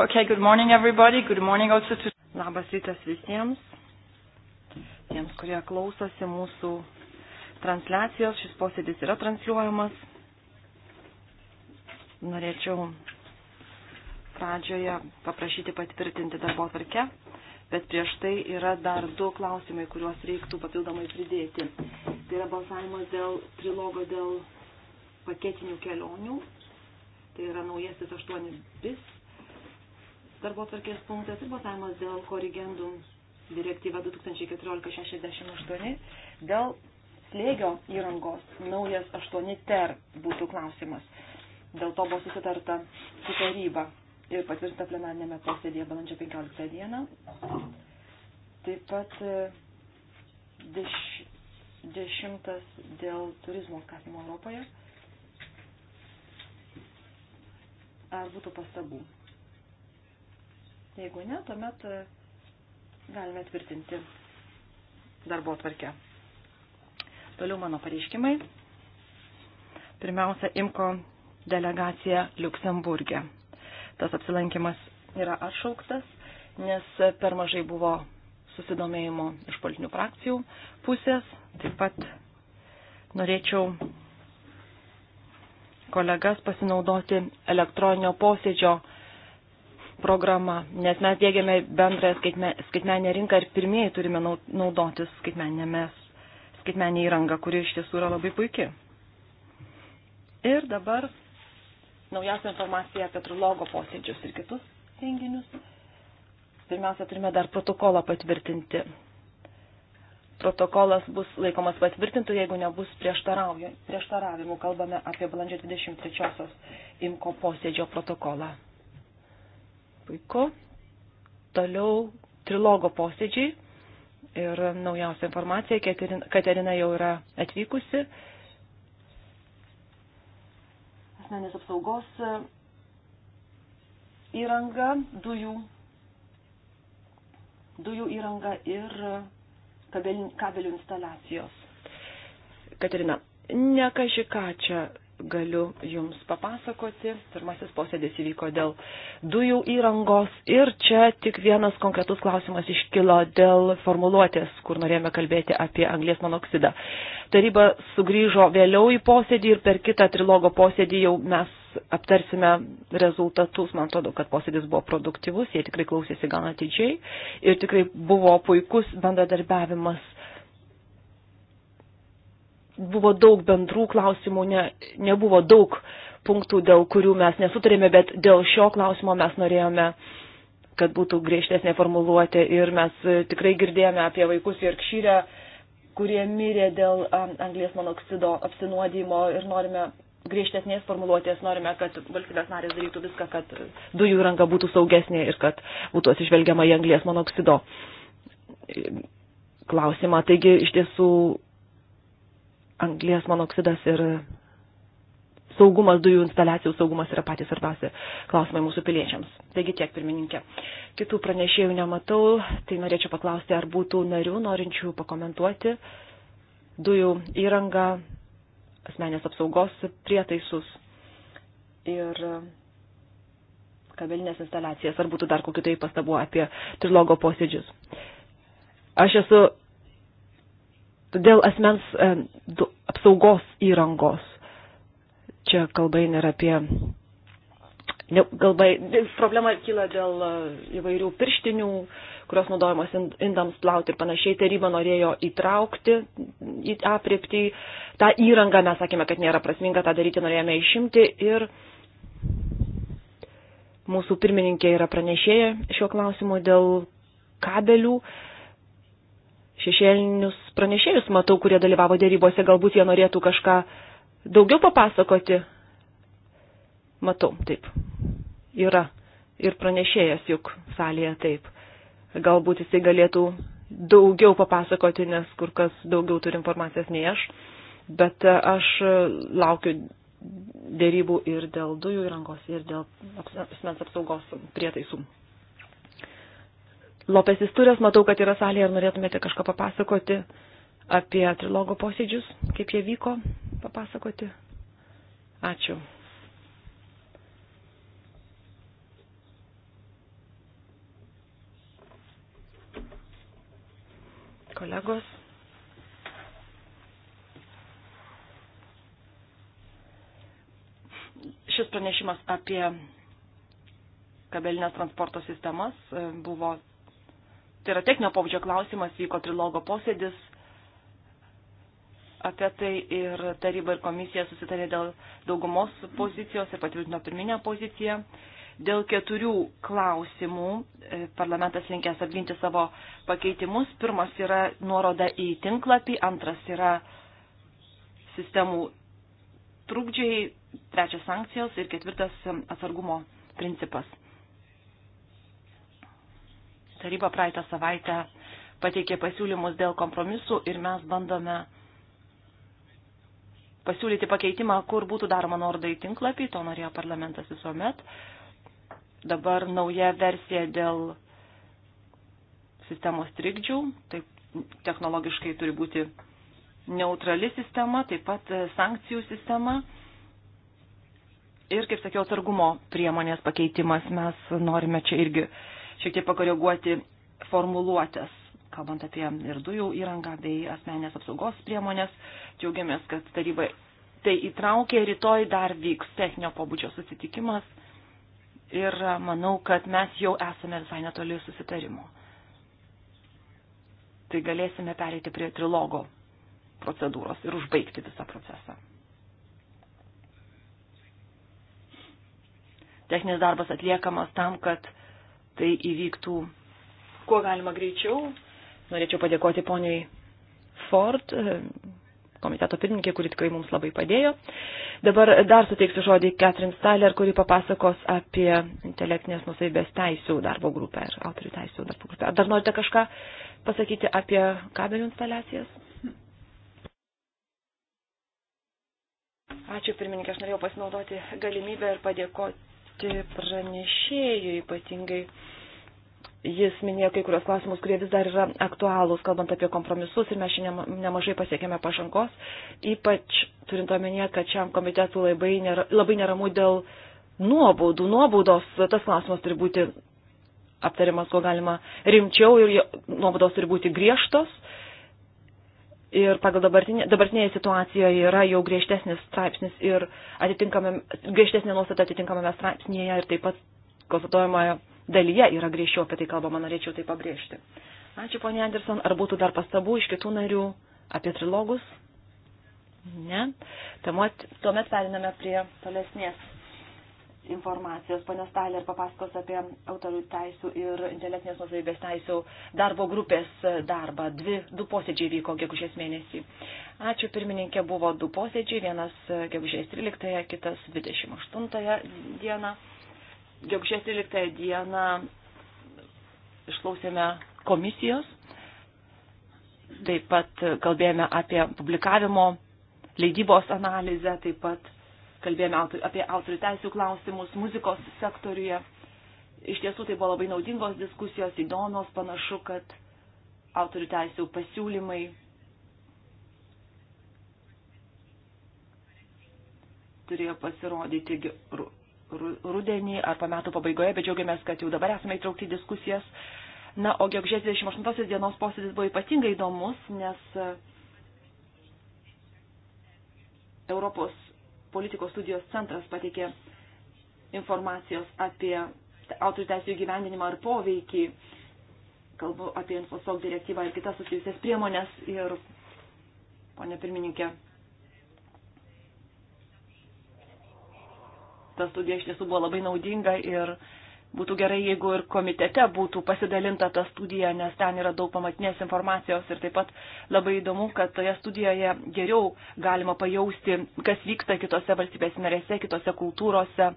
Okay, good morning everybody. Good morning also to... Labas rytas visiems, tiems, kurie klausosi mūsų transliacijos. Šis posėdis yra transliuojamas. Norėčiau pradžioje paprašyti patvirtinti darbo tvarkę, bet prieš tai yra dar du klausimai, kuriuos reiktų papildomai pridėti. Tai yra balsavimas dėl trilogo dėl paketinių kelionių. Tai yra naujasis 8 bis darbo tvarkės punktas ir balsavimas dėl korrigendų direktyva 2014-68 dėl slėgio įrangos naujas 8 ter būtų klausimas. Dėl to buvo susitarta su taryba ir patvirtinta plenarnėme posėdėje balandžio 15 dieną. Taip pat e, deš, dešimtas dėl turizmo skatimo Europoje. Ar būtų pastabų? Jeigu ne, tuomet e, galime tvirtinti darbo tvarkę. Toliau mano pareiškimai. Pirmiausia, imko delegacija Luksemburgė. Tas apsilankimas yra atšauktas, nes per mažai buvo susidomėjimo iš politinių frakcijų pusės. Taip pat norėčiau kolegas pasinaudoti elektroninio posėdžio programa, nes mes dėgiame bendrąją skaitmenę rinką ir pirmieji turime naudotis skaitmenę įrangą, kuri iš tiesų yra labai puikia. Ir dabar naujausia informacija apie trilogo posėdžius ir kitus renginius. Pirmiausia, turime dar protokolą patvirtinti. Protokolas bus laikomas patvirtintų, jeigu nebus prieštaravimų. Kalbame apie balandžio 23 imko posėdžio protokolą. Puiku. Toliau trilogo posėdžiai ir naujausia informacija, Katerina jau yra atvykusi. Asmenės apsaugos e, įranga, dujų, dujų įranga ir kabelių instaliacijos. Katerina, ne kažką čia galiu Jums papasakoti. Pirmasis posėdis įvyko dėl dujų įrangos ir čia tik vienas konkretus klausimas iškilo dėl formuluotės, kur norėjome kalbėti apie anglės monoksidą. Taryba sugrįžo vėliau į posėdį ir per kitą trilogo posėdį jau mes aptarsime rezultatus. Man atrodo, kad posėdis buvo produktyvus, jie tikrai klausėsi gan atidžiai ir tikrai buvo puikus bendradarbiavimas buvo daug bendrų klausimų, ne, nebuvo daug punktų, dėl kurių mes nesutarėme, bet dėl šio klausimo mes norėjome, kad būtų griežtesnė formuluotė ir mes e, tikrai girdėjome apie vaikus ir kšyrę, kurie mirė dėl e, anglės monoksido apsinuodimo ir norime griežtesnės formuluotės, norime, kad valstybės narės darytų viską, kad dujų įranga būtų saugesnė ir kad būtų atsižvelgiama į anglės monoksido e, klausimą. Taigi iš tiesų anglės monoksidas ir saugumas, dujų instaliacijų saugumas yra patys svarbiausi klausimai mūsų piliečiams. Taigi tiek, pirmininkė. Kitų pranešėjų nematau, tai norėčiau paklausti, ar būtų narių norinčių pakomentuoti dujų įrangą, asmenės apsaugos prietaisus ir kabelinės instaliacijas, ar būtų dar kokiu tai pastabu apie trilogo posėdžius. Aš esu dėl asmens e, apsaugos įrangos. Čia kalba eina apie. Ne, galbai, problema kyla dėl e, įvairių pirštinių, kurios naudojamos indams plauti ir panašiai. Taryba norėjo įtraukti į apriepti tą įrangą, mes sakėme, kad nėra prasminga tą daryti, norėjome išimti ir mūsų pirmininkė yra pranešėja šiuo klausimu dėl kabelių. Uh, šešėlinius pranešėjus matau, kurie dalyvavo dėrybose, galbūt jie norėtų kažką daugiau papasakoti. Matau, taip. Yra. Ir pranešėjas juk salėje taip. Galbūt jisai galėtų daugiau papasakoti, nes kur kas daugiau turi informacijos nei aš. Bet e, aš e, laukiu dėrybų ir dėl dujų įrangos, ir dėl asmens apsaugos prietaisų. Lopes Isturės, matau, kad yra salėje, ar norėtumėte kažką papasakoti apie trilogo posėdžius, kaip jie vyko, papasakoti. Ačiū. Kolegos. Šis pranešimas apie kabelinės transporto sistemas e, buvo tai yra techninio pobūdžio klausimas, vyko trilogo posėdis apie tai ir taryba ir komisija susitarė dėl daugumos pozicijos ir patvirtino pirminę poziciją. Dėl keturių klausimų e, parlamentas linkęs apginti savo pakeitimus. Pirmas yra nuoroda į tinklapį, antras yra sistemų trukdžiai, trečias sankcijos ir ketvirtas e, atsargumo principas. Taryba praeitą savaitę pateikė pasiūlymus dėl kompromisų ir mes bandome pasiūlyti pakeitimą, kur būtų daroma nuoroda į tinklapį, to norėjo parlamentas visuomet. Dabar nauja versija dėl sistemos trikdžių, taip technologiškai turi būti neutrali sistema, taip pat sankcijų sistema ir, kaip sakiau, atsargumo priemonės pakeitimas mes norime čia irgi šiek tiek pakoreguoti formuluotės, kalbant apie ir dujų įrangą bei asmenės apsaugos priemonės. Džiaugiamės, kad taryba tai įtraukė, rytoj dar vyks techninio pobūdžio susitikimas ir manau, kad mes jau esame visai netoli susitarimo. Tai galėsime pereiti prie trilogo procedūros ir užbaigti visą procesą. Techninis darbas atliekamas tam, kad tai įvyktų kuo galima greičiau. Norėčiau padėkoti poniai Ford, komiteto pirmininkė, kuri tikrai mums labai padėjo. Dabar dar suteiksiu žodį Catherine Styler, kuri papasakos apie intelektinės nusaibės teisų darbo grupę ir autorių teisų darbo grupę. Ar dar norite kažką pasakyti apie kabelių instaliacijas? Ačiū pirmininkė, aš norėjau pasinaudoti galimybę ir padėkoti pritarti pranešėjui ypatingai. Jis minėjo kai kurios klausimus, kurie vis dar yra aktualūs, kalbant apie kompromisus ir mes šiandien nemažai pasiekėme pažangos, ypač turint omenyje, kad šiam komitetui labai, nėra, labai neramu dėl nuobaudų. Nuobaudos tas klausimas turi būti aptariamas, kuo galima rimčiau ir nuobaudos turi būti griežtos ir pagal dabartinė, dabartinėje situacijoje yra jau griežtesnis straipsnis ir griežtesnė nuostata atitinkamame straipsnėje ir taip pat konstatuojamoje dalyje yra griežčiau apie tai kalbama, norėčiau tai pabrėžti. Ačiū, ponė Anderson. Ar būtų dar pastabų iš kitų narių apie trilogus? Ne. Tuomet periname prie tolesnės informacijos. Pane Staler papasakos apie autorių teisų ir intelektinės nusavybės teisų darbo grupės darbą. Dvi, du posėdžiai vyko gegužės mėnesį. Ačiū pirmininkė, buvo du posėdžiai, vienas gegužės 13, kitas 28 dieną. Gegužės 13 dieną išklausėme komisijos, taip pat kalbėjome apie publikavimo leidybos analizę, taip pat kalbėjome apie autorių teisų klausimus muzikos sektoriuje. Iš tiesų tai buvo labai naudingos diskusijos, įdomios, panašu, kad autorių teisų pasiūlymai turėjo pasirodyti rudenį ar pametų pabaigoje, bet džiaugiamės, kad jau dabar esame įtraukti į diskusijas. Na, o gegužės 28 dienos posėdis buvo ypatingai įdomus, nes Europos politikos studijos centras pateikė informacijos apie autorių teisų įgyvendinimą ar poveikį. Kalbu apie infosok direktyvą ir kitas susijusias priemonės. Ir, ponė pirmininkė, ta studija iš tiesų buvo labai naudinga ir uh, būtų gerai, jeigu ir komitete būtų pasidalinta ta studija, nes ten yra daug pamatinės informacijos ir taip pat labai įdomu, kad toje studijoje geriau galima pajausti, kas vyksta kitose valstybės narėse, kitose kultūrose.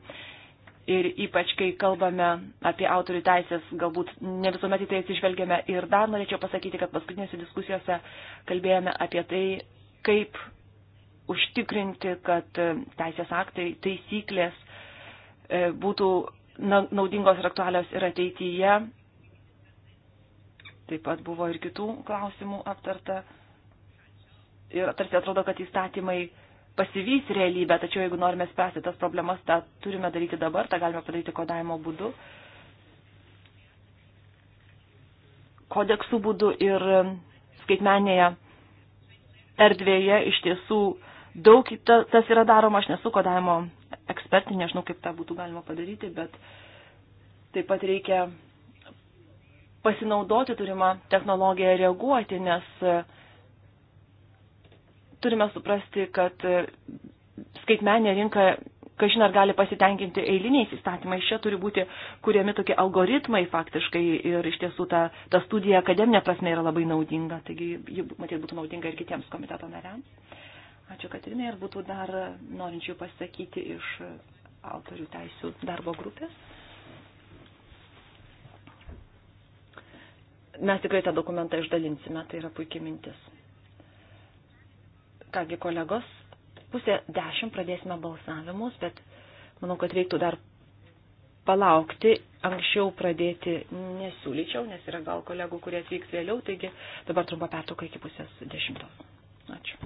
Ir ypač, kai kalbame apie autorių teisės, galbūt ne visuomet į tai atsižvelgiame. Ir dar norėčiau pasakyti, kad paskutinėse diskusijose kalbėjome apie tai, kaip užtikrinti, kad teisės aktai, taisyklės e, būtų naudingos ir aktualios ir ateityje. Taip pat buvo ir kitų klausimų aptarta. Ir tarsi atrodo, kad įstatymai pasivys realybę, tačiau jeigu norime spręsti tas problemas, tą turime daryti dabar, tą galime padaryti kodavimo būdu, kodeksų būdu ir skaitmenėje erdvėje iš tiesų daug tas yra daroma, aš nesu kodavimo ekspertai, nežinau, kaip tą būtų galima padaryti, bet taip pat reikia pasinaudoti turimą technologiją reaguoti, nes e, turime suprasti, kad e, skaitmenė rinka kažin ar gali pasitenkinti eiliniais įstatymais. Čia turi būti kuriami tokie algoritmai faktiškai ir iš tiesų ta, ta studija akademinė prasme yra labai naudinga, taigi ji matyt būtų naudinga ir kitiems komiteto nariams. Ačiū, Katrinė, ir būtų dar norinčių pasakyti iš autorių teisų darbo grupės. Mes tikrai tą dokumentą išdalinsime, tai yra puikia mintis. Kągi, kolegos, pusė dešimt pradėsime balsavimus, bet manau, kad reiktų dar palaukti, anksčiau pradėti nesiūlyčiau, nes yra gal kolegų, kurie atvyks vėliau, taigi dabar trumpa pertrauka iki pusės dešimtos. Ačiū.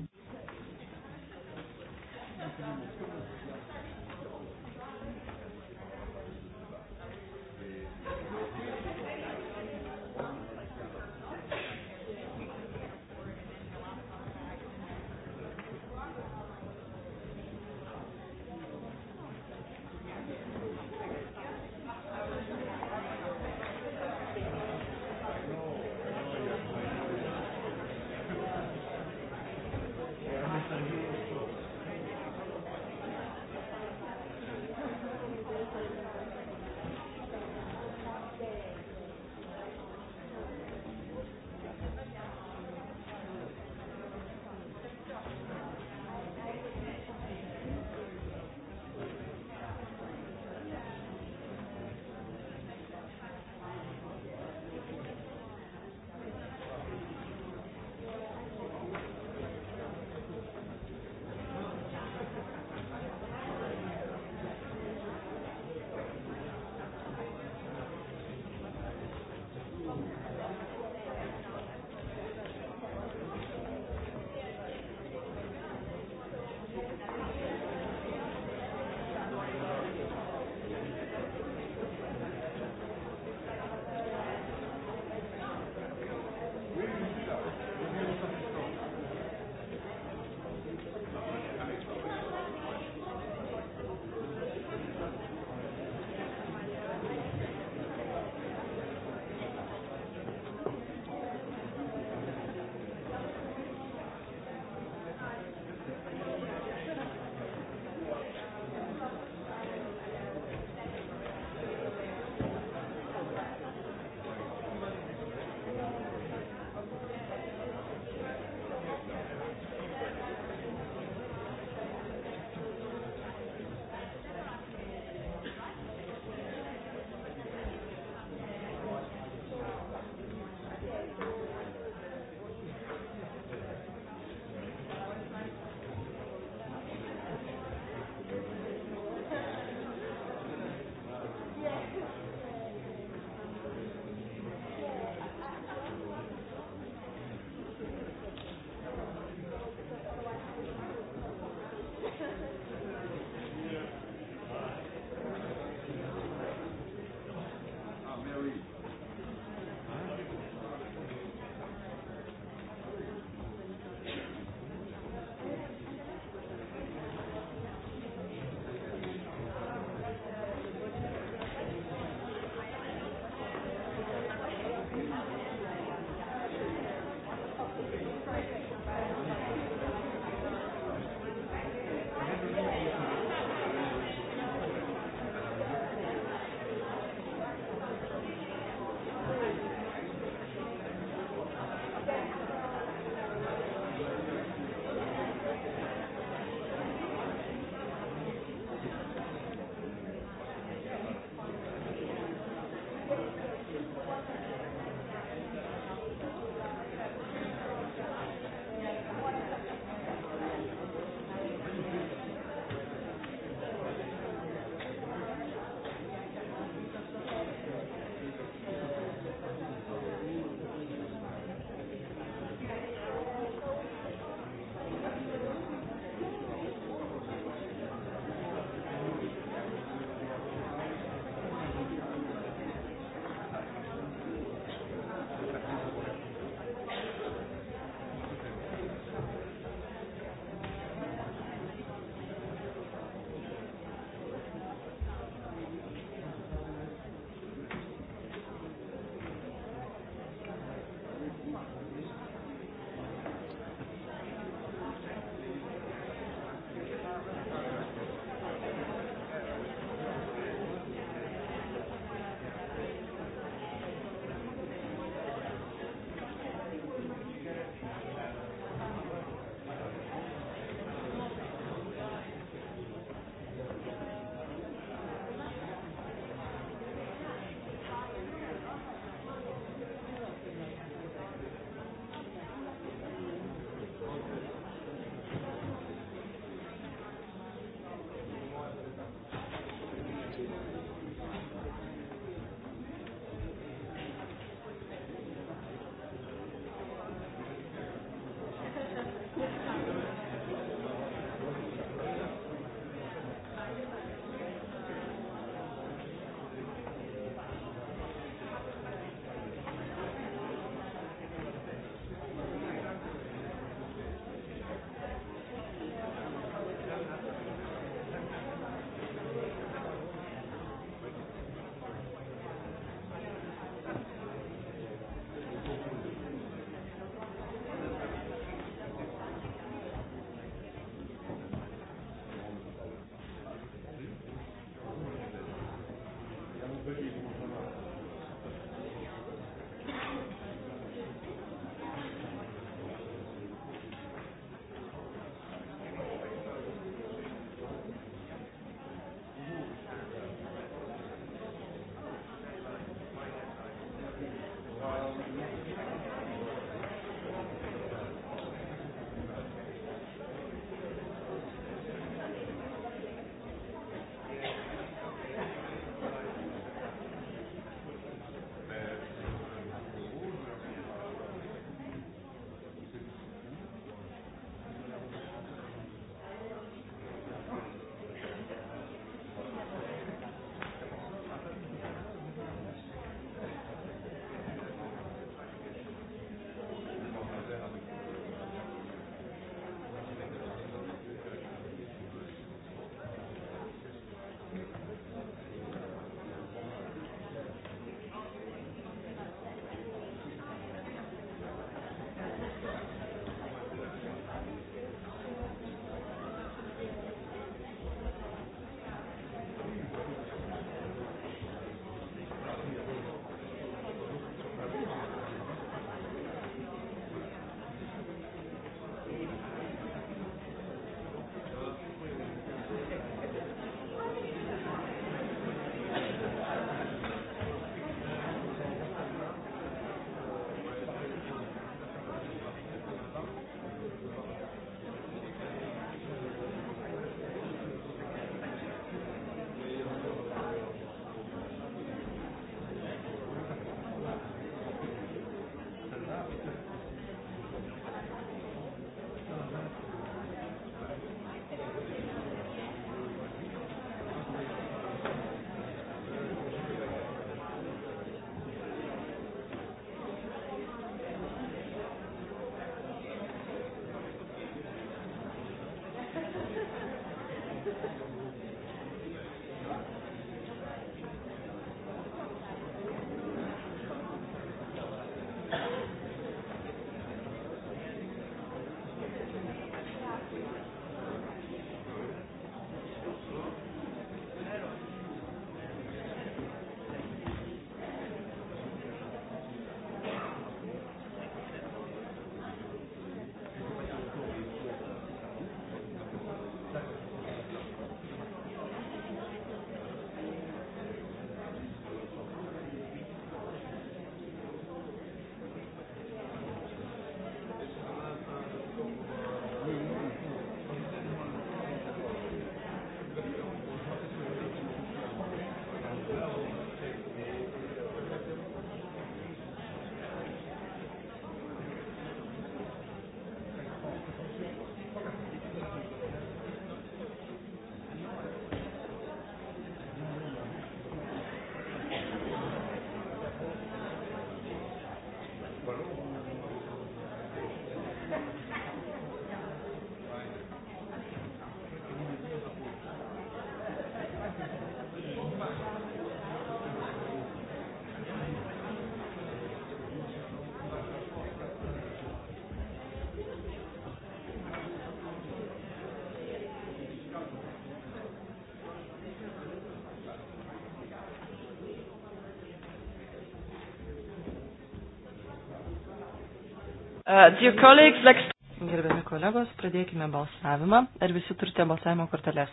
Uh, Gerbiami kolegos, pradėkime balsavimą. Ar visi turite balsavimo korteles?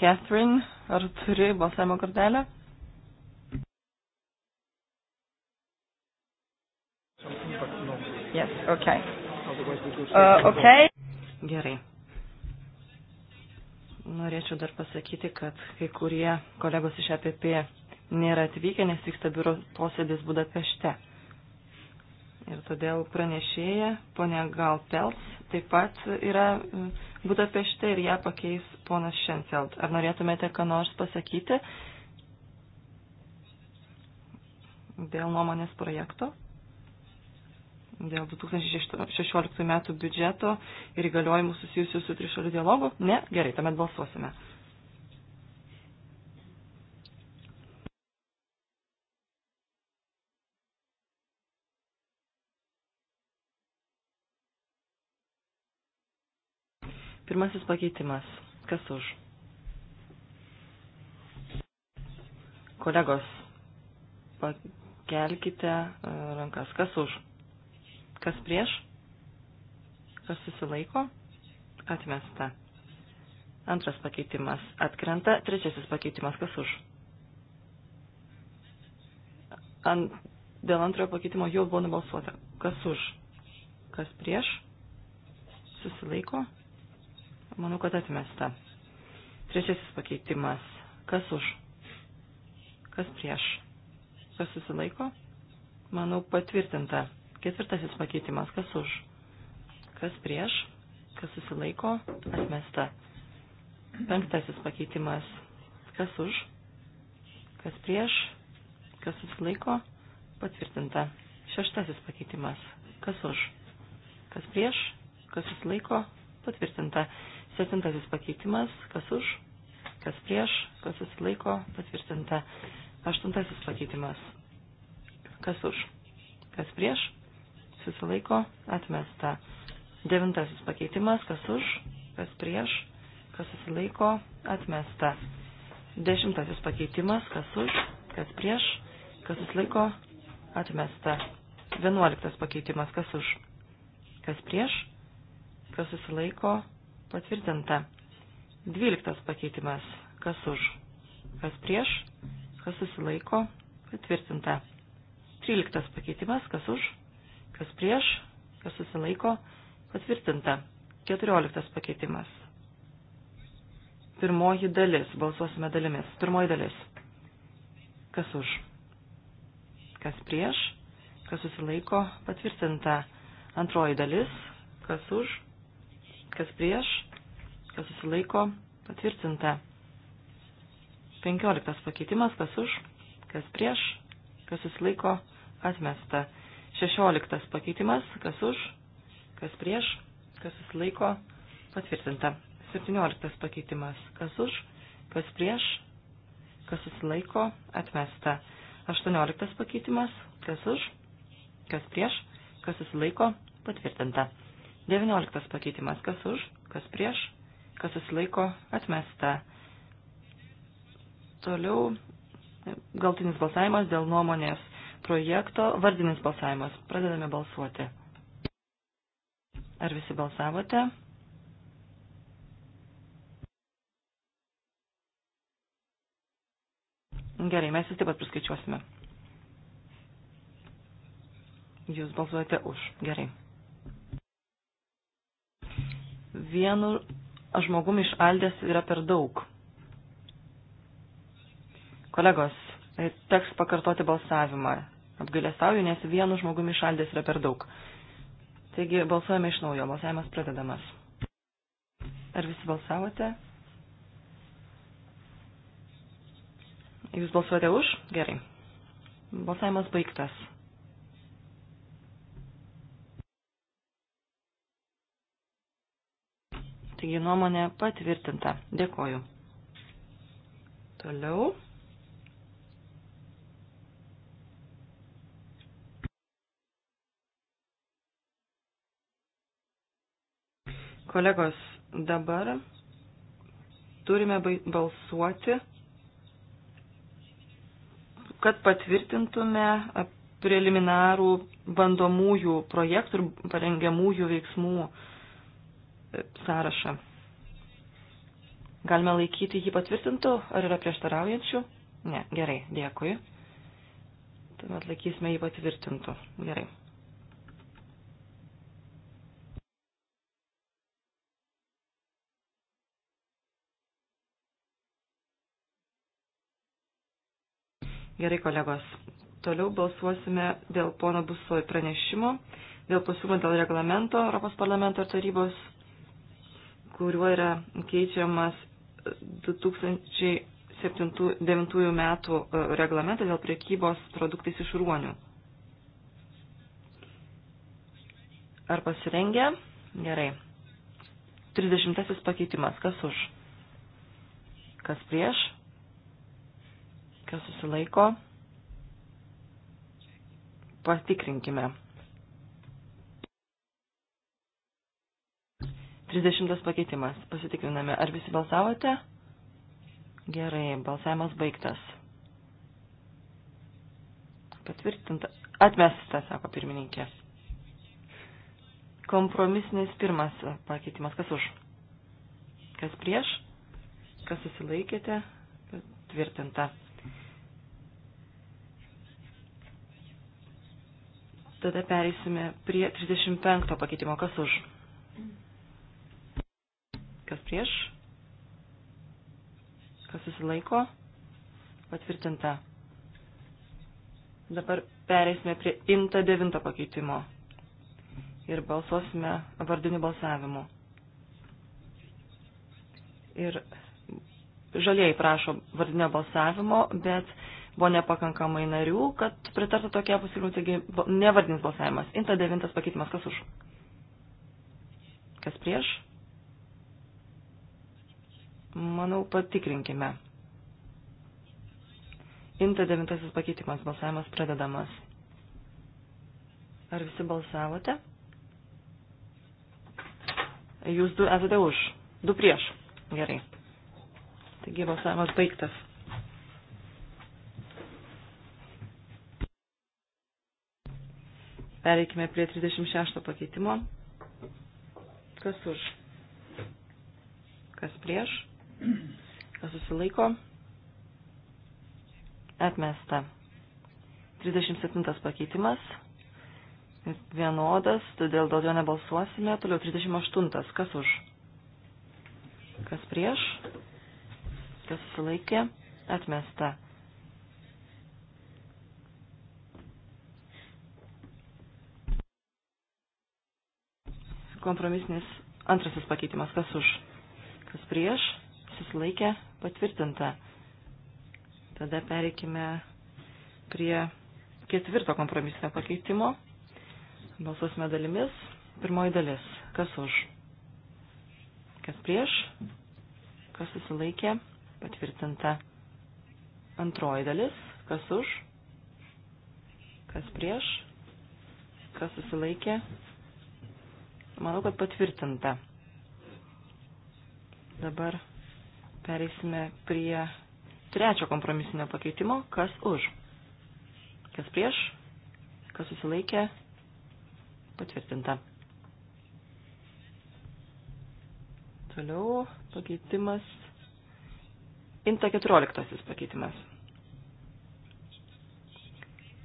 Catherine, ar turi balsavimo kortelę? Yes, okay. Uh, okay. Gerai. Norėčiau dar pasakyti, kad kai kurie kolegos iš APP nėra atvykę, nes vyksta biuro posėdis Budapešte todėl pranešėja, ponė Galpelt, taip pat yra mm, Budapešte ir ją pakeis ponas Šenfeld. Ar norėtumėte ką nors pasakyti dėl nuomonės projekto? Dėl 2016 metų biudžeto ir įgaliojimų susijusių su trišalių dialogu? Ne? Gerai, tuomet balsuosime. Pirmasis pakeitimas. Kas už? Kolegos, pakelkite e, rankas. Kas už? Kas prieš? Kas susilaiko? Atmesta. Antras pakeitimas atkrenta. Trečiasis pakeitimas. Kas už? Ant, dėl antrojo pakeitimo jau buvo nubalsuota. Kas už? Kas prieš? Susilaiko? Manau, kad atmesta. Trečiasis pakeitimas. Kas už? Kas prieš? Kas susilaiko? Manau, patvirtinta. Ketvirtasis pakeitimas. Kas už? Kas prieš? Kas susilaiko? Atmesta. Penktasis pakeitimas. Kas už? Kas prieš? Kas susilaiko? Patvirtinta. Šeštasis pakeitimas. Kas už? Kas prieš? Kas susilaiko? Patvirtinta. Septintasis pakeitimas, kas už, kas prieš, kas susilaiko, patvirtinta. Aštuntasis pakeitimas, kas už, kas prieš, susilaiko, atmesta. Devintasis pakeitimas, kas už, kas prieš, kas susilaiko, atmesta. Dešimtasis pakeitimas, kas už, kas prieš, kas susilaiko, atmesta. Vienuoliktas pakeitimas, kas už, kas prieš, kas susilaiko, atmesta Patvirtinta. Dvyliktas pakeitimas. Kas už? Kas prieš? Kas susilaiko? Patvirtinta. Tryliktas pakeitimas. Kas už? Kas prieš? Kas susilaiko? Patvirtinta. Keturioliktas pakeitimas. Pirmoji dalis. Balsuosime dalimis. Pirmoji dalis. Kas už? Kas prieš? Kas susilaiko? Patvirtinta. Antroji dalis. Kas už? Kas prieš? kas susilaiko, patvirtinta. 15 pakeitimas, kas už, kas prieš, kas susilaiko, atmesta. 16 pakeitimas, kas už, kas prieš, kas susilaiko, patvirtinta. 17 pakeitimas, kas už, kas prieš, kas susilaiko, atmesta. 18 pakeitimas, kas už, kas prieš, kas susilaiko, patvirtinta. 19 pakeitimas, kas už, kas prieš, kas susilaiko atmesta. Toliau galtinis balsavimas dėl nuomonės projekto, vardinis balsavimas. Pradedame balsuoti. Ar visi balsavote? Gerai, mes vis taip pat priskaičiuosime. Jūs balsuojate už. Gerai. Vienu žmogum iš Aldės yra per daug. Kolegos, e, teks pakartoti balsavimą. Apgailestauju, nes vienu žmogumi iš Aldės yra per daug. Taigi balsuojame iš naujo, balsavimas pradedamas. Ar visi balsavote? Jūs balsuojate už? Gerai. Balsavimas baigtas. Taigi nuomonė patvirtinta. Dėkoju. Toliau. Kolegos, dabar turime balsuoti, kad patvirtintume preliminarų bandomųjų projektų ir parengiamųjų veiksmų sąrašą. Galime laikyti jį patvirtintų, ar yra prieštaraujančių? Ne, gerai, dėkui. Tuomet laikysime jį patvirtintų. Gerai. Gerai, kolegos. Toliau balsuosime dėl pono Busoj pranešimo, dėl pasiūlymo dėl reglamento Europos parlamento ir tarybos kuriuo yra keičiamas 2009 metų e, reglamentas dėl priekybos produktais iš ruonių. Ar pasirengę? Gerai. 30 pakeitimas. Kas už? Kas prieš? Kas susilaiko? Patikrinkime. 30 pakeitimas. Pasitikriname, ar visi balsavote? Gerai, balsavimas baigtas. Patvirtinta. Atmesta, sako pirmininkė. Kompromisinis pirmas pakeitimas. Kas už? Kas prieš? Kas susilaikėte? Patvirtinta. Tada pereisime prie 35 pakeitimo. Kas už? Kas prieš? Kas susilaiko? Patvirtinta. Dabar pereisime prie imta devinto pakeitimo. Ir balsuosime vardiniu balsavimu. Ir žalieji prašo vardinio balsavimo, bet buvo nepakankamai narių, kad pritartų tokie pasiūlymai, taigi nevardinis balsavimas. Inta devintas pakeitimas, kas už? Kas prieš? Manau, patikrinkime. Inta devintasis pakeitimas, balsavimas pradedamas. Ar visi balsavote? Jūs du esate už, du prieš. Gerai. Taigi balsavimas baigtas. Pereikime prie 36 pakeitimo. Kas už? Kas prieš? Kas susilaiko? Atmesta. 37 pakeitimas. Vienodas, todėl dėl jo nebalsuosime. Toliau 38. Kas už? Kas prieš? Kas susilaikė? Atmesta. Kompromisnis antrasis pakeitimas. Kas už? Kas prieš? susilaikė patvirtinta. Tada pereikime prie ketvirto kompromisinio pakeitimo. Balsuosime dalimis. Pirmoji dalis. Kas už? Kas prieš? Kas susilaikė? Patvirtinta. Antroji dalis. Kas už? Kas prieš? Kas susilaikė? Manau, kad patvirtinta. Dabar Pereisime prie trečio kompromisinio pakeitimo. Kas už? Kas prieš? Kas susilaikė? Patvirtinta. Toliau pakeitimas. Inta 14 pakeitimas.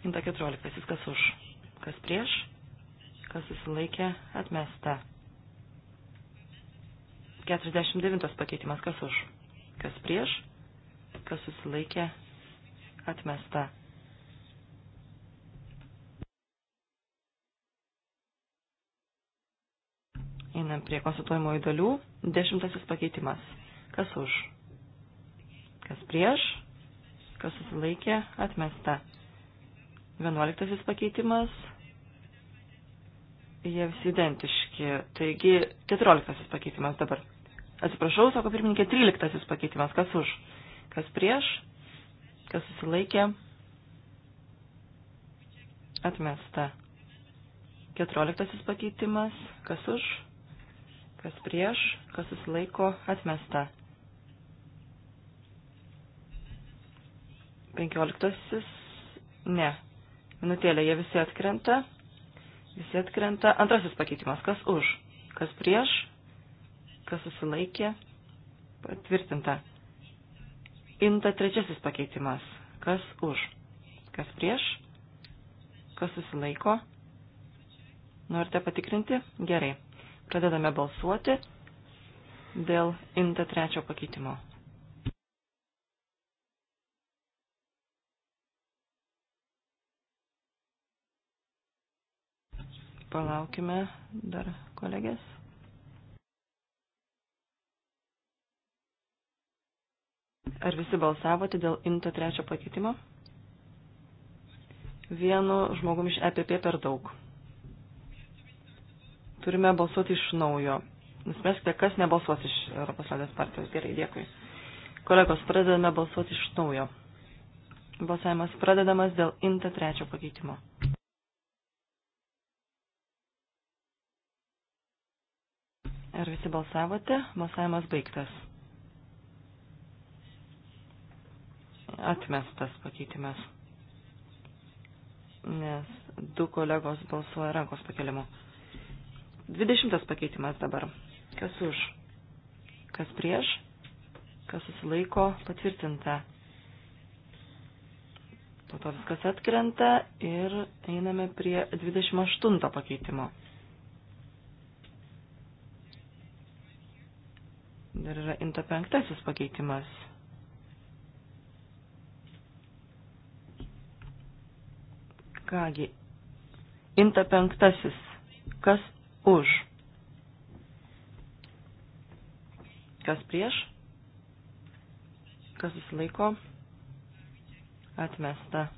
Inta 14. Kas už? Kas prieš? Kas susilaikė? Atmesta. 49 pakeitimas. Kas už? kas prieš, kas susilaikė, atmesta. Einam prie konstatuojimo įdalių. Dešimtasis pakeitimas. Kas už? Kas prieš? Kas susilaikė? Atmesta. Vienuoliktasis pakeitimas. Jie visi identiški. Taigi, keturioliktasis pakeitimas dabar. Atsiprašau, sako pirmininkė, 13 pakeitimas. Kas už? Kas prieš? Kas susilaikė? Atmesta. 14 pakeitimas. Kas už? Kas prieš? Kas susilaiko? Atmesta. 15. Ne. Minutėlė, jie visi atkrenta. Visi atkrenta. Antrasis pakeitimas. Kas už? Kas prieš? kas susilaikė, patvirtinta. Inta trečiasis pakeitimas, kas už, kas prieš, kas susilaiko. Norite patikrinti? Gerai. Pradedame balsuoti dėl inta trečio pakeitimo. Palaukime dar kolegės. Ar visi balsavote dėl imto trečio pakeitimo? Vienu žmogum iš EPP per daug. Turime balsuoti iš naujo. Nusmeskite, kas nebalsuos iš Europos Liaudės partijos. Gerai, dėkui. Kolegos, pradedame balsuoti iš naujo. Balsavimas pradedamas dėl imta trečio pakeitimo. Ar visi balsavote? Balsavimas baigtas. atmestas pakeitimas, nes du kolegos balsuoja rankos pakelimu. 20 pakeitimas dabar. Kas už? Kas prieš? Kas susilaiko? Patvirtinta. Po to viskas atkrenta ir einame prie 28 pakeitimo. Dar yra imta penktasis pakeitimas. Kągi, inta penktasis. Kas už? Kas prieš? Kas susilaiko? Atmesta.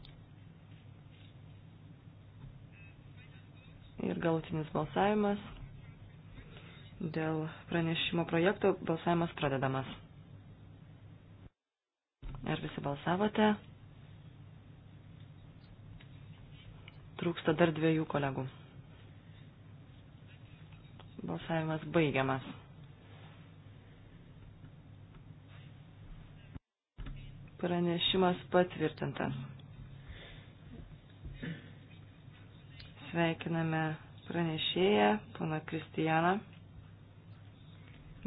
Ir galutinis balsavimas. Dėl pranešimo projekto balsavimas pradedamas. Ar visi balsavote? Trūksta dar dviejų kolegų. Balsavimas baigiamas. Pranešimas patvirtintas. Sveikiname pranešėją, pana Kristijaną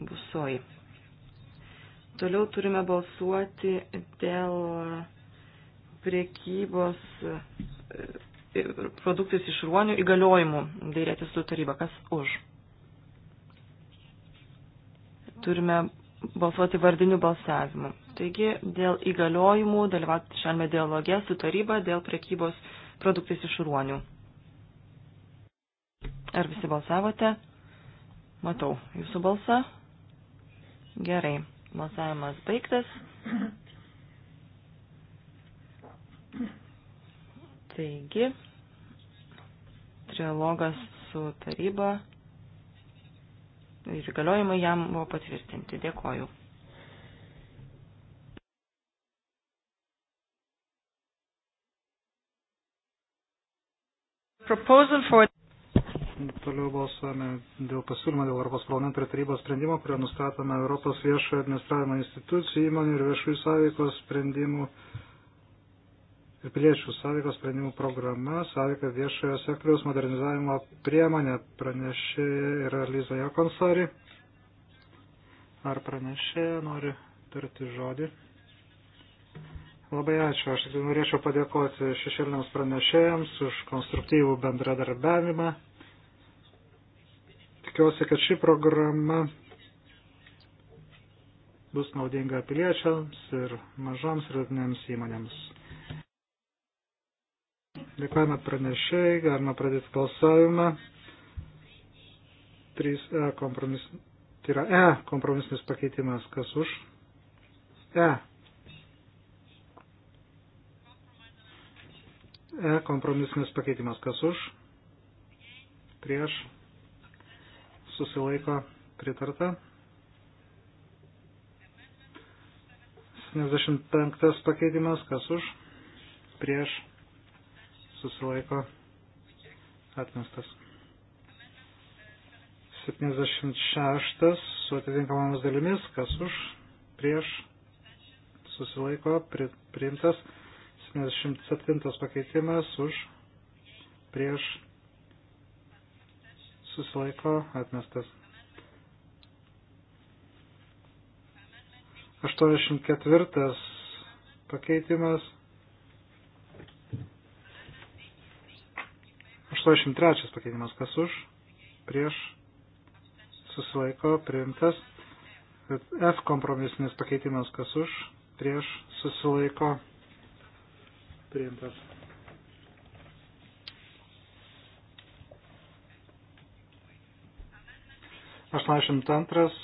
Busoji. Toliau turime balsuoti dėl priekybos produktais iš ruonių įgaliojimų dairėtis su taryba. Kas už? Turime balsuoti vardiniu balsavimu. Taigi dėl įgaliojimų dalyvauti šiame dialoge su taryba dėl prekybos produktais iš ruonių. Ar visi balsavote? Matau jūsų balsą. Gerai, balsavimas baigtas. Taigi, trialogas su taryba ir galiojimai jam buvo patvirtinti. Dėkoju. Proposal for toliau balsuojame dėl pasiūlymo dėl Europos parlamento ir tarybos sprendimo, kurio nustatome Europos viešojo administravimo institucijų įmonių ir viešųjų sąveikos sprendimų ir priešių sąveikos sprendimų programa, sąveika viešojo sektoriaus modernizavimo priemonė pranešė ir Liza Jokonsari. Ar pranešė, nori tarti žodį? Labai ačiū. Aš tik norėčiau padėkoti šešėliniams pranešėjams už konstruktyvų bendradarbiavimą. Tikiuosi, kad ši programa bus naudinga piliečiams ir mažoms ir didinėms įmonėms. Dėkojame pranešėjai, galima pradėti balsavimą. 3E kompromis, tai yra E kompromisinis pakeitimas, kas už? E. E kompromisinis pakeitimas, kas už? Prieš. Susilaiko pritarta. 75 pakeitimas, kas už? Prieš susilaiko atmestas. 76 su atitinkamomis dalimis, kas už, prieš, susilaiko, pri, priimtas. 77 pakeitimas už, prieš, susilaiko, atmestas. 84 pakeitimas 83 pakeitimas, kas už, prieš, susilaiko, priimtas. F kompromisinis pakeitimas, kas už, prieš, susilaiko, priimtas. Aštuoniasdešimt antras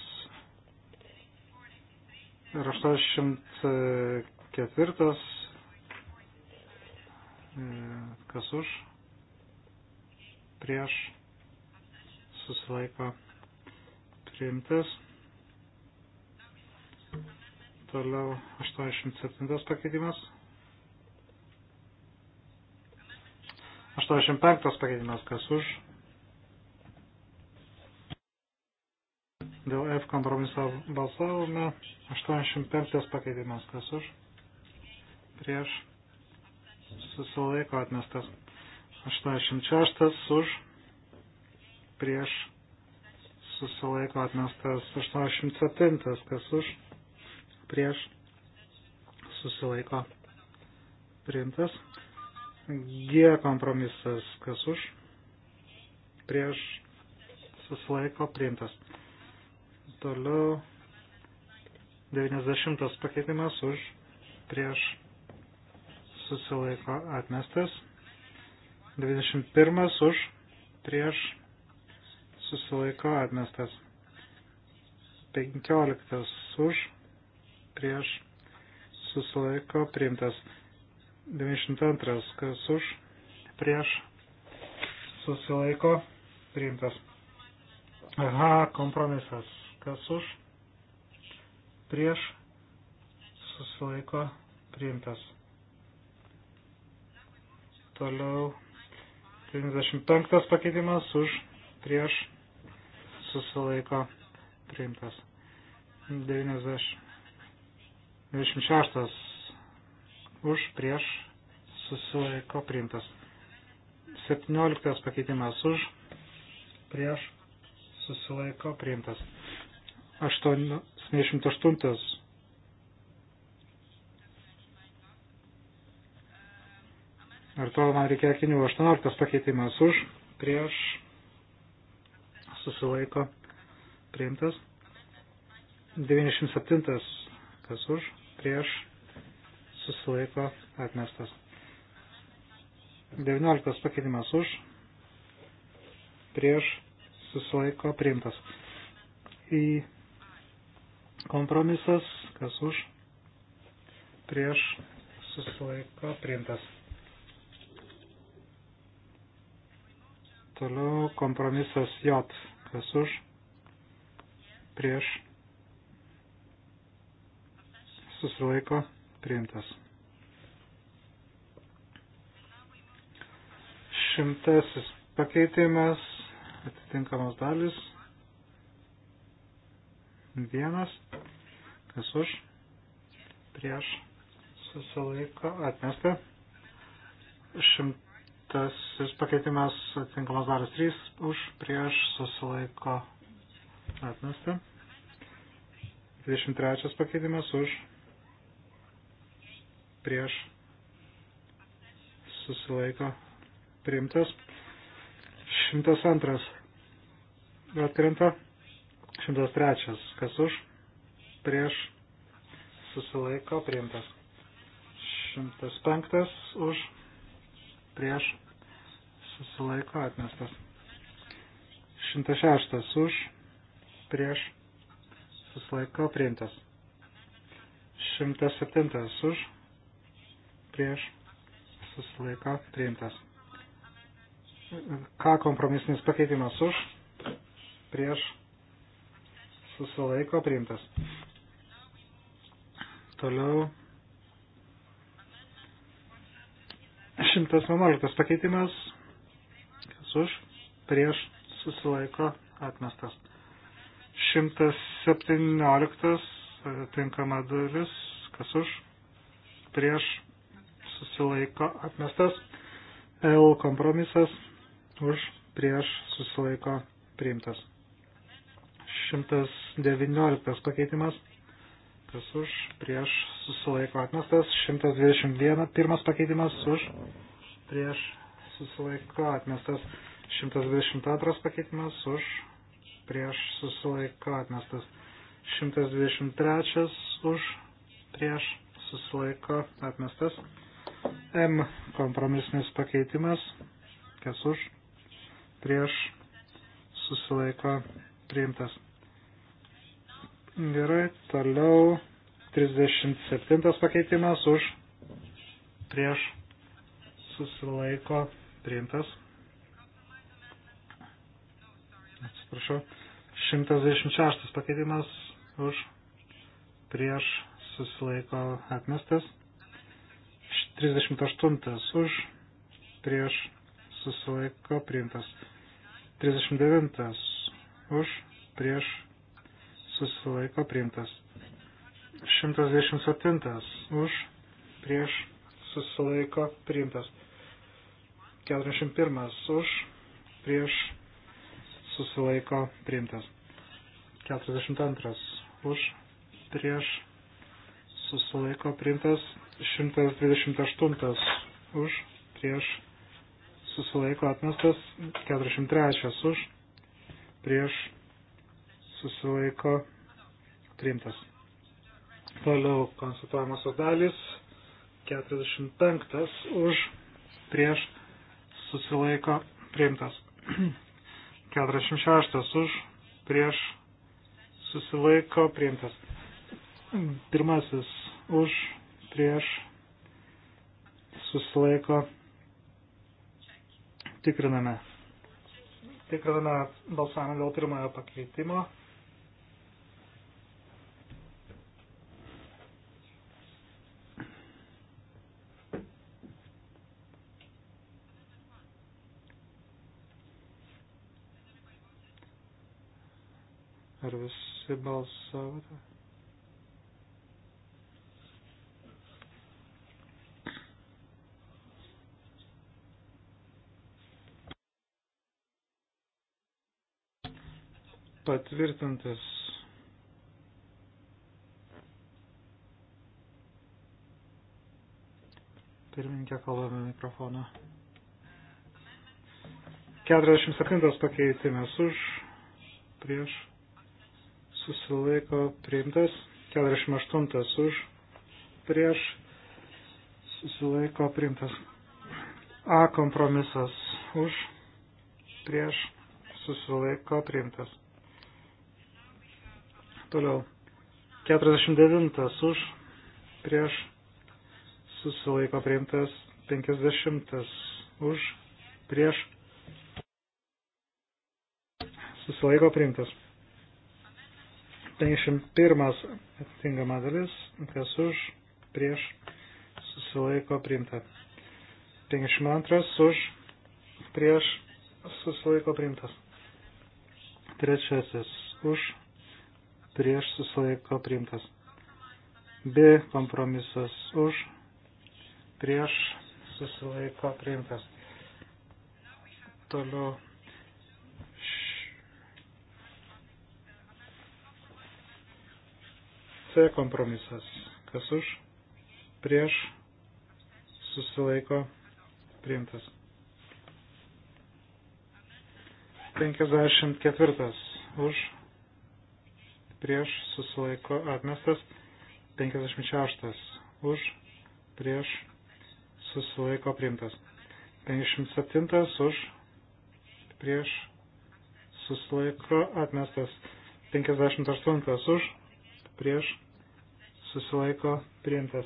ir aštuoniasdešimt ketvirtas, e, kas už, prieš susilaiko priimtas. Toliau 87 pakeitimas. 85 pakeitimas, kas už. Dėl F kompromiso balsavome. 85 pakeitimas, kas už. Prieš susilaiko atmestas. 86 už, prieš susilaiko atmestas 87, kas už, prieš susilaiko priimtas. G kompromisas, kas už, prieš susilaiko priimtas. Toliau 90 pakeitimas už, prieš susilaiko atmestas. 21 už, prieš, susilaiko atmestas. 15 už, prieš, susilaiko priimtas. 92 kas už, prieš, susilaiko priimtas. Aha, kompromisas. Kas už, prieš, susilaiko priimtas. Toliau 75 pakeitimas už prieš susilaiko priimtas. 90, 96 už prieš susilaiko priimtas. 17 pakeitimas už prieš susilaiko priimtas. 78 Ir to man reikia akinių 18 pakeitimas už, prieš, susilaiko, priimtas. 97 kas už, prieš, susilaiko, atmestas. 19 pakeitimas už, prieš, susilaiko, priimtas. Į kompromisas, kas už, prieš, susilaiko, priimtas. Toliau kompromisas J. Kas už? Prieš. Susilaiko. Priimtas. 100 pakeitimas, atitinkamos dalis. Vienas, kas už, prieš, susilaiko, atmesta. 100 tas pakeitimas atsinkamas daras 3 už prieš susilaiko atmestą. 23 pakeitimas už prieš susilaiko priimtas. 102 atkrinta. 103 kas už prieš susilaiko priimtas. 105 už prieš susilaiko atmestas. 106 už prieš susilaiko priimtas. 107 už prieš susilaiko priimtas. Ką kompromisinis pakeitimas už prieš susilaiko priimtas. Toliau 111 pakeitimas. Kas už? Prieš susilaiko atmestas. 117 tinkama dalis. Kas už? Prieš susilaiko atmestas. L kompromisas. Už prieš susilaiko priimtas. 119 pakeitimas kas už, prieš susilaiko atmestas, 121 pirmas pakeitimas už, prieš susilaiko atmestas, 122 pakeitimas už, prieš susilaiko atmestas, 123 už, prieš susilaiko atmestas, M kompromisinis pakeitimas, kas už, prieš susilaiko priimtas. Gerai, toliau 37 pakeitimas už prieš susilaiko priimtas. Atsiprašau. 126 pakeitimas už prieš susilaiko atmestas. 38 už prieš susilaiko priimtas. 39 už prieš susilaiko priimtas. 127 už, prieš, susilaiko priimtas. 41 už, prieš, susilaiko priimtas. 42 už, prieš, susilaiko priimtas. 128 už, prieš, susilaiko atmestas. 43 už, prieš, susilaiko priimtas susilaiko priimtas. Toliau konsultuojamosios dalis 45 už prieš susilaiko priimtas. 46 už prieš susilaiko priimtas. Pirmasis už prieš susilaiko tikriname. Tikriname balsavimą dėl pirmojo pakeitimo. Ar visi balsavote? Patvirtintas Pirmininkė kalbame mikrofoną. 47 pakeitimas už, prieš, susilaiko priimtas, 48 už, prieš susilaiko priimtas. A kompromisas už, prieš susilaiko priimtas. Toliau. 49 už, prieš susilaiko priimtas, 50 už, prieš susilaiko priimtas. 51 atitinkama dalis, kas už, prieš, susilaiko priimta. 52 už, prieš, susilaiko priimtas. Trečiasis už, prieš, susilaiko priimtas. B kompromisas už, prieš, susilaiko priimtas. Toliau C kompromisas. Kas už? Prieš? Susilaiko? Priimtas. 54. Už? Prieš? Susilaiko? Atmestas. 56. Už? Prieš? Susilaiko? Priimtas. 57. Už? Prieš? Susilaiko? Atmestas. 58. Už? prieš susilaiko priimtas.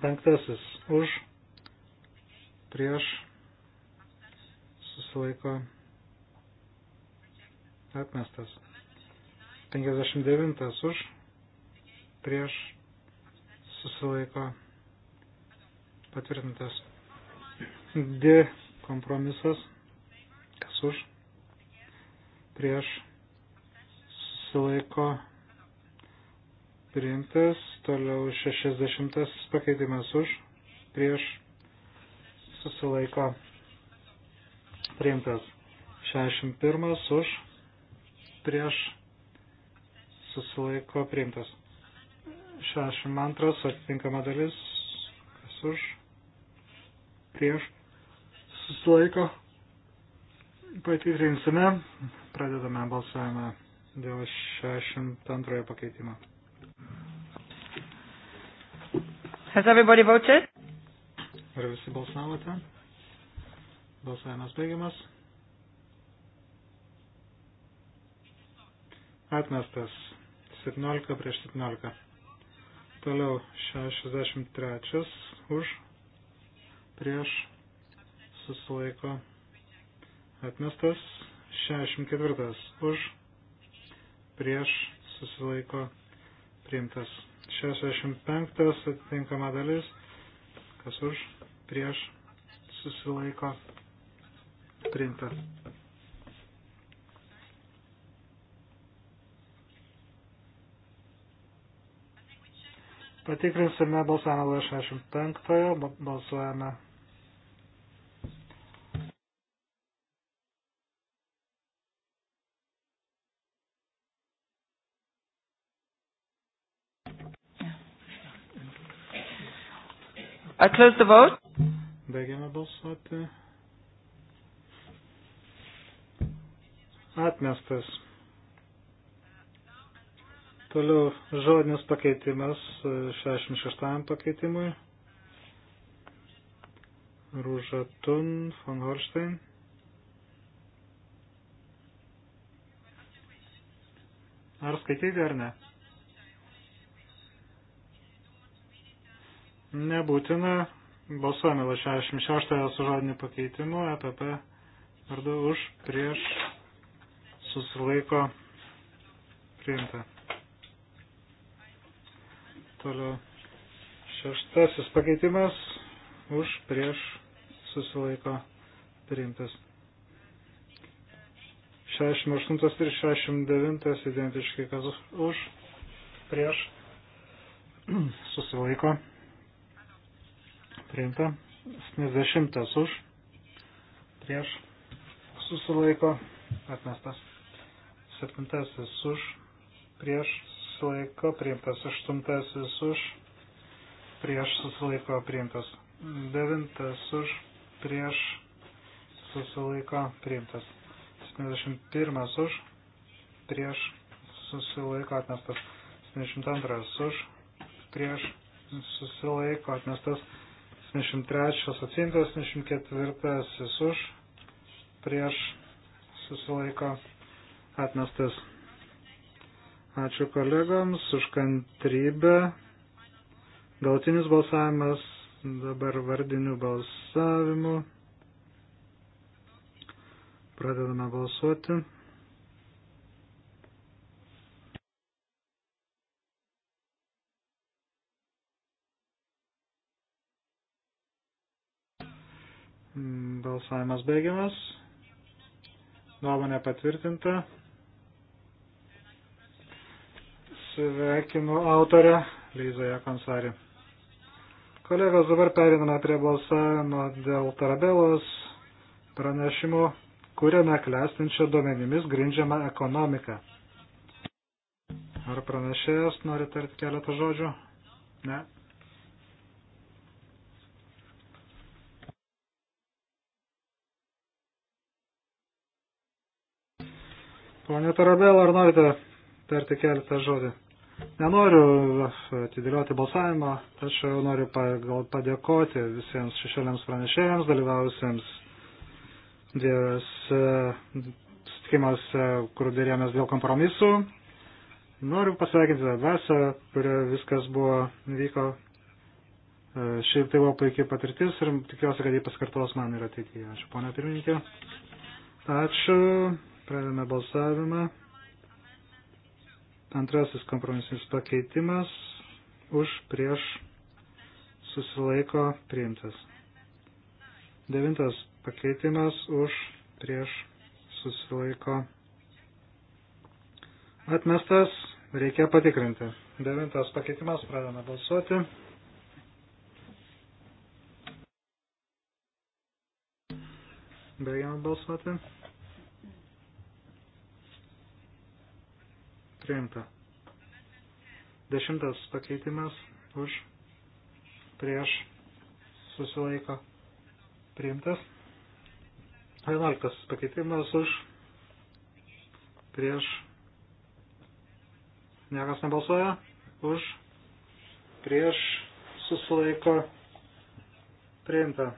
Penktasis už prieš susilaiko atmestas. 59 už prieš susilaiko patvirtintas. D kompromisas kas už prieš susilaiko priimtas, toliau 60 pakeitimas už, prieš, susilaiko, priimtas, 61 už, prieš, susilaiko, priimtas, 62 atitinkama dalis, kas už, prieš, susilaiko, patikrinsime, pradedame balsavimą dėl 62 pakeitimo. Has everybody voted? Ar visi balsavote? Balsavimas baigiamas. Atmestas 17 prieš 17. Toliau 63 už prieš susilaiko. Atmestas 64 už prieš susilaiko priimtas. 65 atitinkama dalis, kas už, prieš, susilaiko, priimta. Patikrinsime balsavimą 65, balsuojame I close the vote. Baigiame balsuoti. Atmestas. Toliau žodinis pakeitimas 66 e, pakeitimui. Rūžatun von Holstein. Ar skaityti ar ne? Nebūtina. Balsuojame dėl 66 su žodiniu pakeitimu. EPP vardu už, prieš, susilaiko, priimta. Toliau. Šeštasis pakeitimas už, prieš, susilaiko, priimtas. 68 ir 69 identiškai, kas už, prieš, susilaiko, priimta priimta. 70 už, prieš, susilaiko, atmestas. 7 už, prieš, susilaiko, priimtas. 8 už, prieš, susilaiko, priimtas. 9 už, prieš, susilaiko, priimtas. 71 už, prieš, susilaiko, atmestas. 72 už, prieš, susilaiko, atmestas. 73 atsintas, 74 už, prieš susilaiko atmestas. Ačiū kolegoms už kantrybę. Galtinis balsavimas dabar vardiniu balsavimu. Pradedame balsuoti. Balsavimas baigiamas. Nuomonė patvirtinta. Sveikinu autorę Leizą Jakonsarį. Kolegos, dabar periname prie balsavimo dėl Tarabelos pranešimo, kuriame klestinčio duomenimis grindžiama ekonomika. Ar pranešėjas nori tarti keletą žodžių? Ne. Pone Tarabel, ar norite tarti keletą žodį? Nenoriu atidėlioti balsavimo, tačiau noriu pa, gal padėkoti visiems šešėliams pranešėjams, dalyvausiems dviejose sutikimuose, kur dėrėmės dėl kompromisų. Noriu pasveikinti Vesą, kurio viskas buvo, vyko. E, šiaip tai buvo puikiai patirtis ir tikiuosi, kad jį paskartos man ir ateityje. Ačiū, ponia pirmininkė. Ačiū. Pradedame balsavimą. Antrasis kompromisinis pakeitimas už prieš susilaiko priimtas. Devintas pakeitimas už prieš susilaiko atmestas. Reikia patikrinti. Devintas pakeitimas, pradame balsuoti. Baigiame balsuoti. priimta. Dešimtas pakeitimas už prieš susilaiko priimtas. Vienuoliktas pakeitimas už prieš niekas nebalsuoja už prieš susilaiko priimta.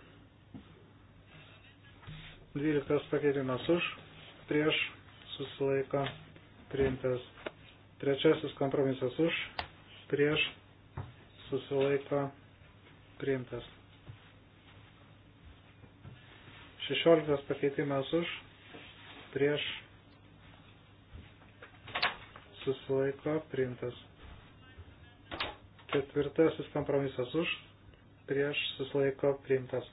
Dvyliktas pakeitimas už prieš susilaiko priimtas. Trečiasis kompromisas už, prieš, susilaiko, priimtas. Šešioliktas pakeitimas už, prieš, susilaiko, priimtas. Ketvirtasis kompromisas už, prieš, susilaiko, priimtas.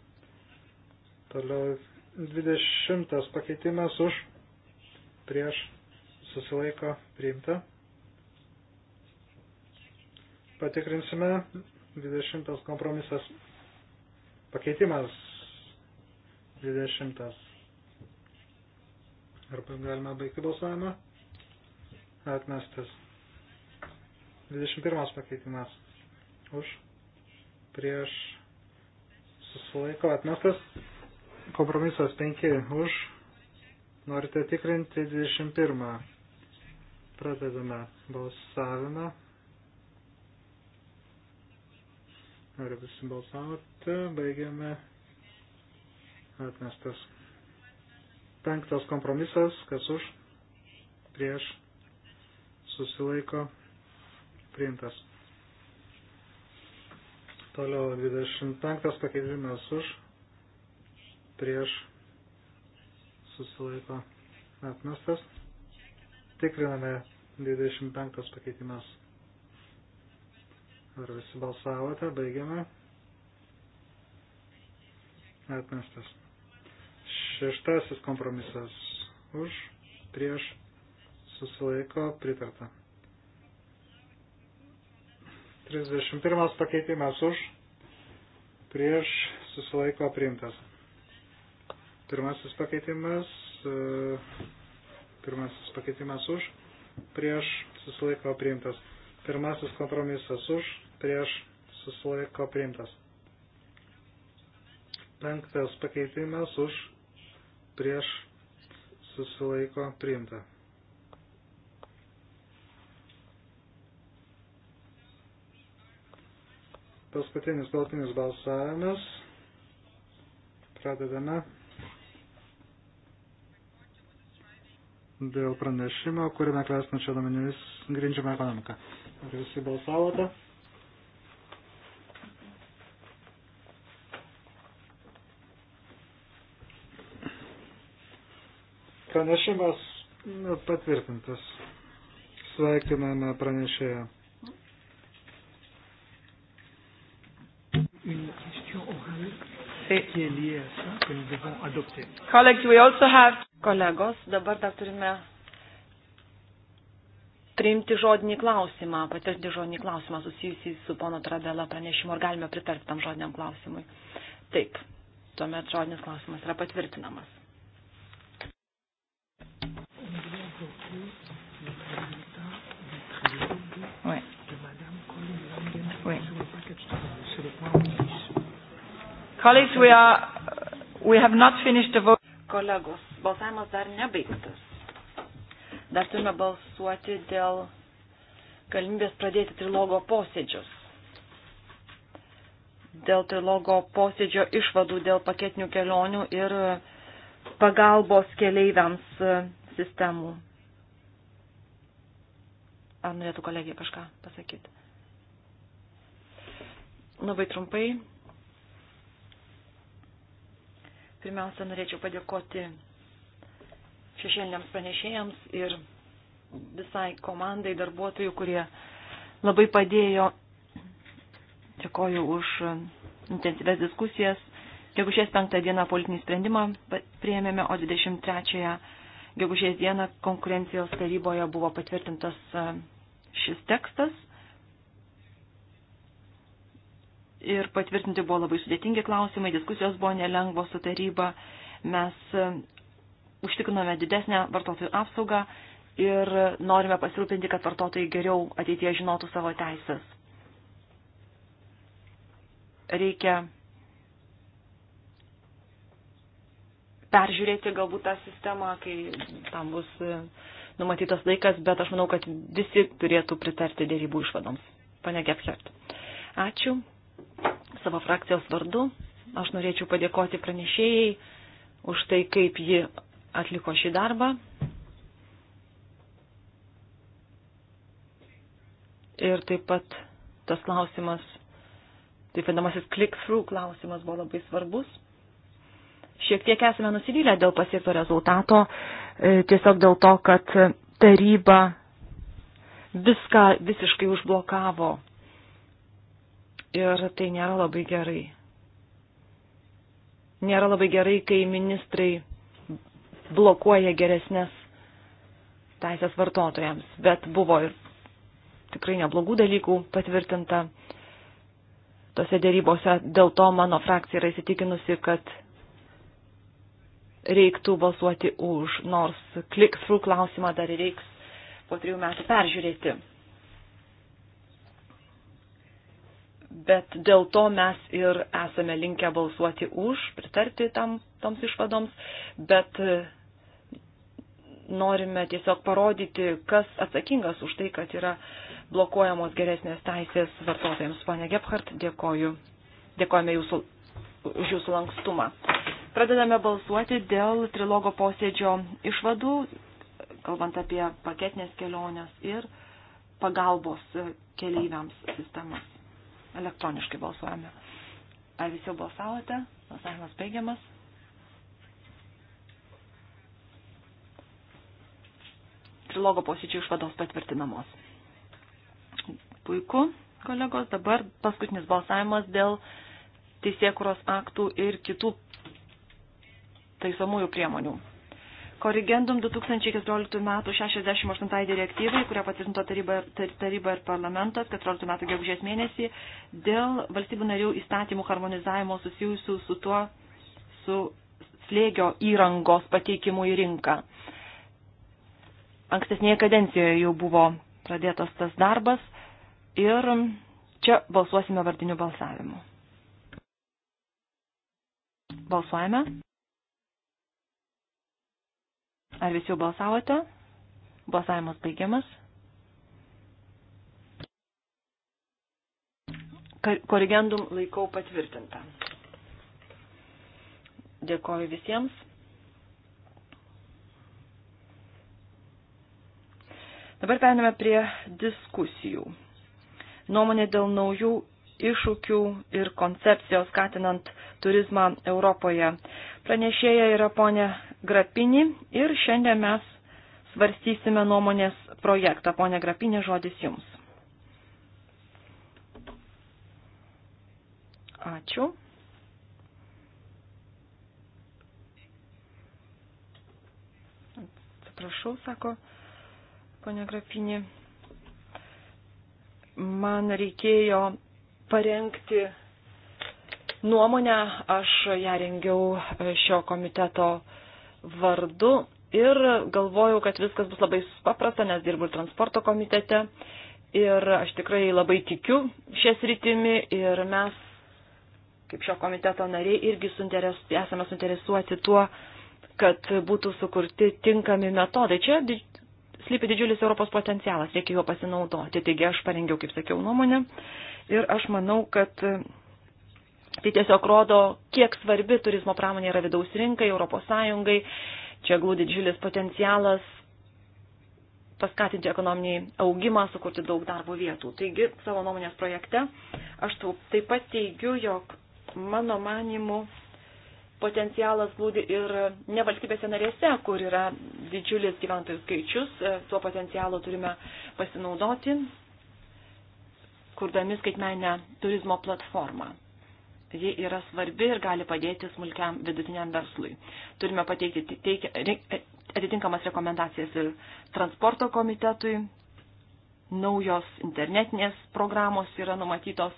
Toliau dvidešimtas pakeitimas už, prieš, susilaiko, priimta. Patikrinsime 20 kompromisas pakeitimas 20. Ar galime baigti balsavimą? Atmestas. 21 pakeitimas. Už. Prieš. Susilaiko. Atmestas. Kompromisas 5. Už. Norite tikrinti 21. Pradedame balsavimą. Ar visi balsavote? Baigiame. Atmestas. Penktas kompromisas. Kas už? Prieš. Susilaiko. Priimtas. Toliau 25 pakeitimas už. Prieš. Susilaiko. Atmestas. Tikriname 25 pakeitimas. Ar visi balsavote? Baigiame. Atmestas. Šeštasis kompromisas. Už, prieš, susilaiko, pritarta. 31 pakeitimas už, prieš, susilaiko, priimtas. Pirmasis pakeitimas, e, pirmasis pakeitimas už, prieš, susilaiko, priimtas Pirmasis kompromisas už, prieš susilaiko priimtas. Penktas pakeitimas už, prieš susilaiko priimta. Paskutinis galtinis balsavimas. Pradedame. Dėl pranešimo, kuriame klesnučio domenimis grindžiama ekonomika. Ar visi balsavote? Pranešimas patvirtintas. Sveikiname pranešėją. Kolegos, dabar dar turime priimti žodinį klausimą, patvirtinti žodinį klausimą susijusį su pono Trabela pranešimu, ar galime pritarti tam žodiniam klausimui. Taip, tuomet žodinis klausimas yra patvirtinamas. Ouais. Ouais. Colleagues, we are, we have not finished the vote. Kolegos, balsavimas dar nebaigtas. Dar turime balsuoti dėl galimybės pradėti trilogo posėdžius. Dėl trilogo posėdžio išvadų dėl paketinių kelionių ir pagalbos keleiviams e, sistemų. Ar norėtų kolegija kažką pasakyti? Labai trumpai. Pirmiausia, norėčiau padėkoti šešėliniams pranešėjams ir visai komandai darbuotojų, kurie labai padėjo. Dėkoju už intensyves diskusijas. Gegužės penktą dieną politinį sprendimą prieėmėme, o 23-ąją gegužės dieną konkurencijos taryboje buvo patvirtintas e, šis tekstas. Ir patvirtinti buvo labai sudėtingi klausimai, diskusijos buvo nelengvos su taryba. Mes e, užtikrinome didesnę vartotojų apsaugą ir norime pasirūpinti, kad vartotojai geriau ateitie žinotų savo teisės. Reikia peržiūrėti galbūt tą sistemą, kai tam bus e, numatytas laikas, bet aš manau, kad visi turėtų pritarti dėrybų išvadoms. Pane Gepchert. Ačiū. Savo frakcijos vardu aš norėčiau padėkoti pranešėjai už tai, kaip ji atliko šį darbą. Ir taip pat tas klausimas, taip vadinamasis click-through klausimas buvo labai svarbus. Šiek tiek esame nusivylę dėl pasiekto rezultato, e, tiesiog dėl to, kad taryba viską visiškai užblokavo. Ir tai nėra labai gerai. Nėra labai gerai, kai ministrai blokuoja geresnės teisės vartotojams, bet buvo ir tikrai neblogų dalykų patvirtinta tose dėrybose. Dėl to mano frakcija yra įsitikinusi, kad reiktų balsuoti už, nors kliks frų klausimą dar reiks po trijų metų peržiūrėti. bet dėl to mes ir esame linkę balsuoti už, pritarti tam, toms išvadoms, bet e, norime tiesiog parodyti, kas atsakingas už tai, kad yra blokuojamos geresnės teisės vartotojams. Pane Gebhardt, dėkoju. Dėkojame jūsų, už jūsų lankstumą. Pradedame balsuoti dėl trilogo posėdžio išvadų, kalbant apie paketinės keliones ir pagalbos e, keleiviams sistemas. Elektroniškai balsuojame. Ar visi jau balsavote? Balsavimas baigiamas. Trilogo posėdžių išvados patvirtinamos. Puiku, kolegos. Dabar paskutinis balsavimas dėl teisėkuros aktų ir kitų taisomųjų priemonių. Korigendum 2014 m. 68 direktyvai, kurią patvirtino taryba, taryba ir parlamentas 14 m. gegužės mėnesį dėl valstybių narių įstatymų harmonizavimo susijusių su tuo, su slėgio įrangos pateikimu į rinką. Ankstesnėje kadencijoje jau buvo pradėtas tas darbas ir čia balsuosime vardiniu balsavimu. Balsuojame. Ar visi jau balsavote? Balsavimas baigiamas. Korigendum laikau patvirtintą. Dėkoju visiems. Dabar perėmėme prie diskusijų. Nuomonė dėl naujų iššūkių ir koncepcijos skatinant turizmą Europoje. Pranešėja yra ponė Grapini ir šiandien mes svarstysime nuomonės projektą. Pone Grapinė, žodis jums. Ačiū. Atsiprašau, sako ponia Grafinė. Man reikėjo parengti nuomonę, aš ją rengiau e, šio komiteto vardu ir galvojau, kad viskas bus labai paprasta, nes dirbu ir transporto komitete ir aš tikrai labai tikiu šią sritimį ir mes, kaip šio komiteto nariai, irgi sunteres, esame suinteresuoti tuo, kad būtų sukurti tinkami metodai. Čia slypi didžiulis Europos potencialas, reikia juo pasinaudoti. Taigi aš parengiau, kaip sakiau, nuomonę ir aš manau, kad e, tai tiesiog rodo, kiek svarbi turizmo pramonė yra vidaus rinkai, Europos Sąjungai. Čia glūdi didžiulis potencialas paskatinti ekonominį augimą, sukurti daug darbo vietų. Taigi savo nuomonės projekte aš taip pat teigiu, jog mano manimu potencialas glūdi ir ne valstybėse narėse, kur yra didžiulis gyventojų skaičius, e, tuo potencialu turime pasinaudoti, kurdami skaitmenę turizmo platformą. Ji yra svarbi ir gali padėti smulkiam vidutiniam verslui. Turime pateikti teikia, e, atitinkamas rekomendacijas ir transporto komitetui, naujos internetinės programos yra numatytos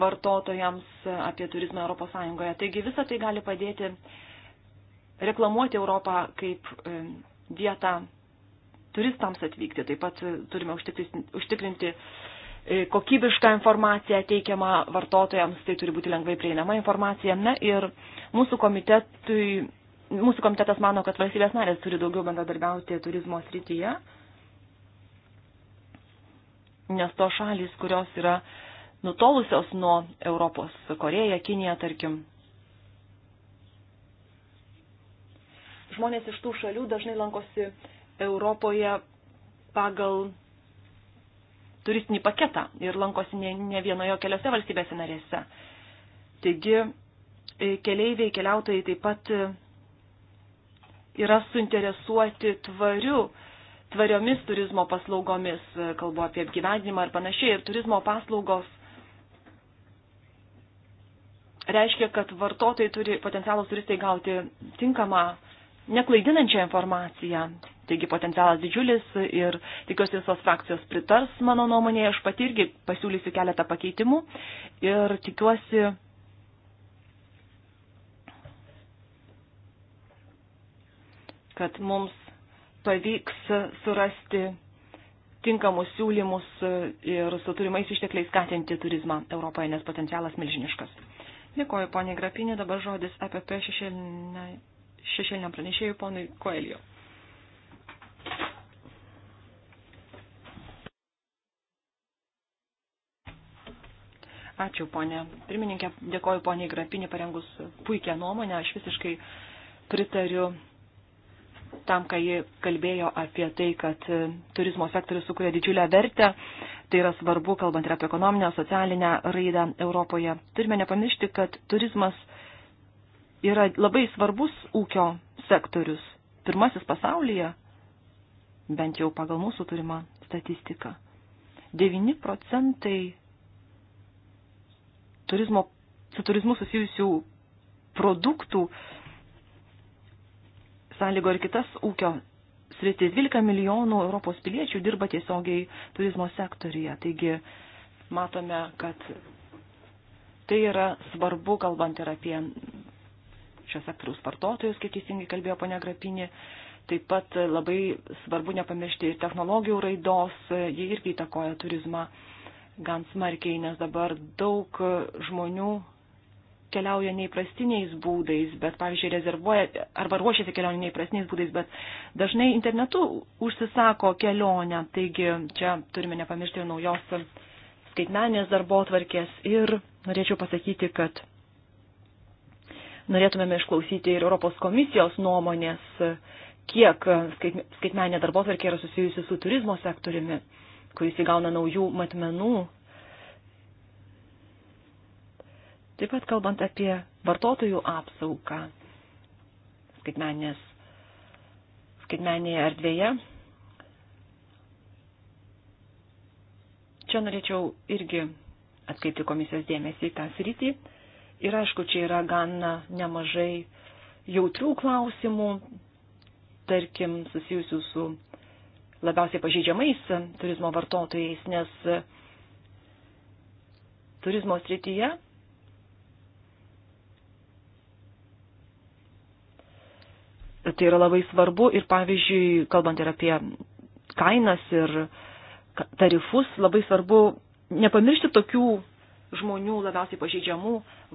vartotojams apie turizmą ES. Taigi visa tai gali padėti reklamuoti Europą kaip e, vietą turistams atvykti. Taip pat turime užtikrinti e, kokybišką informaciją teikiamą vartotojams, tai turi būti lengvai prieinama informacija. Na ir mūsų komitetui. Mūsų komitetas mano, kad valstybės narės turi daugiau bendradarbiauti turizmo srityje nes to šalis, kurios yra nutolusios nuo Europos, Koreja, Kinija, tarkim. Žmonės iš tų šalių dažnai lankosi Europoje pagal turistinį paketą ir lankosi ne, ne vienoje keliose valstybėse narėse. Taigi e, keleiviai, keliautojai taip pat e, yra suinteresuoti tvariu tvariomis turizmo paslaugomis, e, kalbu apie apgyvendinimą ir panašiai. Ir turizmo paslaugos reiškia, kad vartotojai turi, potencialus turistai gauti tinkamą, neklaidinančią informaciją. Taigi potencialas didžiulis ir tikiuosi visos frakcijos pritars mano nuomonėje, aš pati irgi pasiūlysiu keletą pakeitimų ir tikiuosi kad mums pavyks surasti tinkamus siūlymus ir su turimais ištekliais skatinti turizmą Europoje, nes potencialas milžiniškas. Dėkoju, ponė Grapinė, dabar žodis APP šešėliniam pranešėjui, ponui Koelio. Ačiū, ponė. Pirmininkė, dėkoju poniai Grapinė parengus puikią nuomonę. Aš visiškai pritariu tam, ką ji kalbėjo apie tai, kad e, turizmo sektorius sukuria didžiulę vertę. Tai yra svarbu, kalbant ir apie ekonominę, socialinę raidą Europoje. Turime nepamiršti, kad turizmas yra labai svarbus ūkio sektorius. Pirmasis pasaulyje, bent jau pagal mūsų turimą statistiką. 9 procentai turizmo, su turizmu susijusių produktų sąlygo ir kitas ūkio sritis. 12 milijonų Europos piliečių dirba tiesiogiai turizmo sektorija. Taigi matome, kad tai yra svarbu, kalbant ir apie šios sektoriaus vartotojus, kaip teisingai kalbėjo ponia Grapinė. Taip pat labai svarbu nepamiršti ir technologijų raidos, jie irgi įtakoja turizmą gan smarkiai, nes dabar daug žmonių keliauja neįprastiniais būdais, bet, pavyzdžiui, rezervuoja arba ruošiasi kelionį neįprastiniais būdais, bet dažnai internetu užsisako kelionę. Taigi čia turime nepamiršti ir naujos skaitmenės darbo tvarkės. Ir norėčiau pasakyti, kad norėtumėme išklausyti ir Europos komisijos nuomonės, kiek skaitmenė darbo tvarkė yra susijusi su turizmo sektoriumi, kuris įgauna naujų matmenų Taip pat kalbant apie vartotojų apsaugą skaitmenės, skaitmenėje erdvėje, čia norėčiau irgi atkreipti komisijos dėmesį į tą sritį. Ir aišku, čia yra gan nemažai jautrių klausimų, tarkim, susijusių su labiausiai pažeidžiamais turizmo vartotojais, nes turizmo srityje Tai yra labai svarbu ir, pavyzdžiui, kalbant ir apie kainas ir tarifus, labai svarbu nepamiršti tokių žmonių, labiausiai pažeidžiamų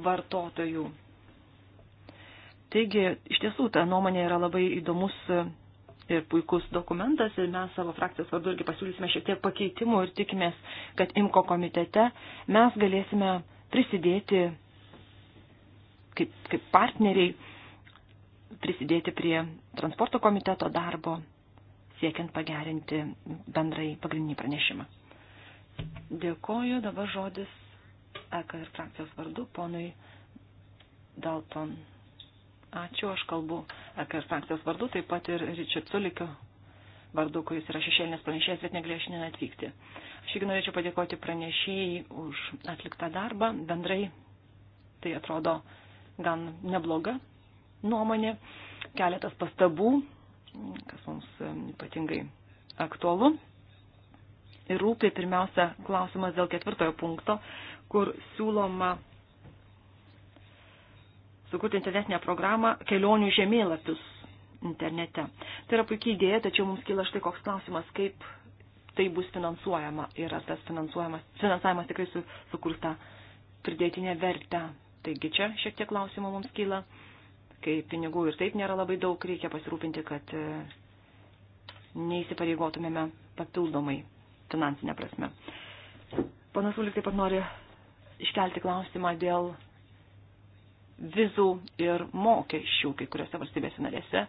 vartotojų. Taigi, iš tiesų, ta nuomonė yra labai įdomus ir puikus dokumentas ir mes savo frakcijos vardu irgi pasiūlysime šiek tiek pakeitimų ir tikimės, kad IMKO komitete mes galėsime prisidėti kaip, kaip partneriai prisidėti prie transporto komiteto darbo, siekiant pagerinti bendrai pagrindinį pranešimą. Dėkoju, dabar žodis EKR frakcijos vardu ponui Dalton. Ačiū, aš kalbu EKR frakcijos vardu, taip pat ir Ričard Sulikio vardu, kuris yra šešėlinės pranešėjas, bet negalėjo šiandien atvykti. Aš irgi norėčiau padėkoti pranešėjai už atliktą darbą. Bendrai tai atrodo gan nebloga nuomonė, keletas pastabų, kas mums ypatingai aktualu. Ir rūpi pirmiausia klausimas dėl ketvirtojo punkto, kur siūloma sukurti internetinę programą kelionių žemėlapius internete. Tai yra puikiai idėja, tačiau mums kyla štai koks klausimas, kaip tai bus finansuojama ir ar tas finansavimas tikrai su, sukursta pridėtinė vertę. Taigi čia šiek tiek klausimų mums kyla kai pinigų ir taip nėra labai daug, reikia pasirūpinti, kad e, neįsipareigotumėme papildomai finansinė prasme. Panas Ulik taip pat nori iškelti klausimą dėl vizų ir mokesčių kai kuriuose valstybėse narėse.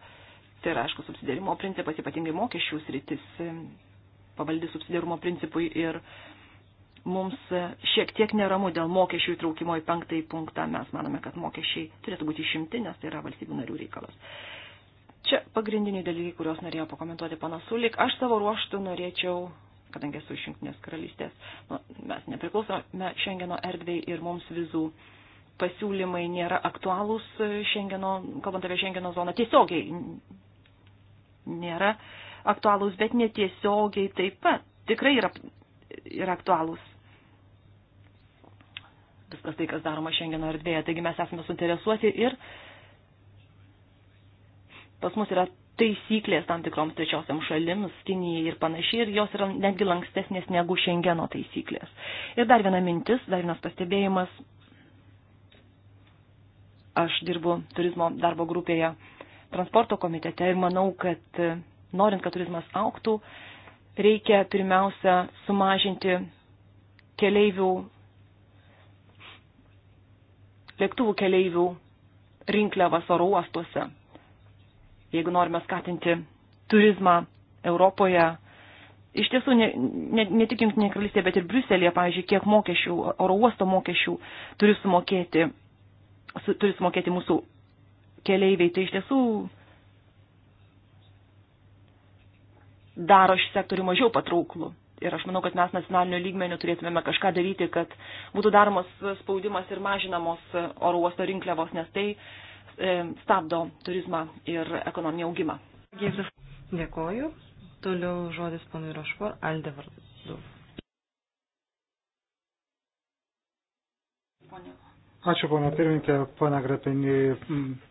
Tai yra, aišku, subsidiarimo principas, ypatingai mokesčių sritis e, pavaldi subsidiarumo principui ir mums e, šiek tiek neramu dėl mokesčių įtraukimo į penktąjį punktą. Mes manome, kad mokesčiai turėtų būti išimti, nes tai yra valstybių narių reikalas. Čia pagrindiniai dalykai, kuriuos norėjo pakomentuoti panas Sulik. Aš savo ruoštų norėčiau, kadangi esu iš Junktinės karalystės, nu, mes nepriklausome Šengeno erdvėj ir mums vizų pasiūlymai nėra aktualūs Šengeno, e, kalbant apie Šengeno zoną, tiesiogiai nėra aktualūs, bet netiesiogiai taip pat tikrai yra yra aktualūs. Viskas tai, kas daroma šiandieno erdvėje. Taigi mes esame suinteresuoti ir pas mus yra taisyklės tam tikroms trečiosiam šalims, Kinijai ir panašiai, ir jos yra netgi lankstesnės negu Šengeno taisyklės. Ir dar viena mintis, dar vienas pastebėjimas. Aš dirbu turizmo darbo grupėje transporto komitete ir manau, kad norint, kad turizmas auktų, reikia pirmiausia sumažinti keleivių, lėktuvų keleivių rinkliavas oro uostuose. Jeigu norime skatinti turizmą Europoje, iš tiesų ne, ne, ne tik Junktinė karalystė, bet ir Briuselėje, pavyzdžiui, kiek mokesčių, oro uosto mokesčių turi sumokėti, su, turi sumokėti mūsų keleiviai. Tai iš tiesų daro šį sektorių mažiau patrauklų. Ir aš manau, kad mes nacionaliniu lygmeniu turėtumėme kažką daryti, kad būtų daromas spaudimas ir mažinamos oro uosto rinkliavos, nes tai e, stabdo turizmą ir ekonominį augimą. Dėkoju. Toliau žodis ponui Rošvor Aldevardu. Ponė. Ačiū, ponia pirmininkė, ponia Grapinį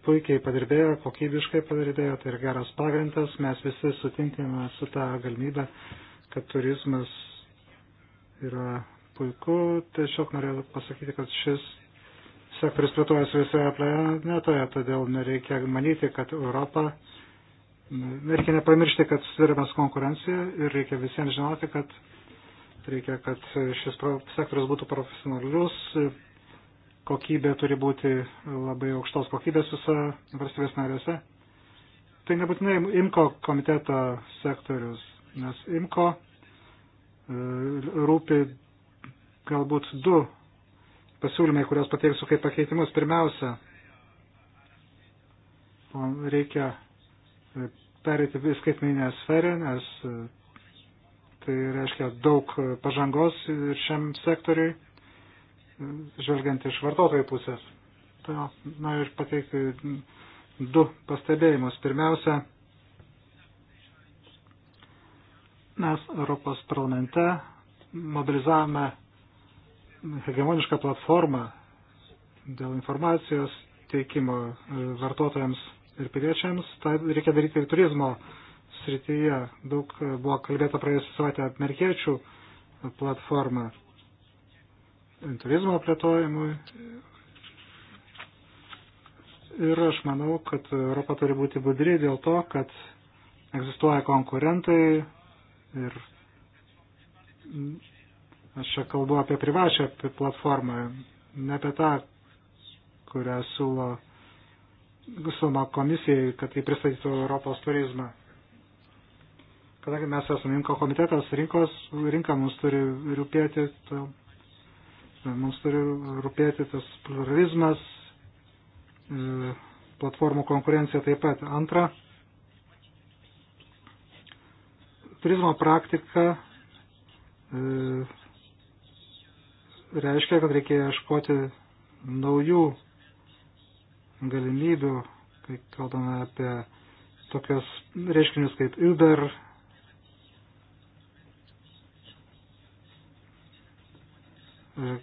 puikiai padirbėjo, kokybiškai padirbėjo, tai yra geras pagrindas, mes visi sutinkame su tą galimybę, kad turizmas yra puiku, tiesiog norėjau pasakyti, kad šis sektorius plėtojasi visoje planetoje, todėl nereikia manyti, kad Europa, reikia nepamiršti, kad susidurimas konkurencija ir reikia visiems žinoti, kad reikia, kad šis sektorius būtų profesionalius kokybė turi būti labai aukštos kokybės visą valstybės narėse. Tai nebūtinai IMCO komiteto sektorius, nes IMCO e, rūpi galbūt du pasiūlymai, kuriuos pateiksiu kaip pakeitimus. Pirmiausia, reikia e, perėti į skaitmeninę sferę, nes e, tai reiškia daug pažangos ir šiam sektoriui žvelgiant iš vartotojų pusės. Tai noriu pateikti du pastebėjimus. Pirmiausia, mes Europos parlamente mobilizavome hegemonišką platformą dėl informacijos teikimo vartotojams ir piliečiams. Tai reikia daryti ir turizmo srityje. Daug buvo kalbėta praėjusią savaitę merkiečių platformą turizmo plėtojimui. Ir aš manau, kad Europa turi būti budri dėl to, kad egzistuoja konkurentai ir aš čia kalbu apie privačią platformą, ne apie tą, kurią siūlo visoma komisijai, kad jį pristatytų Europos turizmą. Kadangi mes esame rinko komitetas, rinkos, rinka mums turi rūpėti, to, Mums turi rūpėti tas pluralizmas, e, platformų konkurencija taip pat. Antra, turizmo praktika e, reiškia, kad reikia ieškoti naujų galimybių, kai kalbame apie tokios reiškinius kaip Uber,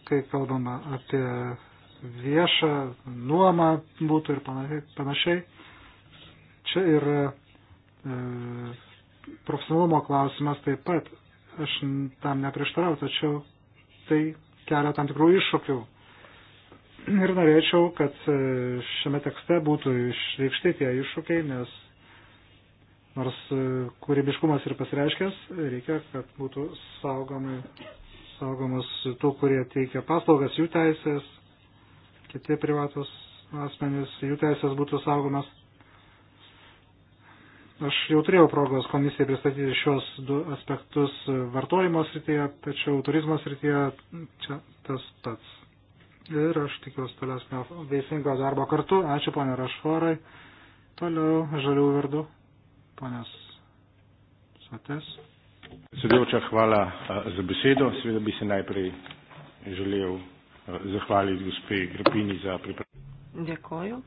kai kalbama apie viešą nuomą būtų ir panašiai. Čia ir e, profesionalumo klausimas taip pat. Aš tam neprieštarau, tačiau tai kelia tam tikrų iššūkių. Ir norėčiau, kad e, šiame tekste būtų išreikšti tie iššūkiai, nes nors e, kūrybiškumas ir pasireiškęs, reikia, kad būtų saugomi saugomus tų, kurie teikia paslaugas, jų teisės, kiti privatus asmenys, jų teisės būtų saugomas. Aš jau turėjau progos komisijai pristatyti šios du aspektus vartojimo srityje, tačiau turizmo srityje čia tas pats. Ir aš tikiuosi tolesnio veisingo darbo kartu. Ačiū, ponė Rašvorai. Toliau žalių vardu, ponės Sates. Predsedujoča, hvala eh, za besedo. Seveda bi se najprej želel eh, zahvaliti gospe Grapini za pripravo. Dėkoju.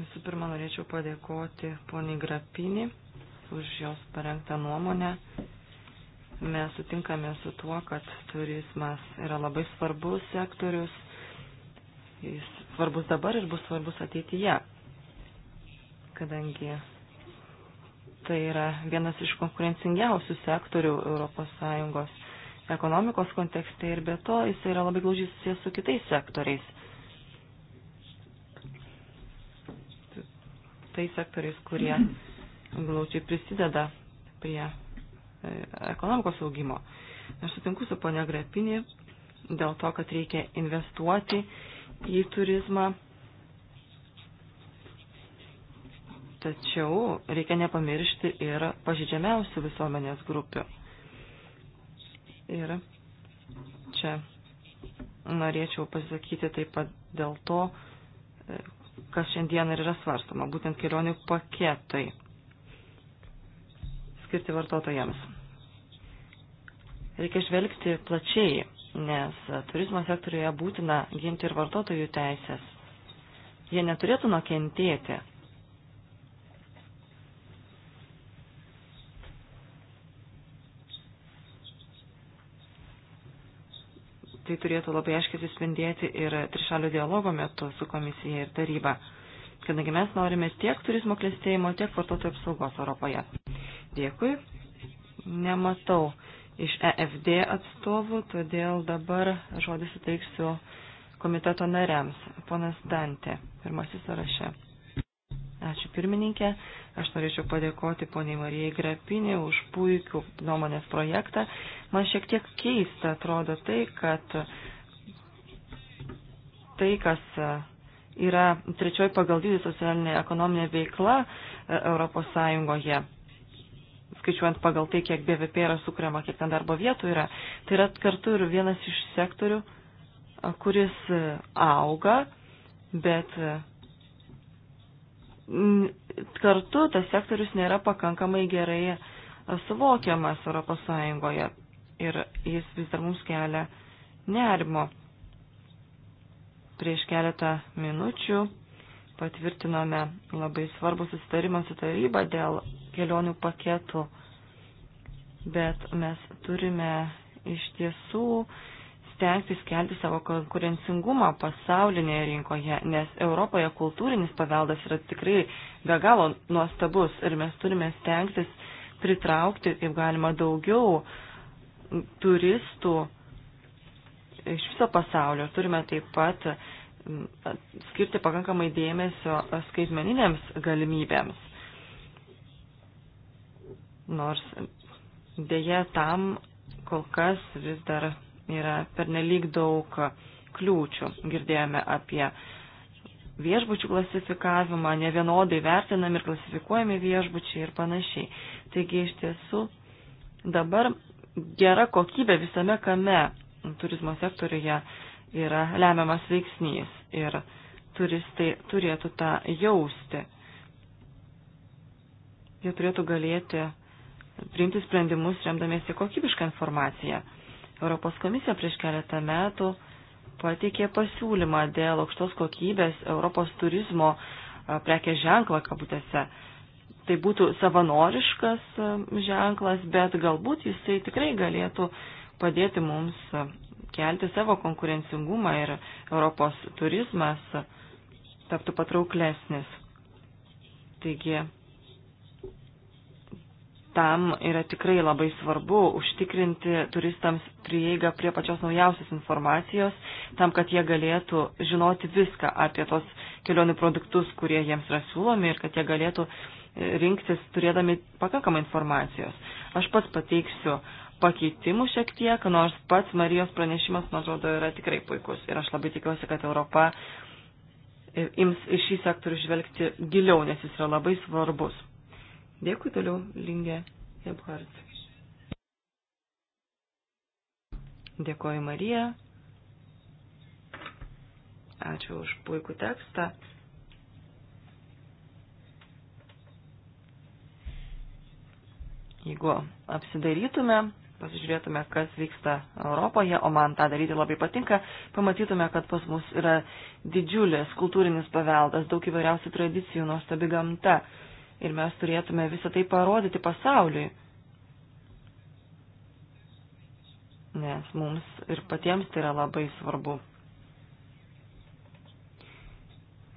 Visų pirma, norėčiau padėkoti poniai Grapini už jos parengtą nuomonę. Mes sutinkame su tuo, kad turizmas yra labai svarbus sektorius. Jis svarbus dabar ir bus svarbus ateityje, kadangi tai yra vienas iš konkurencingiausių sektorių ES ekonomikos kontekste ir be to jis yra labai glaužiai susijęs su kitais sektoriais. Tai sektoriais, kurie glaučiai prisideda prie e, ekonomikos augimo. Aš sutinku su ponia Grepinė dėl to, kad reikia investuoti į turizmą Tačiau reikia nepamiršti ir pažydžiamiausių visuomenės grupių. Ir čia norėčiau pasakyti taip pat dėl to, kas šiandien ir yra svarstama, būtent kelionių paketai skirti vartotojams. Reikia žvelgti plačiai, nes turizmo sektoriuje būtina ginti ir vartotojų teisės. Jie neturėtų nukentėti tai turėtų labai aiškiai atsispindėti ir trišalio dialogo metu su komisija ir taryba, kadangi mes norime tiek turizmo klėstėjimo, tiek vartotojų apsaugos Europoje. Dėkui. Nematau iš EFD atstovų, todėl dabar žodį suteiksiu komiteto nariams. Ponas Dantė, pirmasis sąraše. Ačiū pirmininkė. Aš norėčiau padėkoti poniai Marijai Grapinė už puikų nuomonės projektą. Man šiek tiek keista atrodo tai, kad tai, kas e, yra trečioji pagal dydį socialinė ekonominė veikla e, Europos Sąjungoje, skaičiuojant pagal tai, kiek BVP yra sukuriama, kiek ten darbo vietų yra, tai yra kartu ir vienas iš sektorių, kuris e, auga, bet Mm, kartu tas sektorius nėra pakankamai gerai suvokiamas ES ir jis vis dar mums kelia nerimo. Prieš keletą minučių patvirtinome labai svarbų susitarimą su taryba dėl kelionių paketų, bet mes turime iš tiesų stengsis kelti savo konkurencingumą pasaulinėje rinkoje, nes Europoje kultūrinis paveldas yra tikrai be galo nuostabus ir mes turime stengtis pritraukti kaip galima daugiau turistų iš viso pasaulio. Turime taip pat skirti pakankamai dėmesio skaitmeninėms galimybėms. Nors dėje tam kol kas vis dar yra pernelyg daug kliūčių. Girdėjome apie viešbučių klasifikavimą, nevienodai vertinami ir klasifikuojami viešbučiai ir panašiai. Taigi iš tiesų dabar gera kokybė visame kame turizmo sektoriuje yra lemiamas veiksnys ir turistai turėtų tą jausti. Jie turėtų galėti priimti sprendimus remdamiesi kokybišką informaciją. Europos komisija prieš keletą metų pateikė pasiūlymą dėl aukštos kokybės Europos turizmo prekės ženklą kabutėse. Tai būtų savanoriškas ženklas, bet galbūt jisai tikrai galėtų padėti mums kelti savo konkurencingumą ir Europos turizmas taptų patrauklesnis. Taigi tam yra tikrai labai svarbu užtikrinti turistams prieigą prie pačios naujausios informacijos, tam, kad jie galėtų žinoti viską apie tos kelionių produktus, kurie jiems yra siūlomi ir kad jie galėtų e, rinktis turėdami pakankamą informacijos. Aš pats pateiksiu pakeitimų šiek tiek, nors pats Marijos pranešimas, man atrodo, yra tikrai puikus ir aš labai tikiuosi, kad Europa e, ims į šį sektorių žvelgti giliau, nes jis yra labai svarbus. Dėkui toliau, Lingė Hebhart. Dėkoju Marija. Ačiū už puikų tekstą. Jeigu apsidarytume, pasižiūrėtume, kas vyksta Europoje, o man tą daryti labai patinka, pamatytume, kad pas mus yra didžiulis kultūrinis paveldas, daug įvairiausių tradicijų, nuostabi gamta ir mes turėtume visą tai parodyti pasauliui. Nes mums ir patiems tai yra labai svarbu.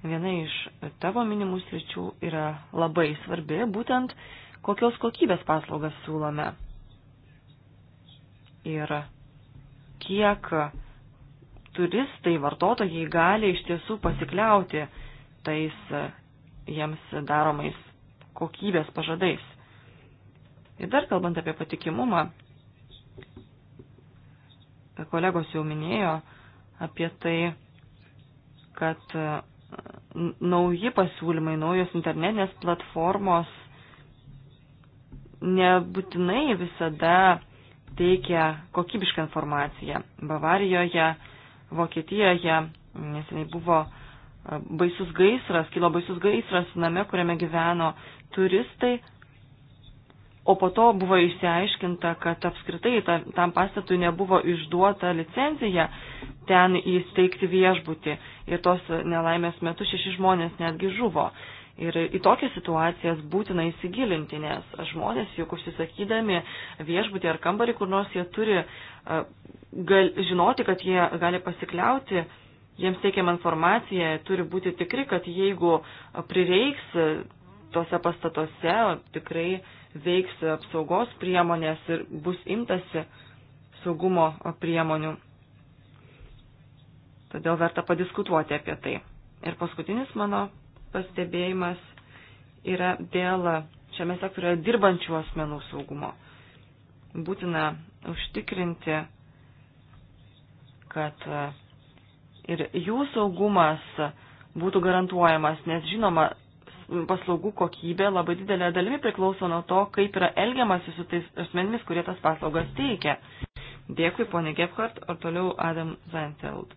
Viena iš tavo minimų sričių yra labai svarbi, būtent kokios kokybės paslaugas siūlome. Ir kiek turistai, vartotojai gali iš tiesų pasikliauti tais jiems daromais kokybės pažadais. Ir dar kalbant apie patikimumą, kolegos jau minėjo apie tai, kad e, nauji pasiūlymai, naujos internetinės platformos nebūtinai visada teikia kokybišką informaciją. Bavarijoje, Vokietijoje neseniai buvo uh, baisus gaisras, kilo baisus gaisras name, kuriame gyveno turistai, o po to buvo išsiaiškinta, kad apskritai ta, tam pastatui nebuvo išduota licencija ten įsteigti viešbutį ir tos nelaimės metu šeši žmonės netgi žuvo. Ir į tokias situacijas būtina įsigilinti, nes žmonės juk užsisakydami viešbutį ar kambarį, kur nors jie turi gal, žinoti, kad jie gali pasikliauti uh, jiems teikiama informacija turi būti tikri, kad jeigu prireiks tose pastatuose, tikrai veiks apsaugos priemonės ir bus imtasi saugumo priemonių. Todėl verta padiskutuoti apie tai. Ir paskutinis mano pastebėjimas yra dėl šiame sektoriuje dirbančių asmenų saugumo. Būtina užtikrinti, kad ir jų saugumas būtų garantuojamas, nes žinoma, paslaugų kokybė labai didelė dalimi priklauso nuo to, kaip yra elgiamasi su tais asmenimis, kurie tas paslaugas teikia. Dėkui, ponė Gephardt, o toliau Adam Zainfeld.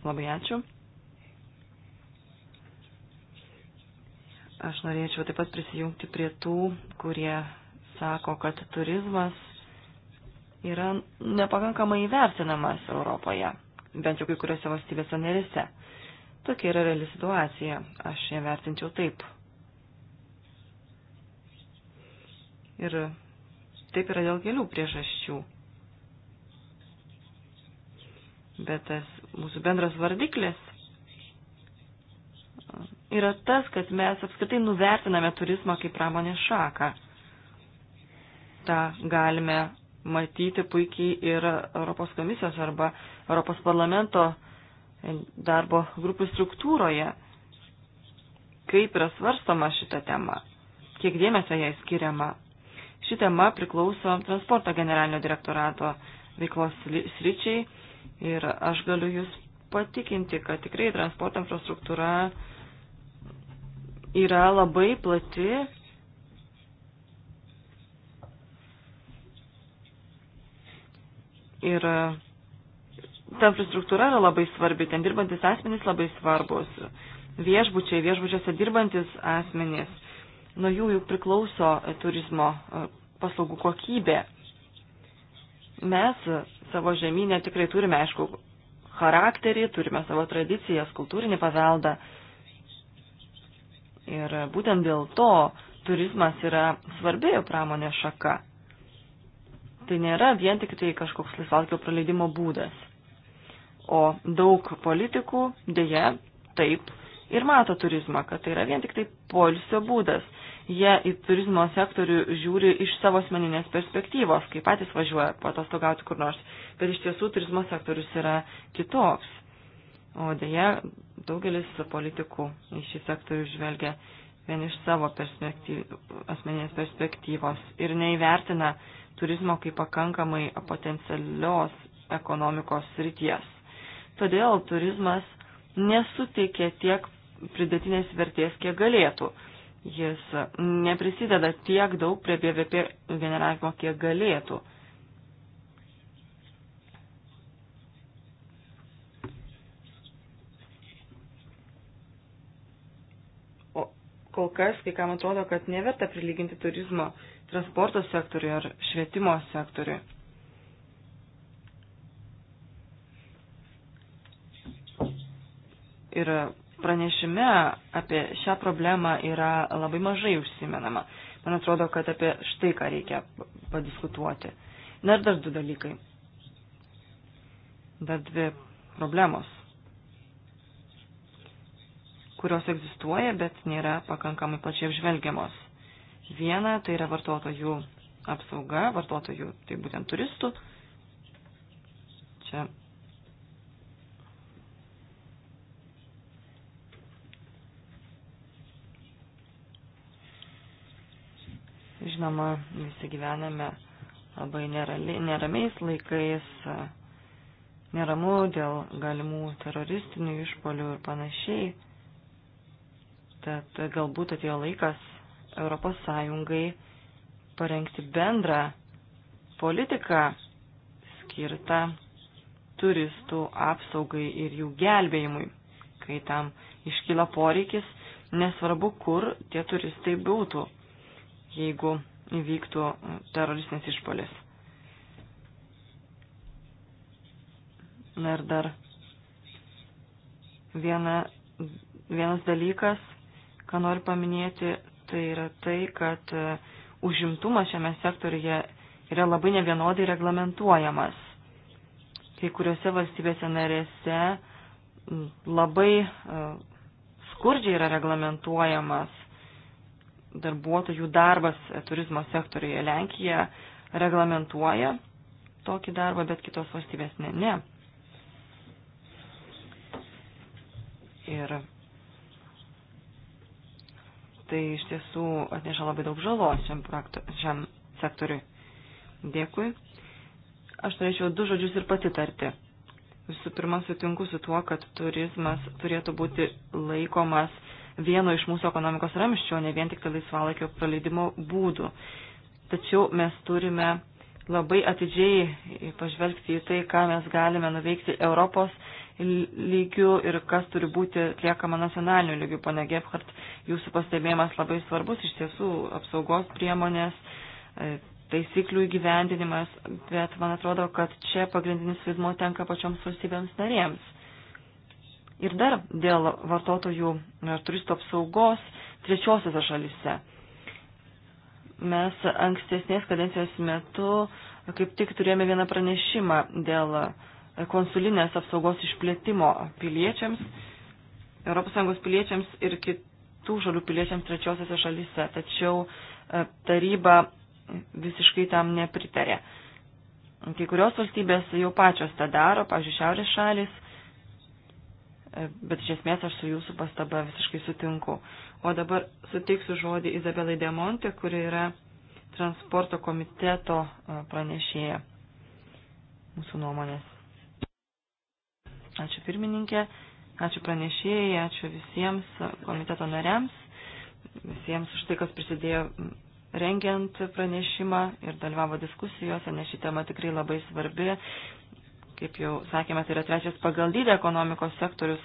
Labai ačiū. Aš norėčiau taip pat prisijungti prie tų, kurie sako, kad turizmas yra nepakankamai įvertinamas Europoje, bent jau kai kuriuose valstybėse narėse. Tokia yra reali situacija, aš ją vertinčiau taip. Ir taip yra dėl kelių priežasčių. Bet tas mūsų bendras vardiklis yra tas, kad mes apskritai nuvertiname turizmą kaip pramonės šaką. Ta galime matyti puikiai ir Europos komisijos arba Europos parlamento darbo grupių struktūroje, kaip yra svarstoma šita tema, kiek dėmesio jai skiriama. Ši tema priklauso transporto generalinio direktorato veiklos sričiai ir aš galiu Jūs patikinti, kad tikrai transporto infrastruktūra yra labai plati. Ir ta infrastruktūra yra labai svarbi, ten dirbantis asmenys labai svarbus. Viešbučiai, viešbučiuose dirbantis asmenys, nuo jų juk priklauso turizmo e, paslaugų kokybė. Mes savo žemynę tikrai turime, aišku, charakterį, turime savo tradicijas, kultūrinį paveldą. Ir būtent dėl to turizmas yra svarbi pramonė šaka. Tai nėra vien tik tai kažkoks laisvalkio praleidimo būdas. O daug politikų dėje taip ir mato turizmą, kad tai yra vien tik tai polisio būdas. Jie į turizmo sektorių žiūri iš savo asmeninės perspektyvos, kai patys važiuoja patostogauti kur nors, bet iš tiesų turizmo sektorius yra kitoks. O dėja, daugelis politikų į šį sektorių žvelgia vien iš savo perspektyv, asmeninės perspektyvos ir neįvertina turizmo kaip pakankamai potencialios ekonomikos srities. Todėl turizmas nesuteikia tiek pridėtinės vertės, kiek galėtų. Jis neprisideda tiek daug prie BVP generavimo, kiek galėtų. kol kas kai kam atrodo, kad neverta prilyginti turizmo transporto sektoriui ar švietimo sektoriui. Ir pranešime apie šią problemą yra labai mažai užsimenama. Man atrodo, kad apie štai ką reikia padiskutuoti. Na ir dar du dalykai. Dar dvi problemos kurios egzistuoja, bet nėra pakankamai plačiai apžvelgiamos. Viena tai yra vartotojų apsauga, vartotojų, tai būtent turistų. Čia Žinoma, visi gyvename labai neramiais laikais, neramu dėl galimų teroristinių išpolių ir panašiai. Tad galbūt atėjo laikas Europos Sąjungai parengti bendrą politiką skirtą turistų apsaugai ir jų gelbėjimui, kai tam iškyla poreikis, nesvarbu, kur tie turistai būtų, jeigu įvyktų teroristinės išpolis. Na ir dar viena, vienas dalykas ką noriu paminėti, tai yra tai, kad e, užimtumas šiame sektoriuje yra labai nevienodai reglamentuojamas. Kai kuriuose valstybėse narėse labai e, skurdžiai yra reglamentuojamas darbuotojų darbas e, turizmo sektoriuje. Lenkija reglamentuoja tokį darbą, bet kitos valstybės ne. ne. Ir tai iš tiesų atneša labai daug žalos šiam, praktu, šiam sektoriui. Dėkui. Aš norėčiau du žodžius ir pati tarti. Visų pirma, sutinku su tuo, kad turizmas turėtų būti laikomas vieno iš mūsų ekonomikos ramščių, o ne vien tik tai laisvalaikio praleidimo būdų. Tačiau mes turime labai atidžiai pažvelgti į tai, ką mes galime nuveikti Europos lygių ir kas turi būti atliekama nacionaliniu lygiu. Pane Gebhardt, jūsų pastebėjimas labai svarbus, iš tiesų apsaugos priemonės, e, taisyklių įgyvendinimas, bet man atrodo, kad čia pagrindinis vaidmo tenka pačioms valstybėms narėms. Ir dar dėl vartotojų ir e, turistų apsaugos trečiosiose šalise. Mes ankstesnės kadencijos metu kaip tik turėjome vieną pranešimą dėl uh, konsulinės apsaugos išplėtimo piliečiams, ES piliečiams ir kitų šalių piliečiams trečiosiose šalyse, tačiau e, taryba visiškai tam nepritarė. Kai kurios valstybės jau pačios tą daro, pavyzdžiui, šiaurės šalis, e, bet iš esmės aš su jūsų pastaba visiškai sutinku. O dabar suteiksiu žodį Izabelai Demonte, kuri yra transporto komiteto e, pranešėja mūsų nuomonės. Ačiū pirmininkė, ačiū pranešėjai, ačiū visiems komiteto nariams, visiems už tai, kas prisidėjo rengiant pranešimą ir dalyvavo diskusijose, nes ši tema tikrai labai svarbi. Kaip jau sakėme, tai yra trečias pagal dydį ekonomikos sektorius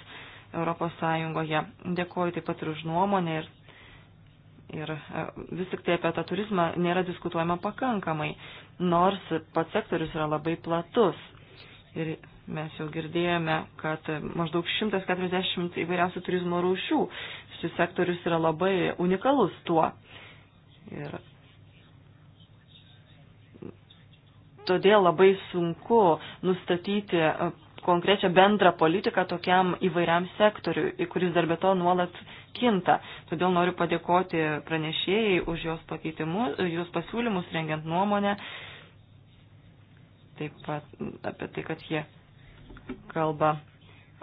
Europos Sąjungoje. Dėkuoju taip pat ir už nuomonę ir, ir e, vis tik tai apie tą turizmą nėra diskutuojama pakankamai, nors pats sektorius yra labai platus. Ir Mes jau girdėjome, kad maždaug 140 įvairiausių turizmo rūšių. Šis sektorius yra labai unikalus tuo. Ir todėl labai sunku nustatyti e, konkrečią bendrą politiką tokiam įvairiam sektoriui, kuris dar be to nuolat kinta. Todėl noriu padėkoti pranešėjai už jos pakeitimus, jos pasiūlymus rengiant nuomonę. Taip pat apie tai, kad jie kalba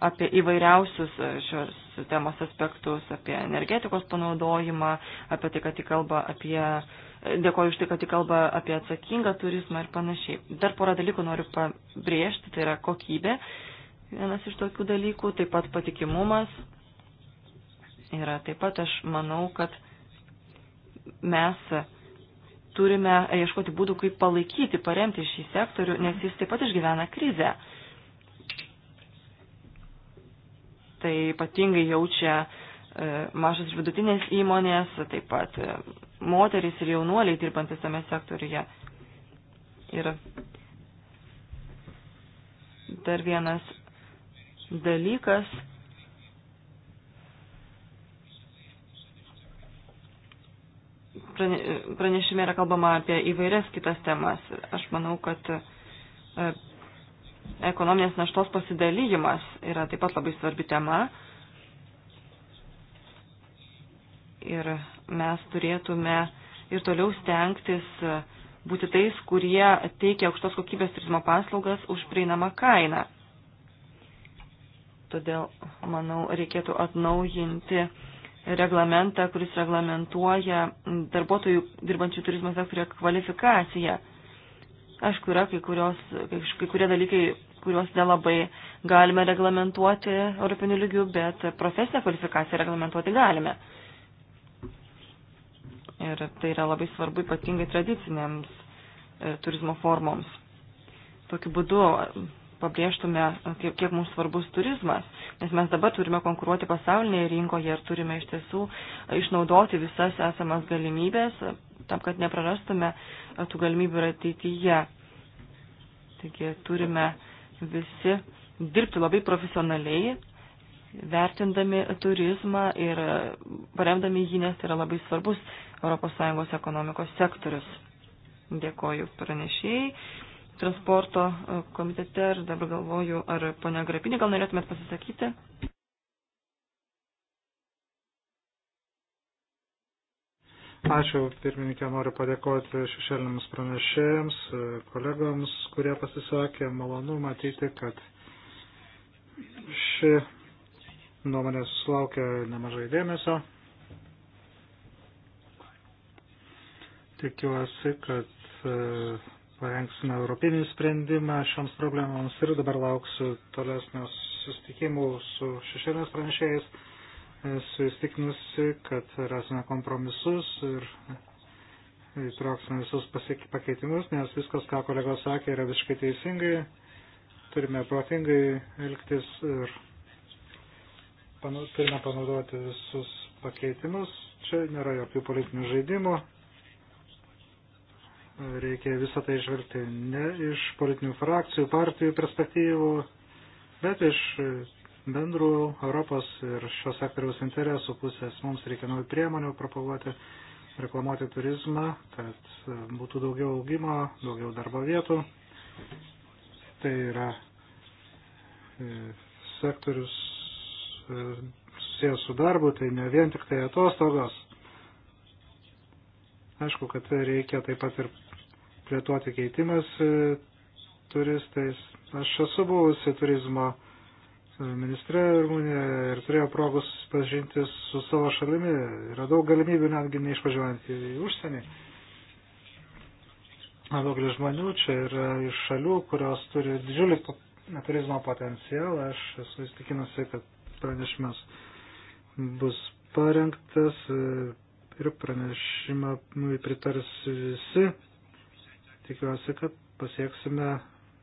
apie įvairiausius e, šios temos aspektus, apie energetikos panaudojimą, apie tai, kad jį kalba apie, e, dėkoju už tai, kad jį kalba apie atsakingą turizmą ir panašiai. Dar porą dalykų noriu pabrėžti, tai yra kokybė, vienas iš tokių dalykų, taip pat patikimumas. Ir taip pat aš manau, kad mes turime ieškoti būdų, kaip palaikyti, paremti šį sektorių, nes jis taip pat išgyvena krizę. Tai ypatingai jaučia e, mažas ir vidutinės įmonės, taip pat e, moteris ir jaunuoliai dirbantis tame sektoriuje. Ir dar vienas dalykas. Pranešime yra kalbama apie įvairias kitas temas. Aš manau, kad e, ekonominės naštos pasidalyjimas yra taip pat labai svarbi tema. Ir mes turėtume ir toliau stengtis būti tais, kurie teikia aukštos kokybės turizmo paslaugas už prieinamą kainą. Todėl, manau, reikėtų atnaujinti reglamentą, kuris reglamentuoja darbuotojų dirbančių turizmo sektorėje kvalifikaciją. Aišku, yra kai, kurios, kai kurie dalykai kuriuos nelabai galime reglamentuoti europinių lygių, bet profesinę kvalifikaciją reglamentuoti galime. Ir tai yra labai svarbu ypatingai tradicinėms e, turizmo formoms. Tokiu būdu e, pabrėžtume, e, kiek, kiek mums svarbus turizmas, nes mes dabar turime konkuruoti pasaulinėje rinkoje ir turime iš tiesų išnaudoti visas esamas galimybės, tam, kad neprarastume tų galimybių ir ateityje. Taigi turime uh, visi dirbti labai profesionaliai, vertindami turizmą ir paremdami jį, nes tai yra labai svarbus ES ekonomikos sektorius. Dėkoju pranešėjai. Transporto komitete ir dabar galvoju, ar ponia Grapinė, gal norėtumėt pasisakyti? Ačiū, pirmininkė, noriu padėkoti šešėliniams pranešėjams, kolegoms, kurie pasisakė. Malonu matyti, kad ši nuomonė susilaukė nemažai dėmesio. Tikiuosi, kad e, parengsime europinį sprendimą šioms problemams ir dabar lauksiu tolesnės susitikimų su šešėliniais pranešėjais esu įstikinusi, kad rasime kompromisus ir įtrauksime visus pakeitimus, nes viskas, ką kolegos sakė, yra visiškai teisingai. Turime protingai elgtis ir panu, turime panaudoti visus pakeitimus. Čia nėra jokių politinių žaidimų. Reikia visą tai žvelgti ne iš politinių frakcijų, partijų perspektyvų, bet iš bendrų Europos ir šios sektoriaus interesų pusės. Mums reikia naujų priemonių propaguoti, reklamuoti turizmą, kad e, būtų daugiau augimo, daugiau darbo vietų. Tai yra e, sektorius e, susijęs su darbu, tai ne vien tik tai atostogos. Aišku, kad reikia taip pat ir plėtoti keitimas turistais. Aš esu buvusi turizmo ministre Rumunijoje ir turėjau progus pažinti su savo šalimi. Yra daug galimybių netgi neišvažiuojant į užsienį. Daugelis žmonių čia yra iš šalių, kurios turi didžiulį turizmo potencialą. Aš esu įstikinusi, kad pranešimas bus parengtas ir pranešimą pritars visi. Tikiuosi, kad pasieksime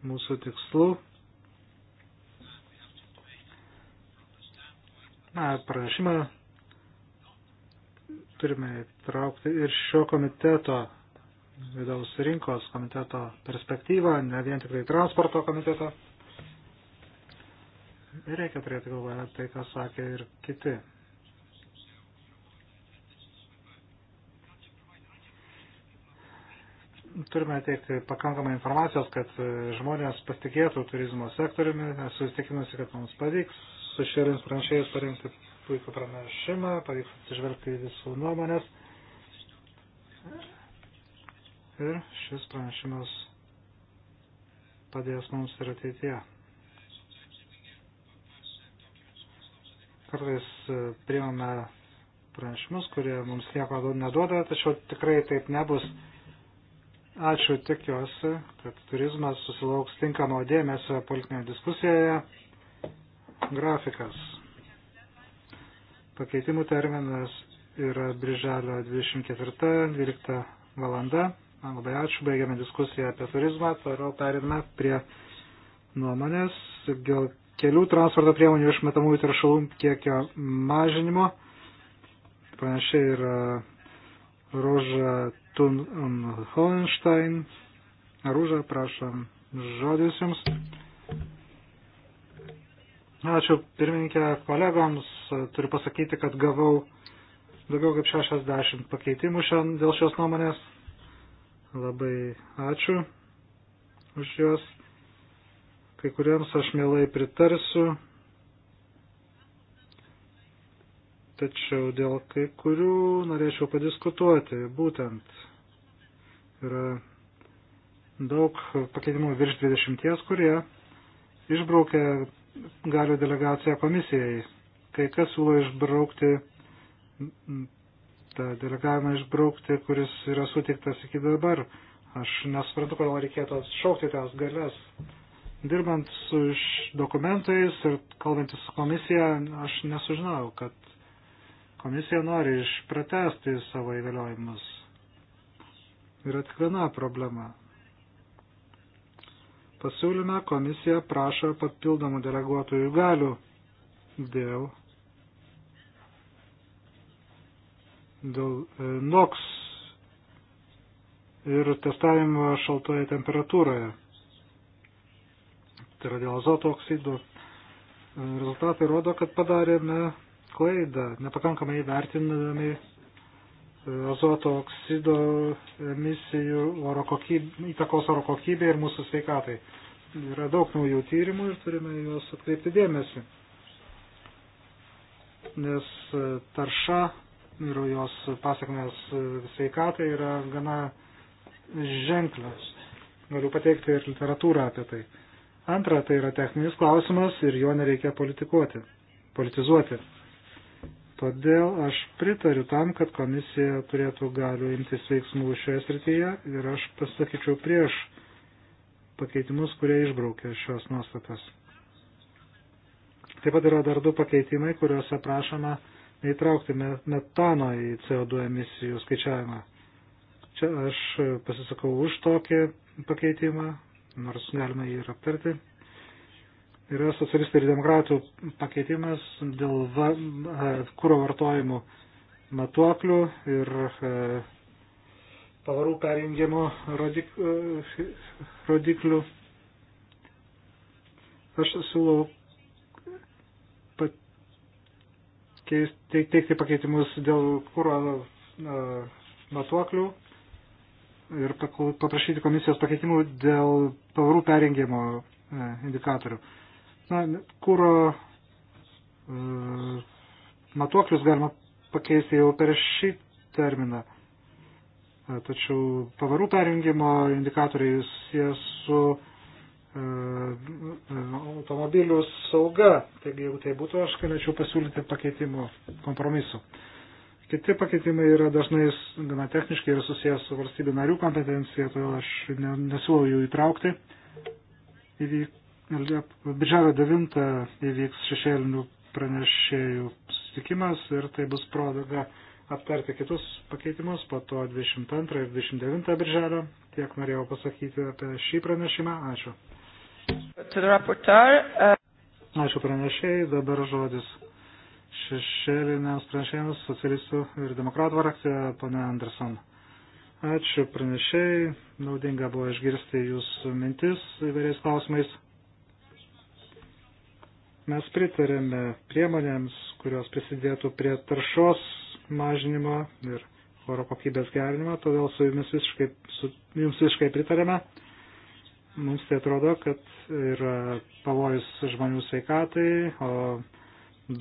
mūsų tikslų pranešimą turime įtraukti ir šio komiteto vidaus rinkos komiteto perspektyvą, ne vien tik tai transporto komiteto. Reikia turėti galvoje tai, ką sakė ir kiti. turime teikti pakankamai informacijos, kad žmonės pasitikėtų turizmo sektoriumi. Esu įstikinusi, kad mums pavyks šešėlėms pranešėjus parengti puikų pranešimą, pavyks atsižvelgti visų nuomonės. Ir šis pranešimas padės mums ir ateityje. Kartais e, priimame pranešimus, kurie mums nieko neduoda, tačiau tikrai taip nebus. Ačiū, tikiuosi, kad turizmas susilauks tinkamo dėmesio politinėje diskusijoje grafikas. Pakeitimų terminas yra birželio 24-12 valanda. Man labai ačiū, baigiame diskusiją apie turizmą, toliau perėmė prie nuomonės dėl kelių transporto priemonių išmetamųjų taršalų kiekio mažinimo. Panašiai yra uh, Roža Tun Hohenstein. Rūža, prašom, žodis jums. Ačiū pirmininkė kolegoms. Turiu pasakyti, kad gavau daugiau kaip 60 pakeitimų šiandien dėl šios nuomonės. Labai ačiū už juos. Kai kuriems aš mielai pritarsiu. Tačiau dėl kai kurių norėčiau padiskutuoti. Būtent yra daug pakeitimų virš 20, kurie išbraukia galių delegaciją komisijai. Kai kas siūlo išbraukti, tą delegavimą išbraukti, kuris yra sutiktas iki dabar. Aš nesuprantu, kodėl reikėtų atšaukti tas galės. Dirbant su dokumentais ir kalbantis su komisija, aš nesužinau, kad komisija nori išpratesti savo įgaliojimus. Yra tik viena problema pasiūlyme komisija prašo papildomų deleguotojų galių dėl, dėl e, NOX ir testavimo šaltoje temperatūroje. Tai yra dėl azoto oksidų. E, rezultatai rodo, kad padarėme klaidą, nepakankamai įvertinami azoto oksido emisijų oro kokybė, įtakos oro kokybė ir mūsų sveikatai. Yra daug naujų tyrimų ir turime juos atkreipti dėmesį, nes e, tarša ir jos pasakmės e, sveikatai yra gana ženklios. Galiu pateikti ir literatūrą apie tai. Antra, tai yra techninis klausimas ir jo nereikia politikuoti, politizuoti. Todėl aš pritariu tam, kad komisija turėtų galių imtis veiksmų šioje srityje ir aš pasakyčiau prieš pakeitimus, kurie išbraukė šios nuostatas. Taip pat yra dar du pakeitimai, kuriuose prašoma neįtraukti metano į CO2 emisijų skaičiavimą. Čia aš pasisakau už tokį pakeitimą, nors galima jį ir aptarti yra socialistų ir demokratų pakeitimas dėl va, e, kūro vartojimų matuoklių ir e, pavarų perjungimo rodik, e, rodiklių. Aš siūlau teikti pakeitimus dėl kūro matuoklių ir paprašyti komisijos pakeitimų dėl pavarų perjungimo indikatorių. Na, kūro uh, e, matuoklius galima pakeisti jau per šį terminą. E, tačiau pavarų perjungimo indikatoriai susijęs su e, automobilių sauga. Taigi, jeigu tai būtų, aš galėčiau pasiūlyti pakeitimų kompromisų. Kiti pakeitimai yra dažnai gana techniškai ir susijęs su valstybių narių kompetencija, todėl aš nesiūlau jų įtraukti. Įvyk Birželio 9 įvyks šešėlinių pranešėjų susitikimas ir tai bus proga aptarti kitus pakeitimus, po to 22 ir 29 birželio. Tiek norėjau pasakyti apie šį pranešimą. Ačiū. Uh, Ačiū pranešėjai. Dabar žodis šešėliniams pranešėjams socialistų ir demokratų frakcija, pane Anderson. Ačiū pranešėjai. Naudinga buvo išgirsti jūsų mintis įvairiais klausimais. Mes pritarėme priemonėms, kurios prisidėtų prie taršos mažinimo ir oro kokybės gerinimo, todėl su jumis visiškai, su, jums visiškai pritarėme. Mums tai atrodo, kad yra pavojus žmonių sveikatai, o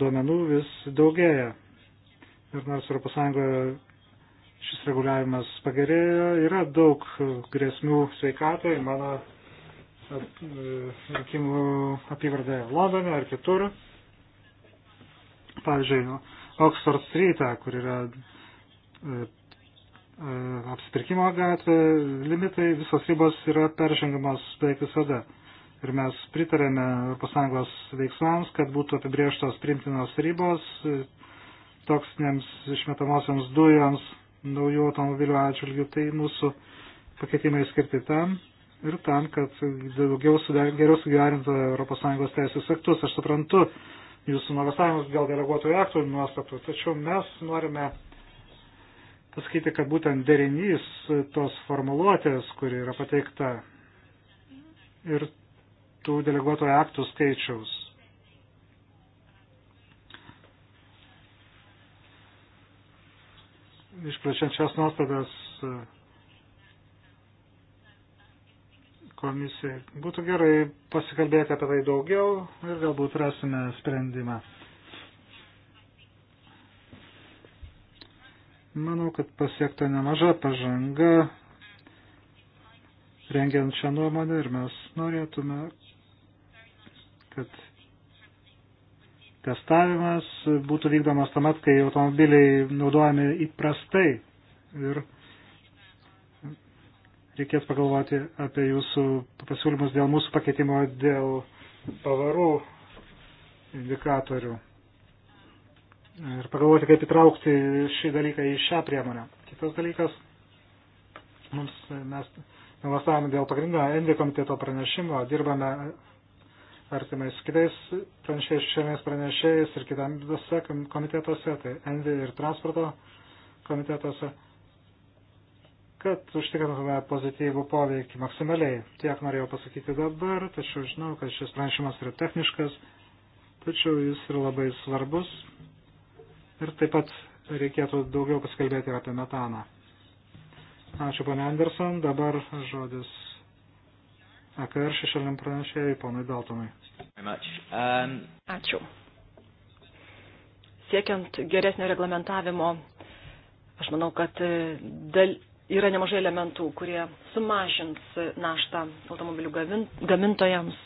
duomenų vis daugėja. Ir nors ES šis reguliavimas pagerėjo, yra daug grėsmių sveikatai. Mano rinkimų apygardoje Londone ar kitur. Pavyzdžiui, nu, Oxford Street, kur yra e, e, apsipirkimo gatvė, limitai, visos ribos yra peržengamos beveik visada. Ir mes pritarėme ES veiksmams, kad būtų apibrieštos primtinos ribos e, toksiniams išmetamosiams dujoms naujų automobilių atžvilgių. Tai mūsų pakeitimai skirti tam ir tam, kad daugiau sudar, geriau sugerintų ES teisės aktus. Aš suprantu jūsų nuogastavimus dėl deleguotojų aktų nuostatų, tačiau mes norime pasakyti, kad būtent derinys tos formuluotės, kuri yra pateikta ir tų deleguotojų aktų skaičiaus. Išplečiant šias nuostatas komisijai. Būtų gerai pasikalbėti apie tai daugiau ir galbūt rasime sprendimą. Manau, kad pasiekta nemaža pažanga rengiant šią nuomonę ir mes norėtume, kad testavimas būtų vykdomas tuomet, kai automobiliai naudojami įprastai ir reikės pagalvoti apie jūsų pasiūlymus dėl mūsų pakeitimo dėl pavarų indikatorių. Ir pagalvoti, kaip įtraukti šį dalyką į šią priemonę. Kitas dalykas, mums, mes nuvastavome dėl pagrindinio Envi komiteto pranešimo, dirbame artimai su kitais pranešėjais, pranešėjais ir kitame komitetuose, tai Envi ir transporto komitetuose kad užtikrintume pozityvų poveikį maksimaliai. Tiek norėjau pasakyti dabar, tačiau žinau, kad šis pranešimas yra techniškas, tačiau jis yra labai svarbus. Ir taip pat reikėtų daugiau pasikalbėti apie metaną. Ačiū, ponė Anderson. Dabar žodis AKR šešėlim pranešėjai, ponai Daltonai. Um, Ačiū. Siekiant geresnio reglamentavimo, aš manau, kad dal, yra nemažai elementų, kurie sumažins naštą automobilių gamintojams,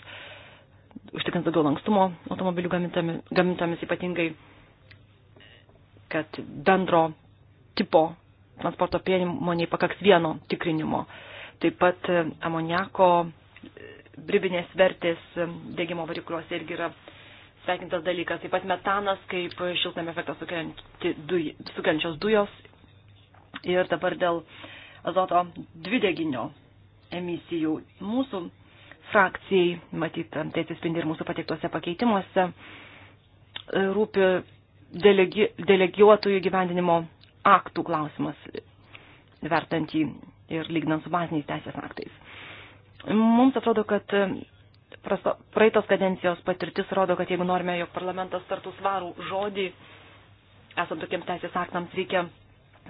užtikrins daugiau lankstumo automobilių gamintojams ypatingai, kad bendro tipo transporto priemoniai pakaks vieno tikrinimo. Taip pat e, amoniako bribinės e, vertės e, degimo varikliuose irgi yra sveikintas dalykas. Taip pat metanas kaip šiltnamio efektą sukeliančios dujos Ir dabar dėl azoto dvideginio emisijų mūsų frakcijai, matyt, tai atsispindi ir mūsų pateiktuose pakeitimuose, rūpi delegi, delegiuotojų gyvendinimo aktų klausimas, vertant jį ir lygnant su baziniais teisės aktais. Mums atrodo, kad prasto, praeitos kadencijos patirtis rodo, kad jeigu norime, jog parlamentas tartų svarų žodį, esant tokiems teisės aktams reikia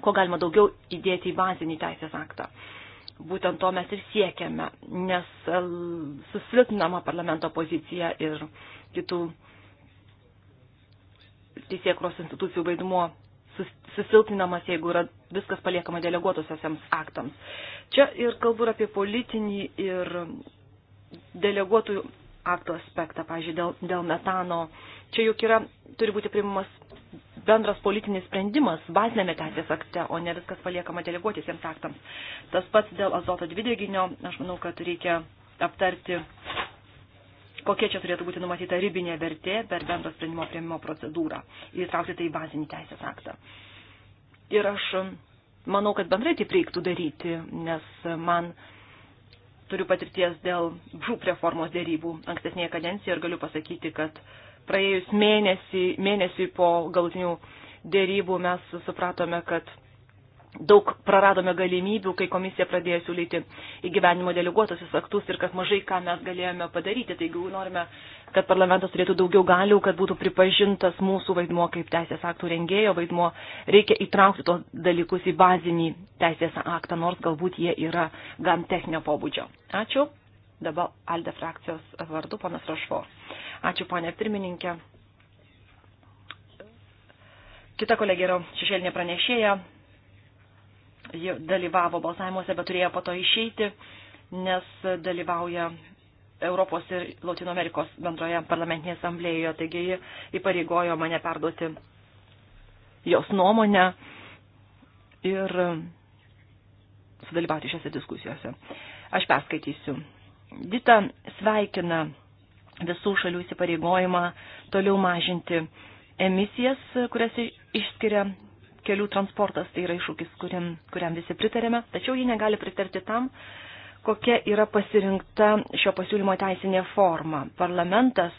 ko galima daugiau įdėti į bazinį teisės aktą. Būtent to mes ir siekiame, nes e, susilpnama parlamento pozicija ir kitų teisėkros institucijų vaidmuo susilpninamas, jeigu yra viskas paliekama deleguotosiams aktams. Čia ir kalbu apie politinį ir deleguotųjų akto aspektą, pažiūrėjau, dėl, dėl metano. Čia juk yra, turi būti priimamas bendras politinis sprendimas bazinėme teisės akte, o ne viskas paliekama deleguotisiems aktams. Tas pats dėl azoto dvideginio, aš manau, kad reikia aptarti, kokia čia turėtų būti numatyta ribinė vertė per bendro sprendimo prieimimo procedūrą ir įtraukti tai į bazinį teisės aktą. Ir aš manau, kad bendrai taip reiktų daryti, nes man turiu patirties dėl žūp reformos dėrybų ankstesnėje kadencijoje ir galiu pasakyti, kad uh, praėjus mėnesį, mėnesį po galtinių dėrybų mes supratome, kad daug praradome galimybių, kai komisija pradėjo siūlyti įgyvenimo deleguotosius aktus ir kad mažai ką mes galėjome padaryti. Taigi norime, kad parlamentas turėtų daugiau galių, kad būtų pripažintas mūsų vaidmuo kaip teisės aktų rengėjo vaidmuo. Reikia įtraukti tos dalykus į bazinį teisės aktą, nors galbūt jie yra gan techninio pobūdžio. Ačiū. Dabar Alde frakcijos vardu, panas Rašvo. Ačiū, ponė pirmininkė. Kita kolegė yra šešėlinė pranešėja. Ji dalyvavo balsavimuose, bet turėjo po to išeiti, nes dalyvauja Europos ir Latino Amerikos bendroje parlamentinėje asamblėjoje, taigi ji įpareigojo mane perduoti jos nuomonę ir sudalyvauti šiose diskusijose. Aš perskaitysiu Dita sveikina visų šalių įsipareigojimą toliau mažinti emisijas, kurias išskiria kelių transportas. Tai yra iššūkis, kuriam, kuriam visi pritarėme. Tačiau ji negali pritarti tam, kokia yra pasirinkta šio pasiūlymo teisinė forma. Parlamentas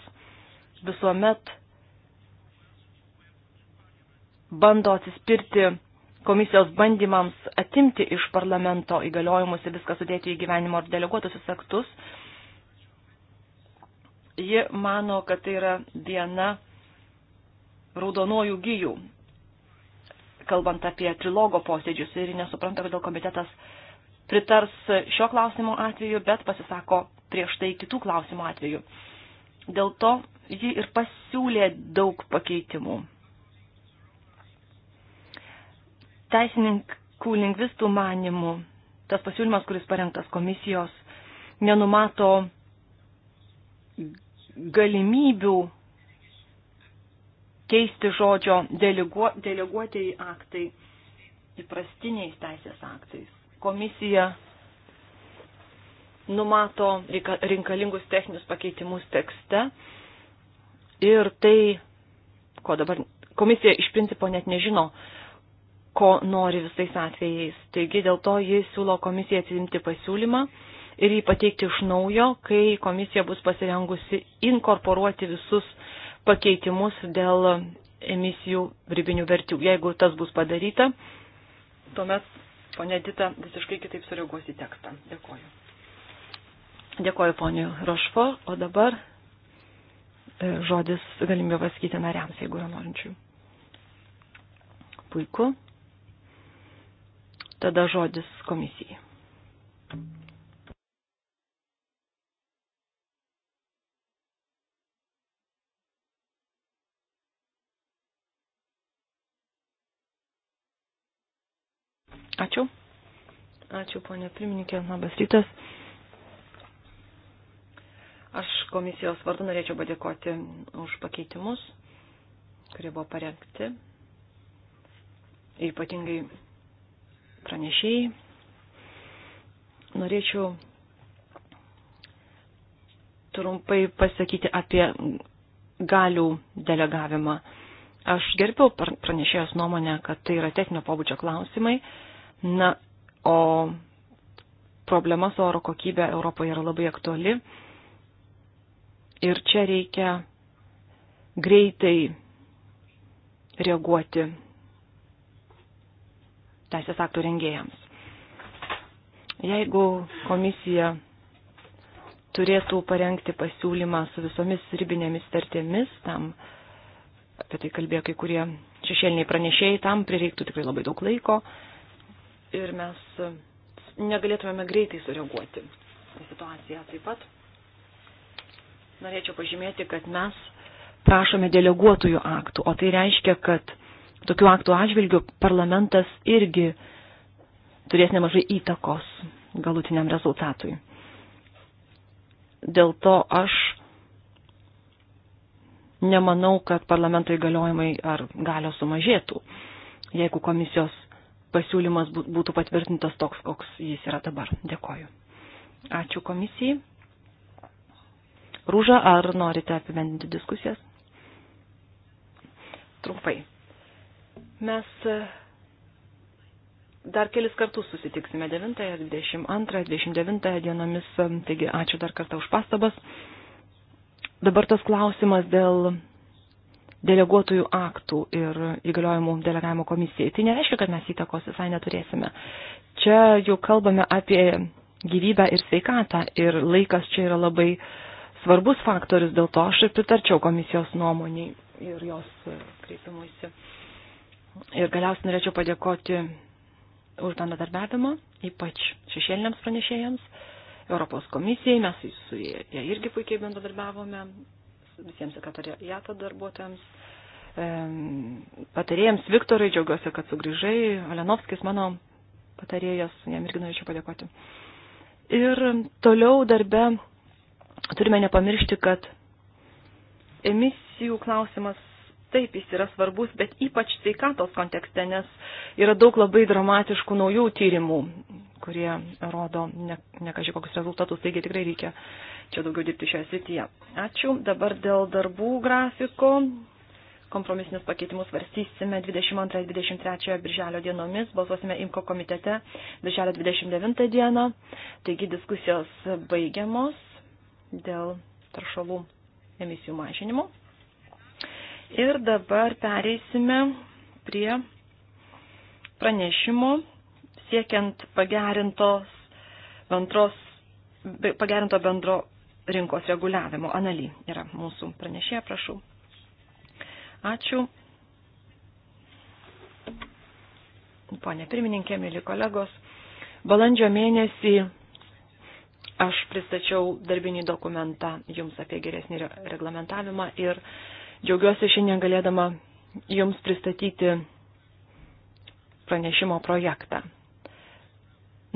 visuomet bando atsispirti komisijos bandymams atimti iš parlamento įgaliojimus ir viską sudėti į gyvenimo ar deleguotusius aktus. Ji mano, kad tai yra viena raudonojų gyjų, kalbant apie trilogo posėdžius ir nesupranta, kodėl komitetas pritars šio klausimo atveju, bet pasisako prieš tai kitų klausimų atveju. Dėl to ji ir pasiūlė daug pakeitimų Teisininkų lingvistų manimų tas pasiūlymas, kuris parengtas komisijos, nenumato galimybių keisti žodžio deleguo, deleguotieji aktai įprastiniais teisės aktais. Komisija numato reikalingus techninius pakeitimus tekste ir tai, ko dabar komisija iš principo net nežino, ko nori visais atvejais. Taigi dėl to jis siūlo komisijai atsimti pasiūlymą ir jį pateikti iš naujo, kai komisija bus pasirengusi inkorporuoti visus pakeitimus dėl emisijų ribinių vertių. Jeigu tas bus padaryta, tuomet ponė Dita visiškai kitaip sureaguos į tekstą. Dėkoju. Dėkoju poniu Rošfo, o dabar e, žodis galimybė pasakyti nariams, jeigu yra norinčių. Puiku. Tada žodis komisijai. Ačiū. Ačiū, ponė pirmininkė. Labas rytas. Aš komisijos vardu norėčiau padėkoti už pakeitimus, kurie buvo parengti. Ypatingai pranešėjai. Norėčiau trumpai pasakyti apie galių delegavimą. Aš gerbiau pranešėjos nuomonę, kad tai yra techninio pobūdžio klausimai. Na, o problema su oro kokybė Europoje yra labai aktuali. Ir čia reikia greitai reaguoti teisės aktų rengėjams. Jeigu komisija turėtų parengti pasiūlymą su visomis ribinėmis vertėmis, tam apie tai kalbėjo kai kurie šešėliniai pranešėjai, tam prireiktų tikrai labai daug laiko ir mes negalėtumėme greitai sureaguoti į situaciją. Taip pat norėčiau pažymėti, kad mes prašome deleguotųjų aktų, o tai reiškia, kad tokių aktų atžvilgių parlamentas irgi turės nemažai įtakos galutiniam rezultatui. Dėl to aš nemanau, kad parlamento įgaliojimai ar galios sumažėtų, jeigu komisijos pasiūlymas būtų patvirtintas toks, koks jis yra dabar. Dėkoju. Ačiū komisijai. Rūža, ar norite apibendinti diskusijas? Trumpai. Mes e, dar kelis kartus susitiksime 9, 22, 29 dienomis, e, taigi ačiū dar kartą už pastabas. Dabar tas klausimas dėl deleguotojų aktų ir įgaliojimų delegavimo komisijai. Tai nereiškia, kad mes įtakos visai neturėsime. Čia jau kalbame apie gyvybę ir sveikatą ir laikas čia yra labai svarbus faktorius, dėl to aš ir pritarčiau komisijos nuomoniai ir jos e, kreipimuisi. Ir galiausiai norėčiau padėkoti už bendradarbiavimą, ypač šešėliniams pranešėjams, Europos komisijai, mes su jie irgi puikiai bendradarbiavome, visiems sekretariato darbuotojams, patarėjams Viktorai, džiaugiuosi, kad sugrįžai, Alenovskis mano patarėjas, jam irgi norėčiau padėkoti. Ir toliau darbe turime nepamiršti, kad emisijų klausimas taip jis yra svarbus, bet ypač sveikatos kontekste, nes yra daug labai dramatiškų naujų tyrimų, kurie rodo ne, ne kažkai kokius rezultatus, taigi tikrai reikia čia daugiau dirbti šioje srityje. Ačiū. Dabar dėl darbų grafiko. Kompromisinius pakeitimus svarstysime 22-23 birželio dienomis, balsuosime IMKO komitete birželio 29 dieną. Taigi diskusijos baigiamos dėl taršalų emisijų mažinimo. Ir dabar pereisime prie pranešimo siekiant pagerintos bendros, pagerinto bendro rinkos reguliavimo. Analy yra mūsų pranešėja, prašau. Ačiū. Pone pirmininkė, mėly kolegos, balandžio mėnesį aš pristačiau darbinį dokumentą jums apie geresnį reglamentavimą ir uh, Džiaugiuosi šiandien galėdama Jums pristatyti pranešimo projektą.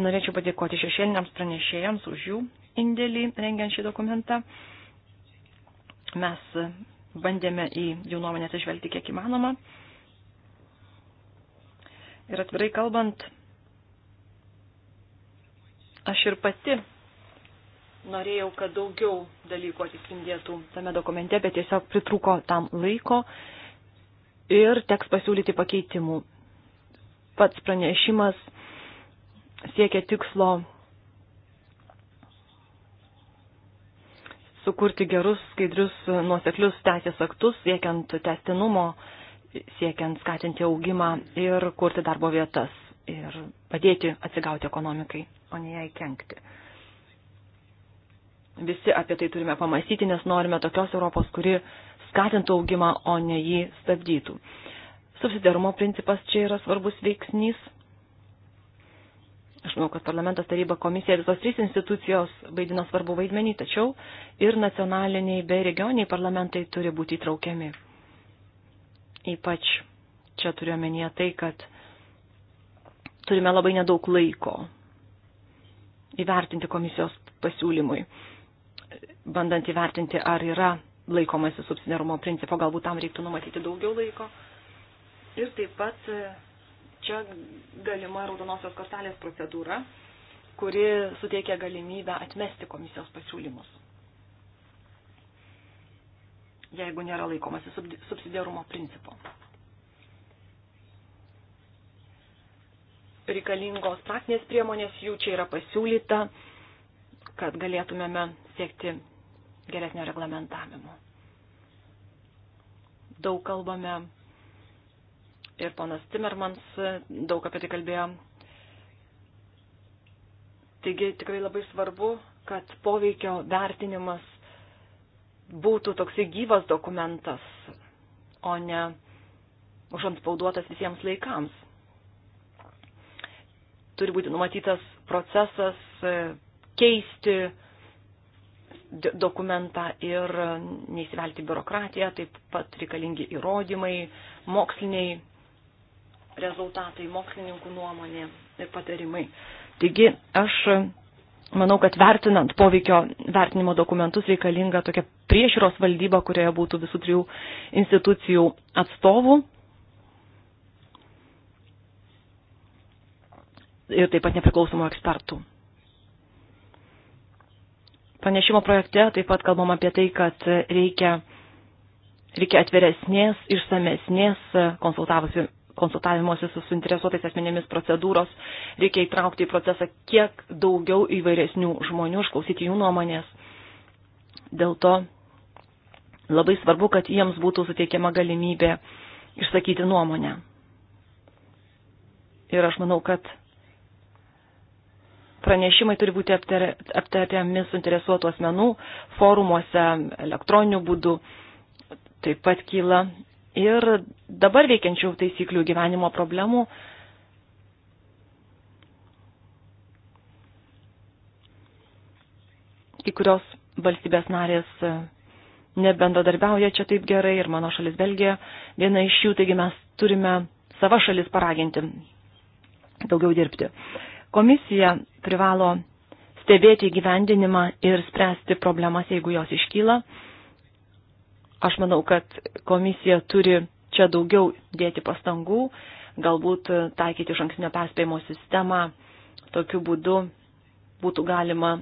Norėčiau padėkoti šešėliniams pranešėjams už jų indėlį rengiant šį dokumentą. Mes bandėme į jų nuomonę atsižvelgti kiek įmanoma. Ir atvirai kalbant, aš ir pati norėjau, kad daugiau dalykų atsispindėtų tame dokumente, bet tiesiog pritruko tam laiko ir teks pasiūlyti pakeitimų. Pats pranešimas siekia tikslo sukurti gerus, skaidrius, nuoseklius teisės aktus, siekiant testinumo, siekiant skatinti augimą ir kurti darbo vietas ir padėti atsigauti ekonomikai, o ne jai kenkti visi apie tai turime pamastyti, nes norime tokios Europos, kuri skatintų augimą, o ne jį stabdytų. Subsidiarumo principas čia yra svarbus veiksnys. Aš manau, kad parlamentas, taryba, komisija, visos trys institucijos vaidina svarbu vaidmenį, tačiau ir nacionaliniai bei regioniai parlamentai turi būti įtraukiami. Ypač čia turiuomenyje tai, kad turime labai nedaug laiko įvertinti komisijos pasiūlymui bandant įvertinti, ar yra laikomasi subsidiarumo principo, galbūt tam reiktų numatyti daugiau laiko. Ir taip pat e, čia galima raudonosios kortelės procedūra, kuri suteikia galimybę atmesti komisijos pasiūlymus. Jeigu nėra laikomasi subsidiarumo principo. Reikalingos praktinės priemonės jų čia yra pasiūlyta, kad galėtumėme siekti geresnio reglamentavimo. Daug kalbame ir ponas Timmermans daug apie tai kalbėjo. Taigi tikrai labai svarbu, kad poveikio vertinimas būtų toksai gyvas dokumentas, o ne užantspauduotas visiems laikams. Turi būti numatytas procesas keisti dokumentą ir neįsivelti biurokratiją, taip pat reikalingi įrodymai, moksliniai rezultatai, mokslininkų nuomonė ir patarimai. Taigi aš manau, kad vertinant poveikio vertinimo dokumentus reikalinga tokia priežiūros valdyba, kurioje būtų visų trijų institucijų atstovų. Ir taip pat nepriklausomų ekspertų. Panešimo projekte taip pat kalbam apie tai, kad reikia, reikia atviresnės, išsamesnės konsultavimuose su suinteresuotais asmenėmis procedūros, reikia įtraukti į procesą kiek daugiau įvairesnių žmonių, išklausyti jų nuomonės. Dėl to labai svarbu, kad jiems būtų suteikiama galimybė išsakyti nuomonę. Ir aš manau, kad pranešimai turi būti aptariami suinteresuotų asmenų forumuose, elektroniniu būdu, taip pat kyla ir dabar veikiančių taisyklių gyvenimo problemų. Kai kurios valstybės narės nebendradarbiauja čia taip gerai ir mano šalis Belgija viena iš jų, taigi mes turime savo šalis paraginti daugiau dirbti. Komisija privalo stebėti įgyvendinimą ir spręsti problemas, jeigu jos iškyla. Aš manau, kad komisija turi čia daugiau dėti pastangų, galbūt taikyti žanksinio perspėjimo sistemą. Tokiu būdu būtų galima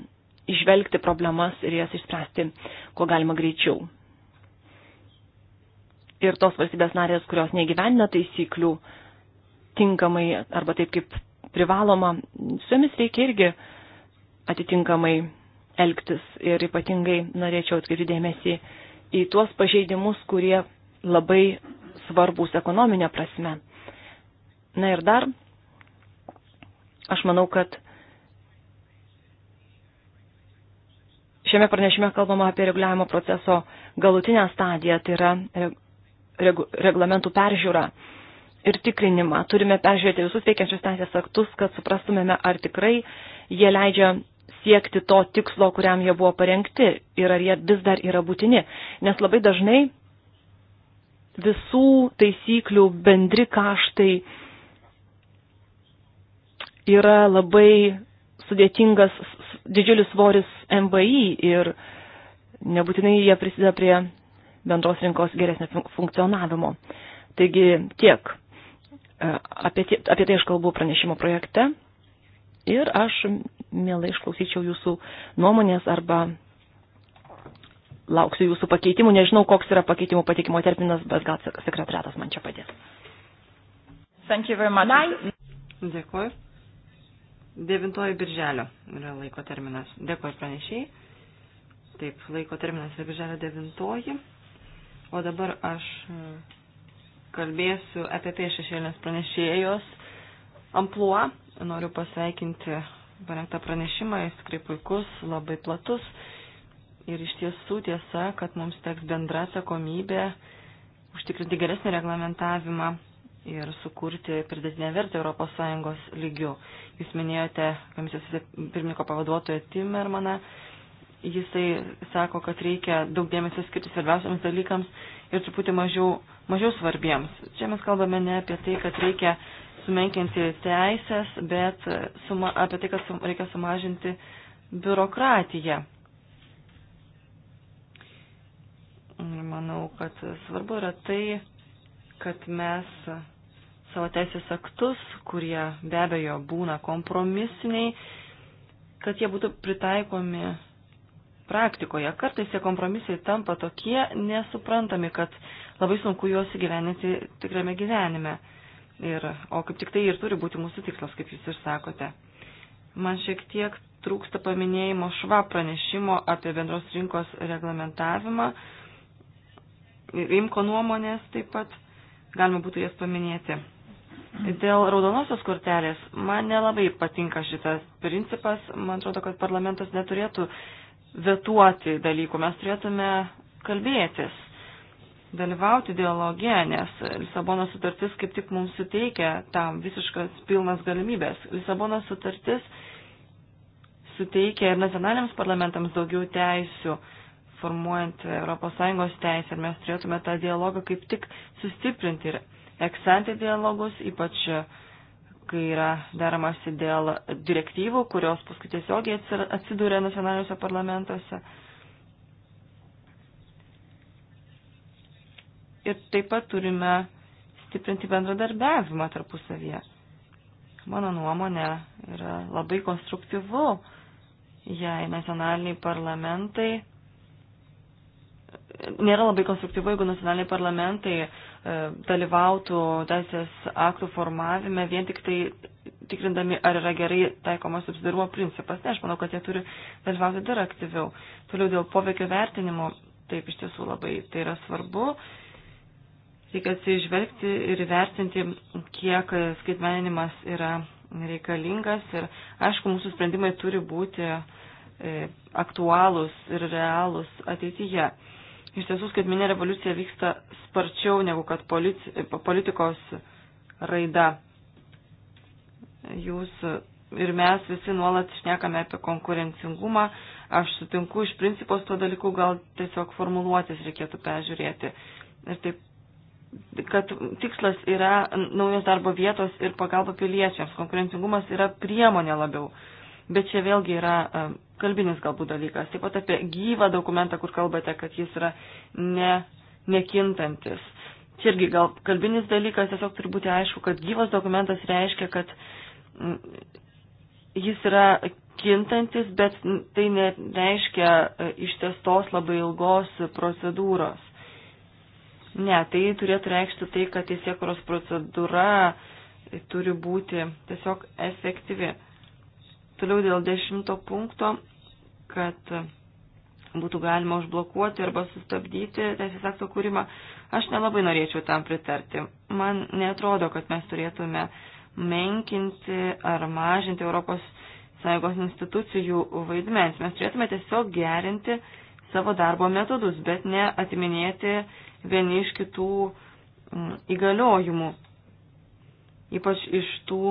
išvelgti problemas ir jas išspręsti, kuo galima greičiau. Ir tos valstybės narės, kurios negyvendina taisyklių tinkamai arba taip, kaip privaloma, su jomis reikia irgi atitinkamai elgtis ir ypatingai norėčiau atkreipti dėmesį į tuos pažeidimus, kurie labai svarbus ekonominė prasme. Na ir dar, aš manau, kad šiame pranešime kalbama apie reguliavimo proceso galutinę stadiją, tai yra reglamentų peržiūrą ir tikrinimą. Turime peržiūrėti visus veikiančius teisės aktus, kad suprastumėme, ar tikrai jie leidžia siekti to tikslo, kuriam jie buvo parengti ir ar jie vis dar yra būtini. Nes labai dažnai visų taisyklių bendri kaštai yra labai sudėtingas, didžiulis svoris MVI ir nebūtinai jie prisideda prie bendros rinkos geresnio funkcionavimo. Taigi tiek E, apie, tie, apie tai aš kalbu pranešimo projekte ir aš mielai išklausyčiau jūsų nuomonės arba lauksiu jūsų pakeitimų. Nežinau, koks yra pakeitimų patikimo terminas, bet gal sekretariatas man čia padės. Thank you very much. Nine. Dėkuoju. 9 birželio yra laiko terminas. Dėkuoju pranešiai. Taip, laiko terminas yra birželio 9. O dabar aš kalbėsiu apie tai šešėlės pranešėjos ampluo. Noriu pasveikinti parengtą pranešimą, jis tikrai puikus, labai platus. Ir iš tiesų tiesa, kad mums teks bendra atsakomybė užtikrinti geresnį reglamentavimą ir sukurti pridėtinę vertę ES lygių. Jūs minėjote komisijos pirmininko pavaduotoją Timmermaną. Jisai sako, kad reikia daug dėmesio skirti svarbiausiams dalykams ir truputį mažiau, mažiau svarbiems. Čia mes kalbame ne apie tai, kad reikia sumenkinti teisės, bet suma, apie tai, kad sum, reikia sumažinti biurokratiją. Manau, kad svarbu yra tai, kad mes savo teisės aktus, kurie be abejo būna kompromisiniai, kad jie būtų pritaikomi praktikoje. Kartais tie kompromisai tampa tokie nesuprantami, kad labai sunku juos įgyveninti tikrame gyvenime. Ir, o kaip tik tai ir turi būti mūsų tikslas, kaip jūs ir sakote. Man šiek tiek trūksta paminėjimo šva pranešimo apie bendros rinkos reglamentavimą. Rimko nuomonės taip pat galima būtų jas paminėti. Dėl raudonosios kortelės man nelabai patinka šitas principas. Man atrodo, kad parlamentas neturėtų vetuoti dalykų, mes turėtume kalbėtis, dalyvauti dialoge, nes Lisabono sutartis kaip tik mums suteikia tam visiškas pilnas galimybės. Lisabono sutartis suteikia ir nacionaliniams parlamentams daugiau teisių formuojant ES teisę ir mes turėtume tą dialogą kaip tik sustiprinti ir eksantį dialogus, ypač uh, kai yra deramasi dėl direktyvų, kurios paskui tiesiogiai atsidūrė nacionaliniuose parlamentuose. Ir taip pat turime stiprinti bendradarbiavimą tarpusavyje. Mano nuomonė yra labai konstruktyvu, jei nacionaliniai parlamentai nėra labai konstruktyvu, jeigu nacionaliniai parlamentai E, dalyvautų teisės aktų formavime vien tik tai tikrindami, ar yra gerai taikomas subsidarumo principas. Ne, aš manau, kad jie turi dalyvauti dar aktyviau. Toliau dėl poveikio vertinimo, taip iš tiesų labai tai yra svarbu. Reikia atsižvelgti ir vertinti, kiek skaitmeninimas yra reikalingas ir aišku, mūsų sprendimai turi būti e, aktualūs ir realūs ateityje. Iš tiesų, skaitminė revoliucija vyksta sparčiau negu kad polici, politikos raida. Jūs ir mes visi nuolat šnekame apie konkurencingumą. Aš sutinku iš principos tuo dalyku, gal tiesiog formuluotis reikėtų peržiūrėti. Ir taip, kad tikslas yra naujos darbo vietos ir pagalba piliečiams. Konkurencingumas yra priemonė labiau. Uh, bet čia vėlgi yra e, kalbinis galbūt dalykas. Taip pat apie gyvą dokumentą, kur kalbate, kad jis yra ne, nekintantis. Čia irgi gal kalbinis dalykas, tiesiog turi būti aišku, kad gyvas dokumentas reiškia, kad jis yra kintantis, bet tai nereiškia e, ištestos labai ilgos procedūros. Ne, tai turėtų reikšti tai, kad teisėkuros procedūra turi būti tiesiog efektyvi. Toliau dėl dešimto punkto, kad būtų galima užblokuoti arba sustabdyti teisės akto kūrimą, aš nelabai norėčiau tam pritarti. Man netrodo, kad mes turėtume menkinti ar mažinti Europos Sąjungos institucijų vaidmens. Mes turėtume tiesiog gerinti savo darbo metodus, bet ne atiminėti vieni iš kitų mm, įgaliojimų, ypač iš tų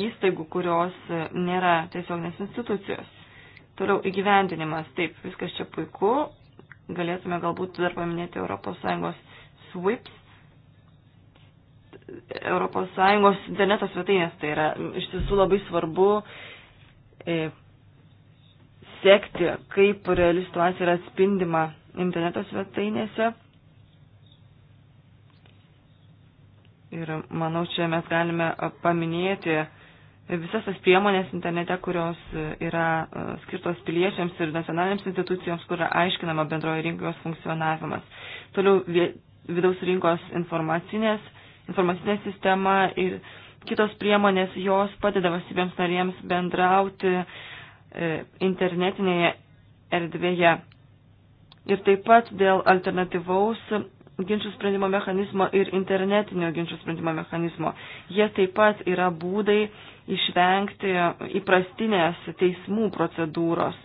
įstaigų, kurios e, nėra tiesioginės institucijos. Toliau įgyvendinimas. Taip, viskas čia puiku. Galėtume galbūt dar paminėti ES SWIPS. ES interneto svetainės tai yra iš tiesų labai svarbu e, sekti, kaip reali situacija yra atspindima interneto svetainėse. Ir manau, čia mes galime paminėti visas tas priemonės internete, kurios e, yra e, skirtos piliečiams ir nacionaliniams institucijoms, kur yra aiškinama bendrojo rinkos funkcionavimas. Toliau vidaus rinkos informacinės, informacinė sistema ir kitos priemonės, jos padeda valstybėms narėms bendrauti e, internetinėje erdvėje. Ir taip pat dėl alternatyvaus ginčių sprendimo mechanizmo ir internetinio ginčių sprendimo mechanizmo. Jie taip pat yra būdai, išvengti įprastinės teismų procedūros.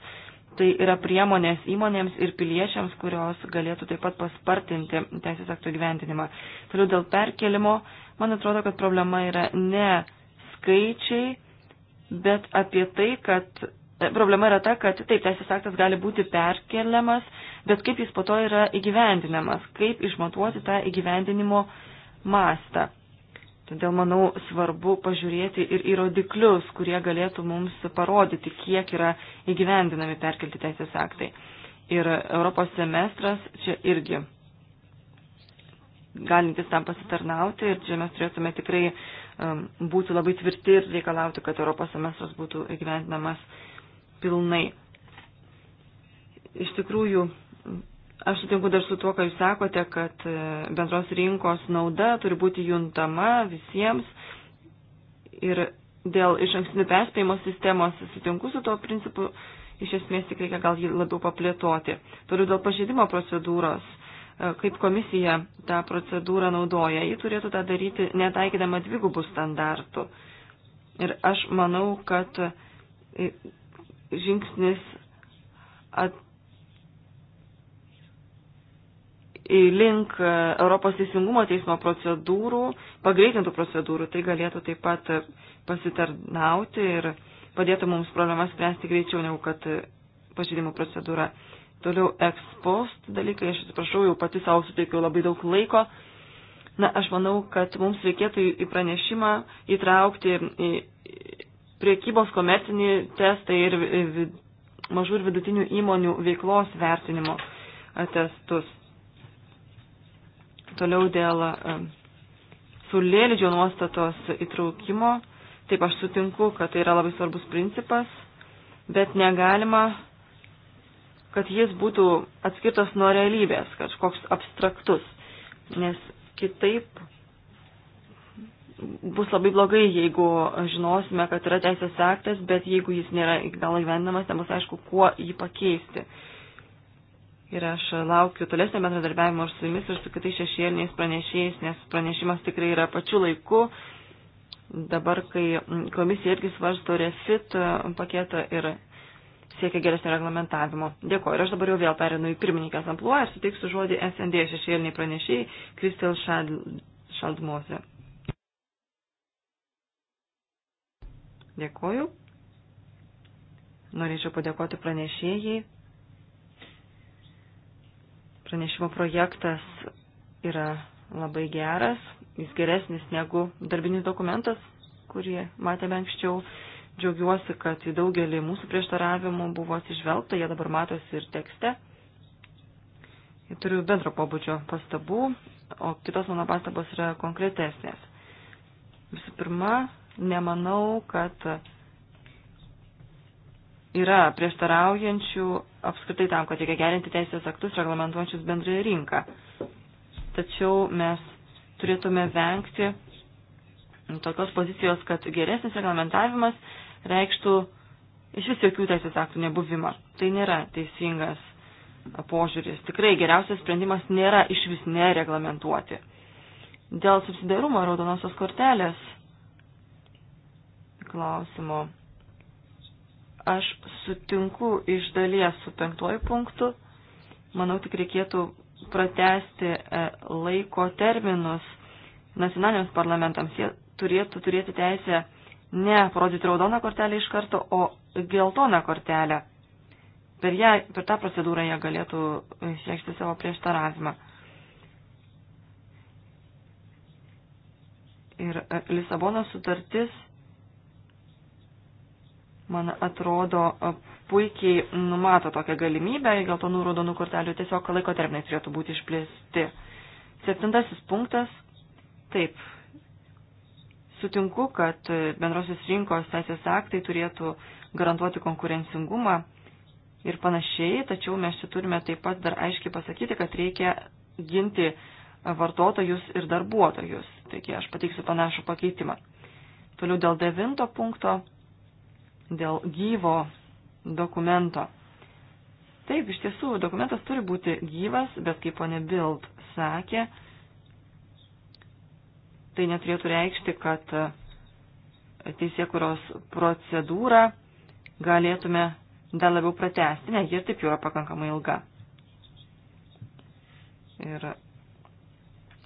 Tai yra priemonės įmonėms ir piliečiams, kurios galėtų taip pat paspartinti teisės aktų gyventinimą. Toliau dėl perkelimo, man atrodo, kad problema yra ne skaičiai, bet apie tai, kad e, problema yra ta, kad taip, teisės aktas gali būti perkeliamas, bet kaip jis po to yra įgyvendinamas, kaip išmatuoti tą įgyvendinimo mastą. Todėl, manau, svarbu pažiūrėti ir į rodiklius, kurie galėtų mums parodyti, kiek yra įgyvendinami perkelti teisės aktai. Ir Europos semestras čia irgi galintis tam pasitarnauti ir čia mes turėtume tikrai um, būti labai tvirti ir reikalauti, kad Europos semestras būtų įgyvendinamas pilnai. Iš tikrųjų, Aš sutinku dar su tuo, ką jūs sakote, kad e, bendros rinkos nauda turi būti juntama visiems. Ir dėl iš ankstinių perspėjimo sistemos sutinku su tuo principu, iš esmės tik reikia gal jį labiau paplėtoti. Toliau dėl pažeidimo procedūros, e, kaip komisija tą procedūrą naudoja, ji turėtų tą daryti netaikydama dvigubų standartų. Ir aš manau, kad e, žingsnis at link e, Europos teisingumo teismo procedūrų, pagreitintų procedūrų. Tai galėtų taip pat pasitarnauti ir padėtų mums problemas spręsti greičiau negu kad pažydimų procedūra. Toliau ekspost dalykai, aš atsiprašau, jau pati savo suteikiau labai daug laiko. Na, aš manau, kad mums reikėtų į pranešimą įtraukti į priekybos komercinį testą ir mažų ir vidutinių įmonių veiklos vertinimo testus. Toliau dėl e, saulėlydžio nuostatos įtraukimo. Taip aš sutinku, kad tai yra labai svarbus principas, bet negalima, kad jis būtų atskirtas nuo realybės, kažkoks abstraktus, nes kitaip bus labai blogai, jeigu žinosime, kad yra teisės aktas, bet jeigu jis nėra iki galo gyvenamas, nebus aišku, kuo jį pakeisti. Uh, Ir aš laukiu tolesnio bendradarbiavimo ir su jumis ir su kitais šešėliniais pranešėjais, nes pranešimas tikrai yra pačiu laiku. Dabar, kai komisija irgi svarsto refit paketą ir siekia geresnio reglamentavimo. Dėkuoju. Ir aš dabar jau vėl perinu į pirmininkės ampluą ir suteiksiu žodį SND šešėliniai pranešėjai Kristel Šaldmose. Dėkuoju. Norėčiau padėkoti pranešėjai Pranešimo projektas yra labai geras, jis geresnis negu darbinis dokumentas, kurį matėme anksčiau. Džiaugiuosi, kad į daugelį mūsų prieštaravimų buvo atsižvelgta, jie dabar matosi ir tekste. Ir turiu bendro pobūdžio pastabų, o kitos mano pastabos yra konkretesnės. Visų pirma, nemanau, kad yra prieštaraujančių apskritai tam, kad reikia gerinti teisės aktus reglamentuojančius bendrąją rinką. Tačiau mes turėtume vengti tokios pozicijos, kad geresnis reglamentavimas reikštų iš vis jokių teisės aktų nebuvimą. Tai nėra teisingas požiūris. Tikrai geriausias sprendimas nėra iš vis nereglamentuoti. Dėl subsidarumo raudonosios kortelės klausimo aš sutinku iš dalies su penktuoju punktu. Manau, tik reikėtų pratesti e, laiko terminus nacionaliniams parlamentams. Jie turėtų turėti teisę ne parodyti raudoną kortelę iš karto, o geltoną kortelę. Per, ją, per tą procedūrą jie galėtų išreikšti savo prieštaravimą. Ir e, Lisabono sutartis man atrodo, puikiai numato tokią galimybę, geltonų raudonų kortelių tiesiog laiko terminai turėtų būti išplėsti. Septintasis punktas. Taip. Sutinku, kad bendrosios rinkos teisės aktai turėtų garantuoti konkurencingumą ir panašiai, tačiau mes čia turime taip pat dar aiškiai pasakyti, kad reikia ginti vartotojus ir darbuotojus. Taigi aš pateiksiu panašų pakeitimą. Toliau dėl devinto punkto dėl gyvo dokumento. Taip, iš tiesų, dokumentas turi būti gyvas, bet kaip ponė Bild sakė, tai neturėtų reikšti, kad e, teisėkuros procedūrą galėtume dar labiau pratesti, nes jie taip jau yra pakankamai ilga. Ir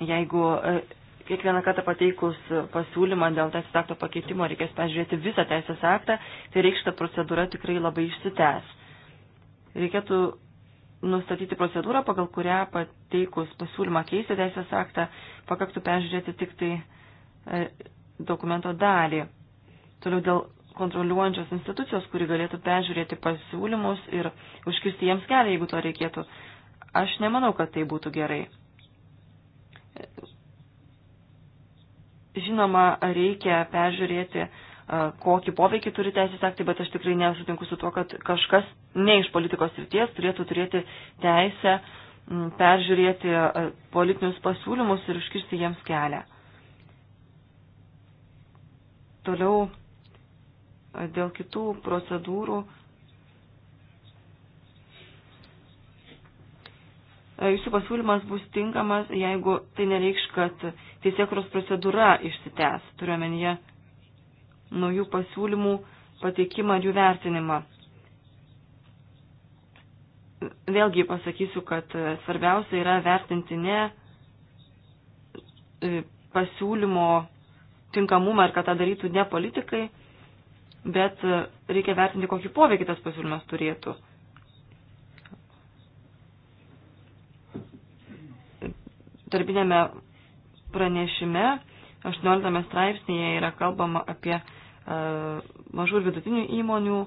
jeigu e, kiekvieną kartą pateikus pasiūlymą dėl teisės akto pakeitimo reikės pažiūrėti visą teisės aktą, tai reikšta procedūra tikrai labai išsitęs. Reikėtų nustatyti procedūrą, pagal kurią pateikus pasiūlymą keisti teisės aktą, pakaktų peržiūrėti tik tai e, dokumento dalį. Toliau dėl kontroliuojančios institucijos, kuri galėtų peržiūrėti pasiūlymus ir užkirsti jiems kelią, jeigu to reikėtų. Aš nemanau, kad tai būtų gerai. Žinoma, reikia peržiūrėti, kokį poveikį turi teisės aktai, bet aš tikrai nesutinku su tuo, kad kažkas ne iš politikos srities turėtų turėti teisę peržiūrėti politinius pasiūlymus ir užkirsti jiems kelią. Toliau dėl kitų procedūrų E, jūsų pasiūlymas bus tinkamas, jeigu tai nereikš, kad teisėkros procedūra išsitęs, turiuomenyje naujų pasiūlymų pateikimą ir jų vertinimą. Vėlgi pasakysiu, kad svarbiausia yra vertinti ne e, pasiūlymo tinkamumą ir kad tą darytų ne politikai, bet e, reikia vertinti, kokį poveikį tas pasiūlymas turėtų. darbinėme pranešime 18 straipsnėje yra kalbama apie e, mažų ir vidutinių įmonių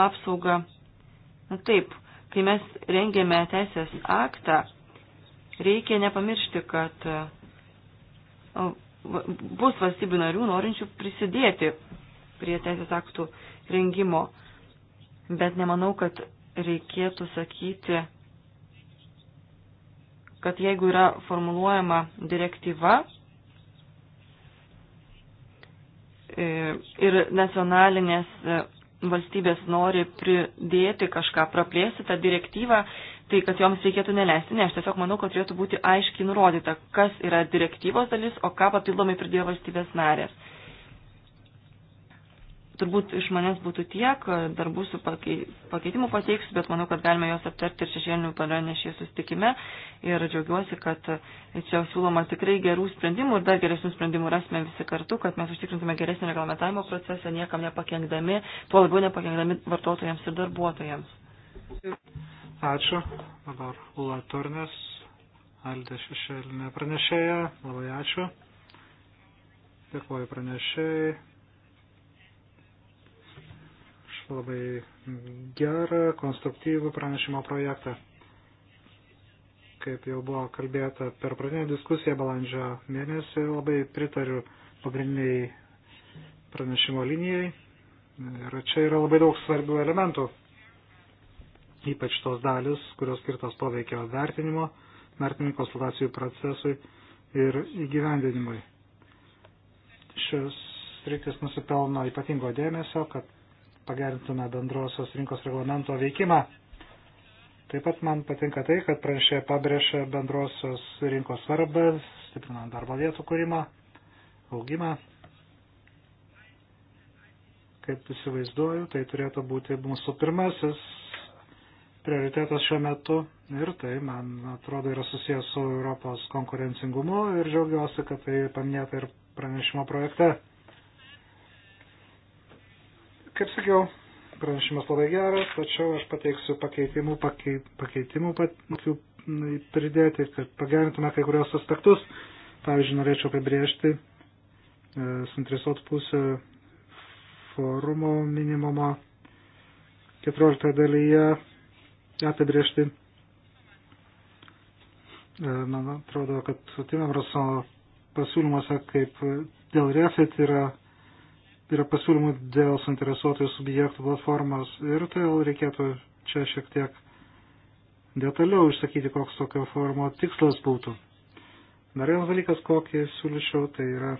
apsaugą. Na taip, kai mes rengėme teisės aktą, reikia nepamiršti, kad e, bus valstybių narių norinčių prisidėti prie teisės aktų rengimo. Bet nemanau, kad reikėtų sakyti, kad jeigu yra formuluojama direktyva e, ir nacionalinės e, valstybės nori pridėti kažką, praplėsti tą direktyvą, tai kad joms reikėtų neleisti. Ne, aš tiesiog manau, kad turėtų būti aiškiai nurodyta, kas yra direktyvos dalis, o ką papildomai pridėjo valstybės narės turbūt iš manęs būtų tiek, darbų su pakeitimu pateiksiu, bet manau, kad galime juos aptarti ir šešėlinių pranešėjų sustikime. Ir džiaugiuosi, kad čia siūloma tikrai gerų sprendimų ir dar geresnių sprendimų rasime visi kartu, kad mes užtikrintume geresnį reglamentavimo procesą, niekam nepakengdami, tuo labiau nepakengdami vartotojams ir darbuotojams. Ačiū. Dabar Ula Tornes, Aldė Šešėlinė pranešėja. Labai ačiū. Dėkuoju pranešėjai labai gerą, konstruktyvų pranešimo projektą. Kaip jau buvo kalbėta per pradinę diskusiją balandžio mėnesį, labai pritariu pagrindiniai pranešimo linijai. Ir čia yra labai daug svarbių elementų. Ypač tos dalis, kurios skirtos poveikio vertinimo, vertinimo konsultacijų procesui ir įgyvendinimui. Šios rytis nusipelno ypatingo dėmesio, kad pagerintume bendrosios rinkos reglamento veikimą. Taip pat man patinka tai, kad pranešė pabrėžė bendrosios rinkos svarbą, stiprinant darbo vietų kūrimą, augimą. Kaip įsivaizduoju, tai turėtų būti mūsų pirmasis prioritetas šiuo metu ir tai, man atrodo, yra susijęs su Europos konkurencingumu ir džiaugiuosi, kad tai paminėta ir pranešimo projekte. Kaip sakiau, pranešimas labai geras, tačiau aš pateiksiu pakeitimų, pakei, pakeitimų pateikiu pridėti, kad pagerintume kai kurios aspektus. Pavyzdžiui, norėčiau apibriežti e, suinteresuotų pusę forumo minimumo 14 dalyje apibriežti. E, man atrodo, kad Timemraso pasiūlymuose kaip dėl refit yra yra pasiūlymų dėl suinteresuotojų subjektų platformos ir todėl tai reikėtų čia šiek tiek detaliau išsakyti, koks tokio forumo tikslas būtų. Dar vienas dalykas, kokį siūlyčiau, tai yra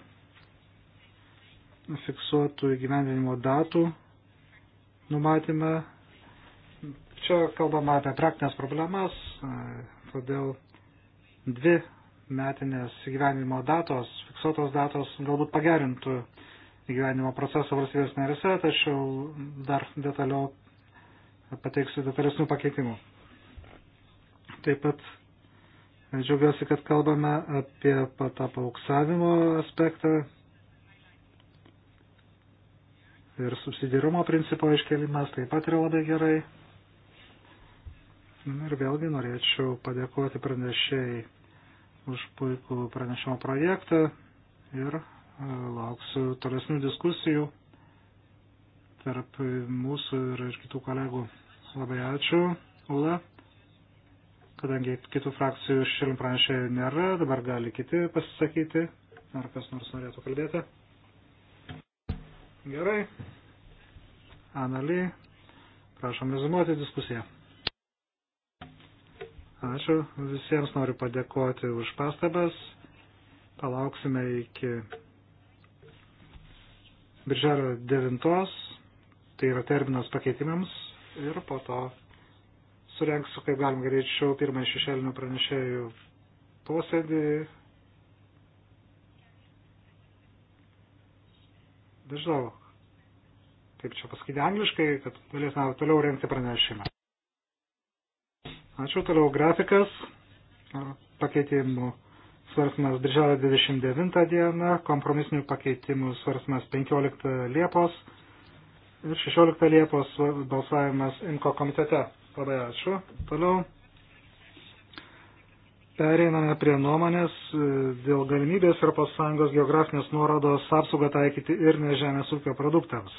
fiksuotų įgyvendinimo datų numatymą. Čia kalbama apie praktinės problemas, todėl dvi metinės įgyvendinimo datos, fiksuotos datos galbūt pagerintų įgyvenimo proceso valstybės narise, tačiau dar detaliau pateiksiu detalesnių pakeitimų. Taip pat džiaugiuosi, kad kalbame apie tą paauksavimo aspektą ir subsidirumo principo iškelimas taip pat yra labai gerai. Ir vėlgi norėčiau padėkoti pranešėjai už puikų pranešimo projektą ir lauksiu tolesnių diskusijų tarp mūsų ir kitų kolegų. Labai ačiū, Ula. Kadangi kitų frakcijų šiandien pranešėjų nėra, dabar gali kiti pasisakyti. Ar kas nors norėtų kalbėti? Gerai. Analy, prašom rezumuoti diskusiją. Ačiū. Visiems noriu padėkoti už pastabas. Palauksime iki birželio 9, tai yra terminas pakeitimams ir po to surenksiu, kaip galim greičiau, pirmąjį šešėlinių pranešėjų posėdį. Nežinau, kaip čia pasakyti angliškai, kad galėsime toliau rengti pranešimą. Ačiū, toliau grafikas pakeitimų svarstymas birželio 29 dieną, kompromisinių pakeitimų svarstymas 15 Liepos ir 16 Liepos balsavimas INKO komitete. Labai ačiū. Toliau. Pereiname prie nuomonės e, dėl galimybės ES geografinės nuorodos apsaugą taikyti ir nežemės ūkio produktams.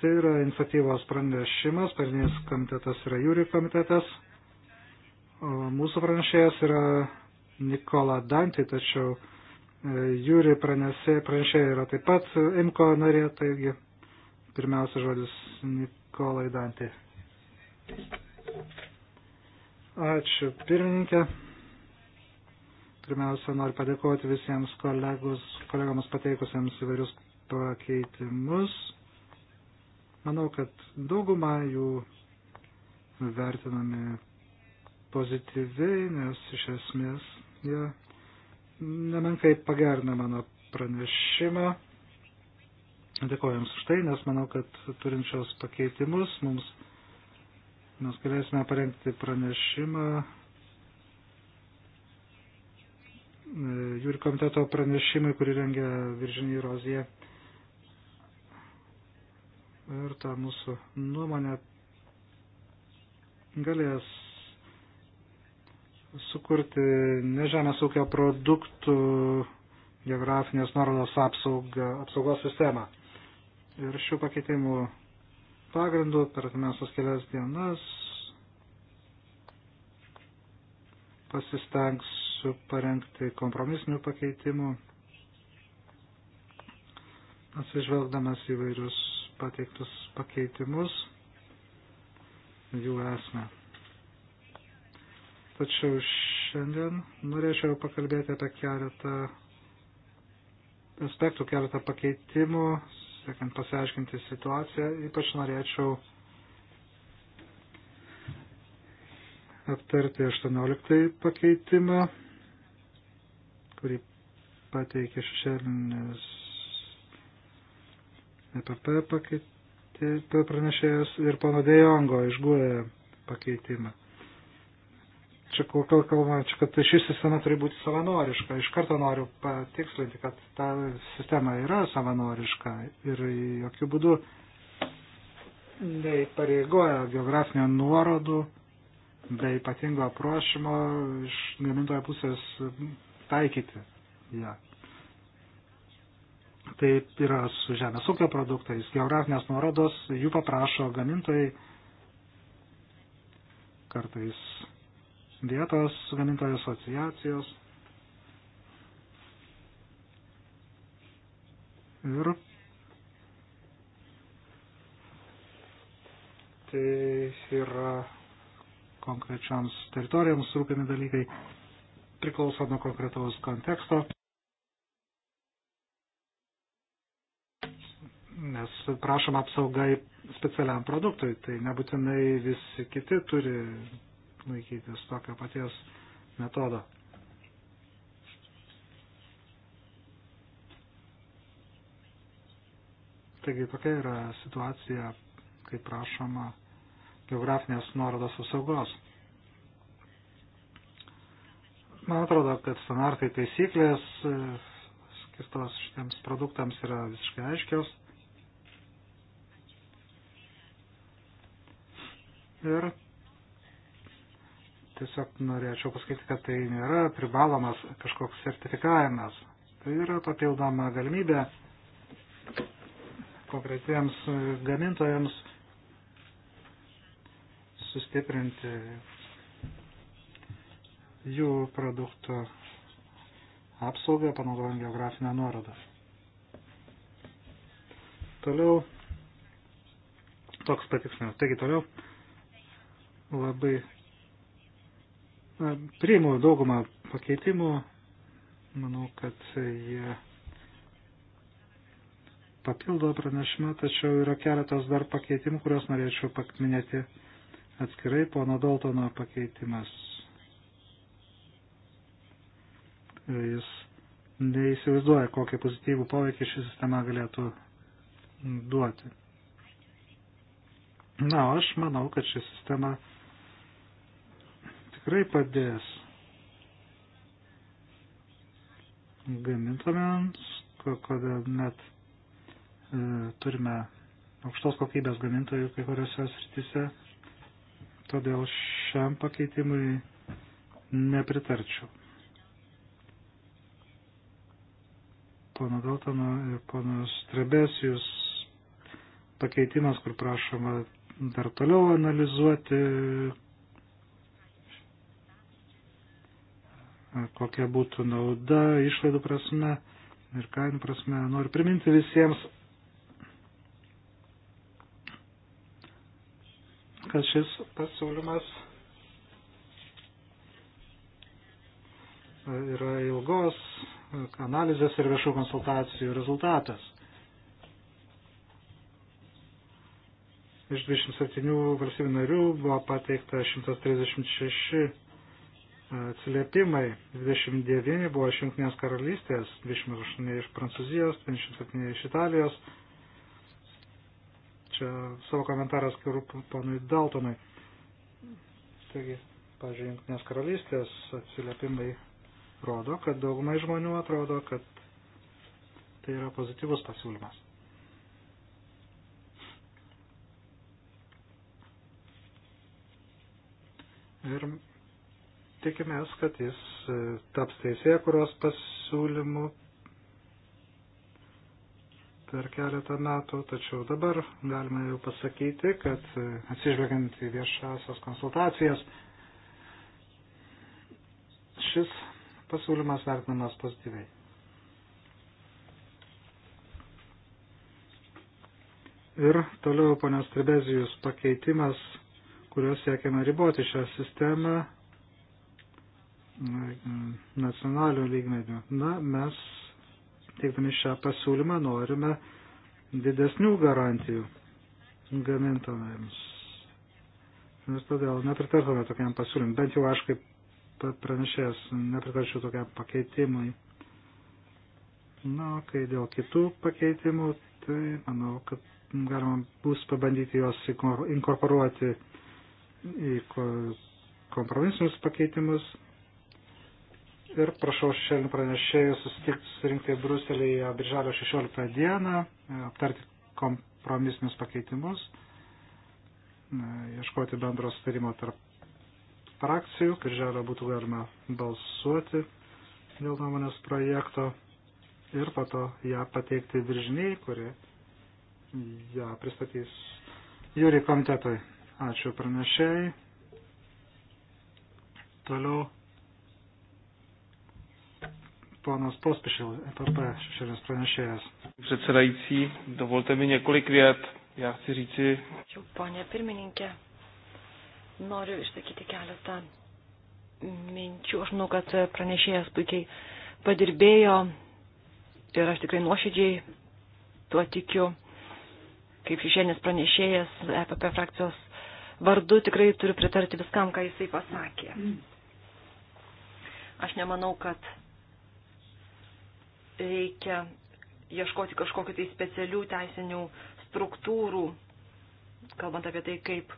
Tai yra iniciatyvos pranešimas, pagrindinis komitetas yra jūrių komitetas, o mūsų pranešėjas yra Nikola Dantį, tačiau e, Jūri pranešė, pranešė yra taip pat Imko narė, taigi pirmiausia žodis Nikolai Dantį. Ačiū pirmininkė. Pirmiausia, noriu padėkoti visiems kolegus, kolegams pateikusiems įvairius pakeitimus. Manau, kad dauguma jų vertinami pozityviai, nes iš esmės jie nemenkai pagerina mano pranešimą. Dėkoju Jums už tai, nes manau, kad turinčios pakeitimus mums mes galėsime parengti pranešimą. Jūri komiteto pranešimai, kurį rengia Viržinį Roziją. Ir ta mūsų nuomonė galės sukurti nežemės ūkio produktų geografinės nuorodos apsauga, apsaugos sistemą. Ir šių pakeitimų pagrindų per atimiausias kelias dienas pasistengsiu parengti kompromisinių pakeitimų, atsižvelgdamas įvairius pateiktus pakeitimus, jų esmę tačiau šiandien norėčiau pakalbėti apie keletą aspektų, keletą pakeitimų, siekiant pasiaiškinti situaciją. Ypač norėčiau aptarti 18 pakeitimą, kurį pateikė šešėlinis EPP pranešėjas ir pono Dejongo išguoja e pakeitimą čia kalbame, čia, kad ši sistema turi būti savanoriška. Iš karto noriu patikslinti, kad ta sistema yra savanoriška ir jokių būdų neįpareigoja geografinio nuorodų be ypatingo aprašymo iš gamintojo pusės taikyti ją. Ja. Taip yra su žemės ūkio produktais. Geografinės nuorodos jų paprašo gamintojai kartais vietos gamintojų asociacijos. Ir tai yra konkrečiams teritorijoms rūpimi dalykai priklauso nuo konkretaus konteksto. Nes prašoma apsaugai specialiam produktui, tai nebūtinai visi kiti turi laikytis tokio paties metodo. Taigi tokia yra situacija, kaip prašoma, geografinės nuorodos apsaugos. Man atrodo, kad standartai taisyklės e, skirtos šitiems produktams yra visiškai aiškios. Ir tiesiog norėčiau pasakyti, kad tai nėra privalomas kažkoks sertifikavimas. Tai yra papildoma galimybė konkretiems gamintojams sustiprinti jų produktų apsaugą, panaudojant geografinę nuorodą. Toliau toks patikslimas. Taigi toliau labai Priimu daugumą pakeitimų, manau, kad jie papildo pranešimą, tačiau yra keletas dar pakeitimų, kuriuos norėčiau paminėti atskirai pono Daltono pakeitimas. Jis neįsivaizduoja, kokį pozityvų poveikį ši sistema galėtų duoti. Na, aš manau, kad ši sistema tikrai padės gamintojams, kodėl net e, turime aukštos kokybės gamintojų kai kuriuose srityse. Todėl šiam pakeitimui nepritarčiau. Pono Daltono ir pono Strebesijus pakeitimas, kur prašoma dar toliau analizuoti kokia būtų nauda išlaidų prasme ir kainų prasme. Noriu priminti visiems, kad šis pasiūlymas yra ilgos analizės ir viešų konsultacijų rezultatas. Iš 27 valstybių narių buvo pateikta 136 atsiliepimai. 29 buvo iš Junktinės karalystės, 28 iš Prancūzijos, 27 iš Italijos. Čia savo komentaras skiriu ponui Daltonui. Taigi, pažiūrėjau, Junktinės karalystės atsiliepimai rodo, kad daugumai žmonių atrodo, kad tai yra pozityvus pasiūlymas. Ir tikimės, kad jis e, taps teisėje, kurios pasiūlymų per keletą metų, tačiau dabar galime jau pasakyti, kad e, atsižvelgiant į viešasias konsultacijas, šis pasiūlymas vertinamas pozityviai. Ir toliau ponios Trebezijus pakeitimas, kuriuo siekiame riboti šią sistemą nacionalių lygmenių. Na, mes, teikdami šią pasiūlymą, norime didesnių garantijų gamintojams. Ir todėl nepritartume tokiam pasiūlymui. Bent jau aš kaip pranešėjas nepritarčiau tokiam pakeitimui. Na, kai dėl kitų pakeitimų, tai manau, kad galima bus pabandyti juos inkorporuoti į kompromisinius pakeitimus ir prašau šiandien pranešėjų susirinkti Bruselėje birželio 16 dieną, e, aptarti kompromisinius pakeitimus, e, ieškoti bendro sutarimo tarp frakcijų, birželio būtų galima balsuoti dėl nuomonės projekto ir po to ją pateikti viržiniai, kuri ją pristatys jūri komitetui. Ačiū pranešėjai. Toliau ponas Pospišil, EPP, šešėlis pranešėjas. Předsedající, dovolte mi několik vět. Já chci říci. Ačiū, ponė pirmininkė. Noriu išsakyti keletą minčių. Aš manau, kad pranešėjas puikiai padirbėjo ir aš tikrai nuoširdžiai tuo tikiu. Kaip šešėlis pranešėjas EPP frakcijos vardu tikrai turiu pritarti viskam, ką jisai pasakė. Aš nemanau, kad reikia ieškoti kažkokiu tai specialių teisinių struktūrų, kalbant apie tai, kaip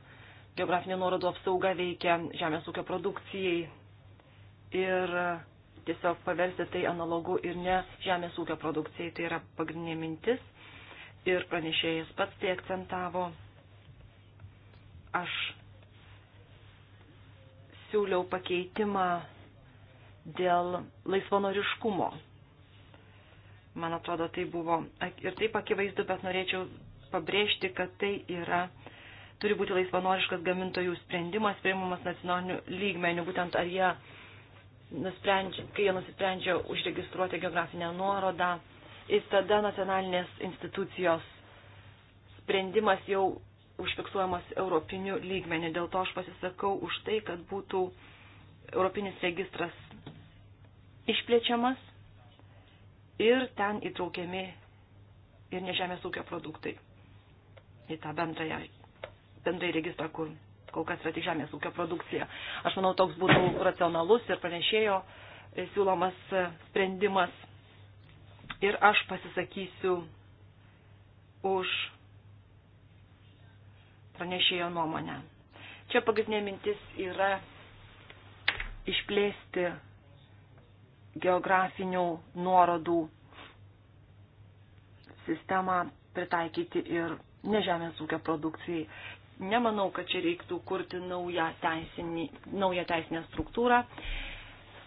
geografinė nuorodų apsauga veikia žemės ūkio produkcijai ir tiesiog paversti tai analogu ir ne žemės ūkio produkcijai. Tai yra pagrindinė mintis ir pranešėjas pats tai akcentavo. Aš siūliau pakeitimą dėl laisvanoriškumo Man atrodo, tai buvo ir taip akivaizdu, bet norėčiau pabrėžti, kad tai yra, turi būti laisvanoriškas gamintojų sprendimas, priimamas nacionaliniu lygmeniu, būtent ar jie nusprendžia, kai jie nusprendžia užregistruoti geografinę nuorodą, ir tada nacionalinės institucijos sprendimas jau užfiksuojamas europiniu lygmeniu. Dėl to aš pasisakau už tai, kad būtų europinis registras išplėčiamas ir ten įtraukiami ir nežemės ūkio produktai į tą bendrąją, bendrąjį registrą, kur kol kas yra tik žemės ūkio produkcija. Aš manau, toks būtų racionalus ir pranešėjo e, siūlomas e, sprendimas. Ir aš pasisakysiu už pranešėjo nuomonę. Čia pagrindinė mintis yra išplėsti geografinių nuorodų sistemą pritaikyti ir nežemės ūkio produkcijai. Nemanau, kad čia reiktų kurti naują, teisinį, naują teisinę struktūrą.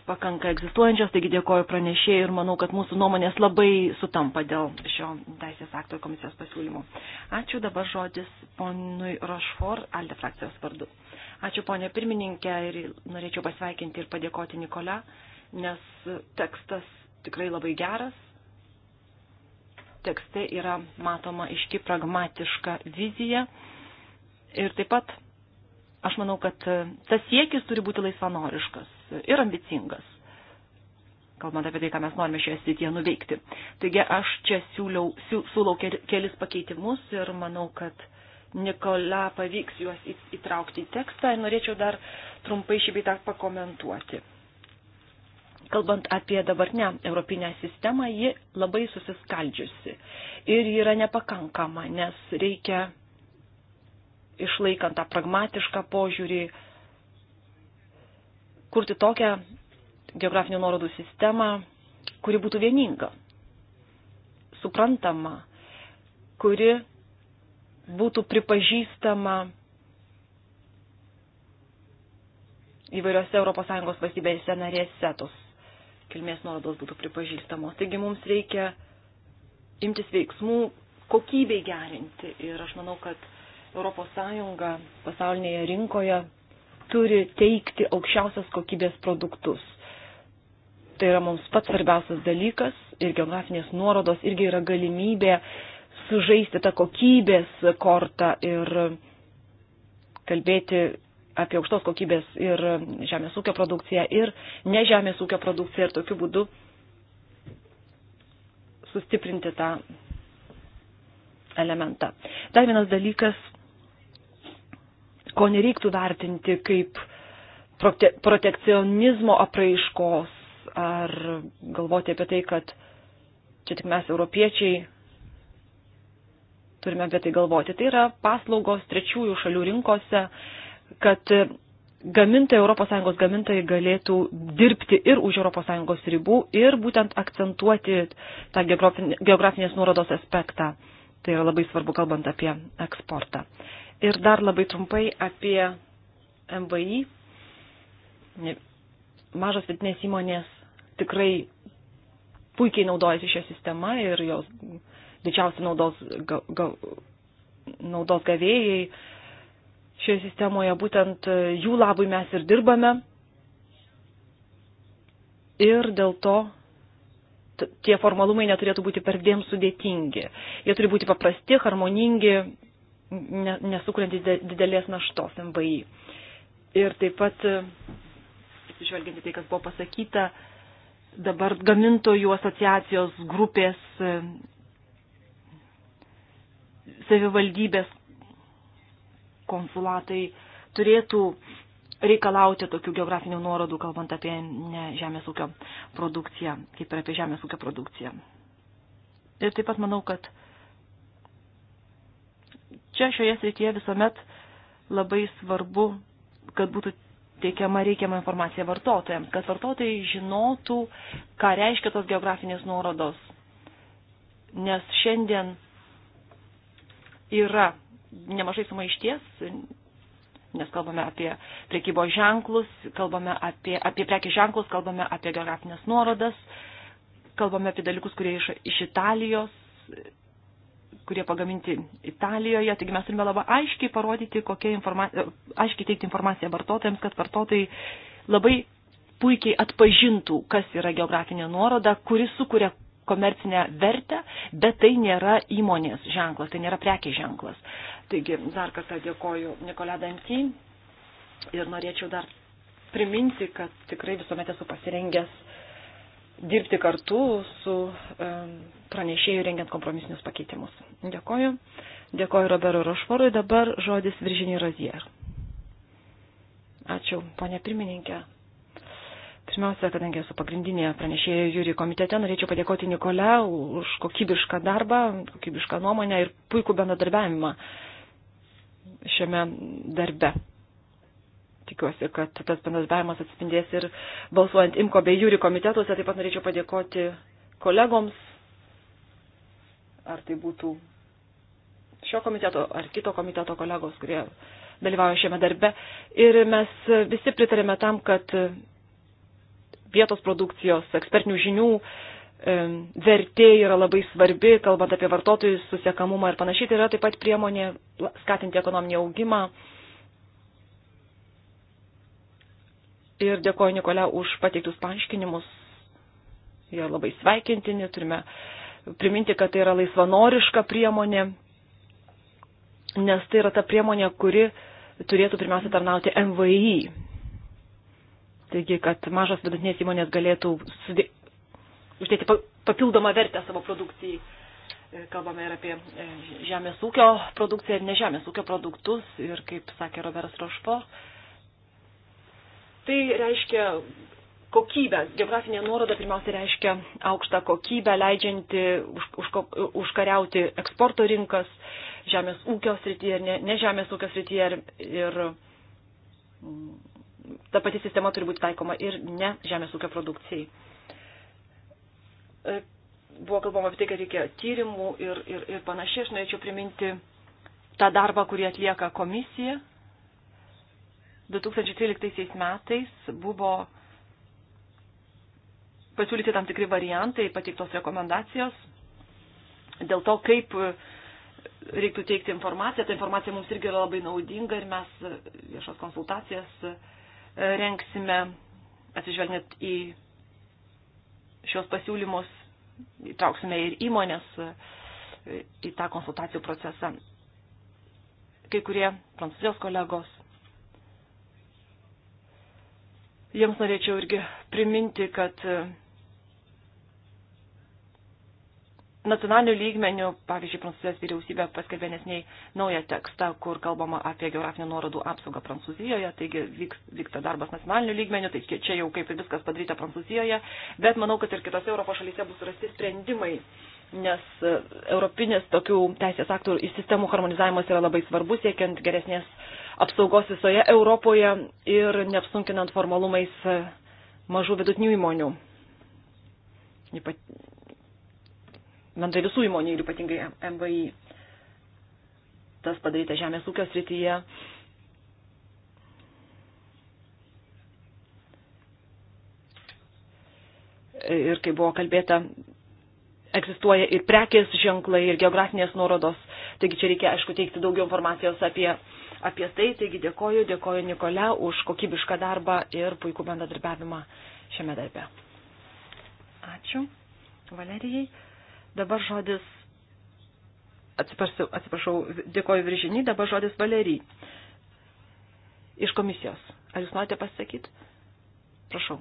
Pakanka egzistuojančios, taigi dėkoju pranešėjai ir manau, kad mūsų nuomonės labai sutampa dėl šio teisės akto komisijos pasiūlymo. Ačiū dabar žodis ponui Rošfor, Alde frakcijos vardu. Ačiū ponė pirmininkė ir norėčiau pasveikinti ir padėkoti Nikola nes tekstas tikrai labai geras. Tekste yra matoma iški pragmatiška vizija. Ir taip pat aš manau, kad tas siekis turi būti laisvanoriškas ir ambicingas, kalbant apie tai, ką mes norime šioje srityje nuveikti. Taigi aš čia siūliau, siūlau kelis pakeitimus ir manau, kad Nikola pavyks juos įtraukti į tekstą ir norėčiau dar trumpai šį beitą pakomentuoti kalbant apie dabartinę europinę sistemą, ji labai susiskaldžiusi ir yra nepakankama, nes reikia išlaikant tą pragmatišką požiūrį, kurti tokią geografinių nuorodų sistemą, kuri būtų vieninga, suprantama, kuri būtų pripažįstama įvairiose ES valstybėse narėse tos kilmės nuorodos būtų pripažįstamos. Taigi mums reikia imtis veiksmų kokybei gerinti ir aš manau, kad ES pasaulinėje rinkoje turi teikti aukščiausios kokybės produktus. Tai yra mums pats svarbiausias dalykas ir geografinės nuorodos irgi yra galimybė sužaisti tą kokybės kortą ir kalbėti apie aukštos kokybės ir žemės ūkio produkciją ir ne žemės ūkio produkciją ir tokiu būdu sustiprinti tą elementą. Dar vienas dalykas, ko nereiktų vertinti kaip prote protekcionizmo apraiškos ar galvoti apie tai, kad čia tik mes europiečiai turime apie tai galvoti. Tai yra paslaugos trečiųjų šalių rinkose, kad gamintojai, ES gamintojai galėtų dirbti ir už ES ribų ir būtent akcentuoti tą geografinės nuorodos aspektą. Tai yra labai svarbu, kalbant apie eksportą. Ir dar labai trumpai apie MVI. Mažos vidinės įmonės tikrai puikiai naudojasi šią sistemą ir jos didžiausi naudos, ga, ga, naudos gavėjai šioje sistemoje, būtent e, jų labui mes ir dirbame. Ir dėl to tie formalumai neturėtų būti per dėm sudėtingi. Jie turi būti paprasti, harmoningi, nesukuriantys didelės naštos MVI. Ir taip pat, e, žvelgiant į tai, kas buvo pasakyta, dabar gamintojų asociacijos grupės e, savivaldybės konsulatai turėtų reikalauti tokių geografinių nuorodų, kalbant apie ne žemės ūkio produkciją, kaip ir apie žemės ūkio produkciją. Ir taip pat manau, kad čia šioje srityje visuomet labai svarbu, kad būtų teikiama reikiama informacija vartotojams, kad vartotojai žinotų, ką reiškia tos geografinės nuorodos. Nes šiandien yra nemažai sumaišties, nes kalbame apie prekybos ženklus, kalbame apie, apie prekės ženklus, kalbame apie geografinės nuorodas, kalbame apie dalykus, kurie iš, iš Italijos, kurie pagaminti Italijoje. Taigi mes turime labai aiškiai parodyti, kokia informacija, aiškiai teikti informaciją vartotojams, kad vartotojai labai puikiai atpažintų, kas yra geografinė nuoroda, kuri sukuria komercinę vertę, bet tai nėra įmonės ženklas, tai nėra prekės ženklas. Taigi, dar kartą dėkoju Nikola Dantį ir norėčiau dar priminti, kad tikrai visuomet esu pasirengęs dirbti kartu su pranešėjų rengiant kompromisinius pakeitimus. Dėkoju. Dėkoju Roberto Rošforui. Dabar žodis Viržinį Rozier. Ačiū, ponė pirmininkė. Pirmiausia, kadangi esu pagrindinė pranešėja Jūri komitete, norėčiau padėkoti Nikole už kokybišką darbą, kokybišką nuomonę ir puikų bendradarbiavimą šiame darbe. Tikiuosi, kad tas bendradarbiavimas atspindės ir balsuojant IMKO bei jūri komitetuose. Taip pat norėčiau padėkoti kolegoms, ar tai būtų šio komiteto ar kito komiteto kolegos, kurie dalyvauja šiame darbe. Ir mes visi pritarėme tam, kad vietos produkcijos, ekspertinių žinių vertė yra labai svarbi, kalbant apie vartotojų susiekamumą ir panašiai, tai yra taip pat priemonė skatinti ekonominį augimą. Ir dėkoju Nikolia už pateiktus paaiškinimus. Jie labai sveikintini, turime priminti, kad tai yra laisvanoriška priemonė, nes tai yra ta priemonė, kuri turėtų pirmiausia tarnauti MVI. Taigi, kad mažos vidutinės įmonės galėtų uždėti papildomą vertę savo produkcijai. E, kalbame ir apie e, žemės ūkio produkciją ir nežemės ūkio produktus ir, kaip sakė Roberas Rošpo, tai reiškia kokybę. Geografinė nuoroda pirmiausia reiškia aukštą kokybę, leidžianti už, už, užkariauti eksporto rinkas žemės ūkio srityje ir ne, ne žemės ūkio srityje. Ir, ir mm, ta pati sistema turi būti taikoma ir ne žemės ūkio produkcijai. E, buvo kalbama apie tai, kad reikėjo tyrimų ir, ir, ir panašiai. Aš norėčiau priminti tą darbą, kurį atlieka komisija. 2013 metais buvo pasiūlyti tam tikri variantai, pateiktos rekomendacijos dėl to, kaip reiktų teikti informaciją. Ta informacija mums irgi yra labai naudinga ir mes viešas konsultacijas e, renksime atsižvelgiant į šios pasiūlymus įtrauksime ir įmonės e, į tą konsultacijų procesą. Kai kurie prancūzijos kolegos. Jiems norėčiau irgi priminti, kad e, nacionaliniu lygmeniu, pavyzdžiui, Prancūzijos vyriausybė paskelbė nesniai naują tekstą, kur kalbama apie geografinių nuorodų apsaugą Prancūzijoje, taigi vyks, vyksta darbas nacionaliniu lygmeniu, tai čia jau kaip ir viskas padaryta Prancūzijoje, bet manau, kad ir kitose Europos šalyse bus rasti sprendimai, nes e, europinės tokių teisės aktų ir sistemų harmonizavimas yra labai svarbus, siekiant geresnės apsaugos visoje Europoje ir neapsunkinant formalumais e, mažų vidutinių įmonių bendrai visų įmonių ir ypatingai MVI. Tas padaryta žemės ūkio srityje. Ir kaip buvo kalbėta, egzistuoja ir prekės ženklai, ir geografinės nuorodos. Taigi čia reikia, aišku, teikti daugiau informacijos apie, apie tai. Taigi dėkoju, dėkoju Nikole už kokybišką darbą ir puikų bendradarbiavimą šiame darbe. Ačiū. Valerijai. Dabar žodis, atsiprašau, atsiprašau dėkoju Viržinį, dabar žodis Valerijai iš komisijos. Ar jūs norite pasakyti? Prašau.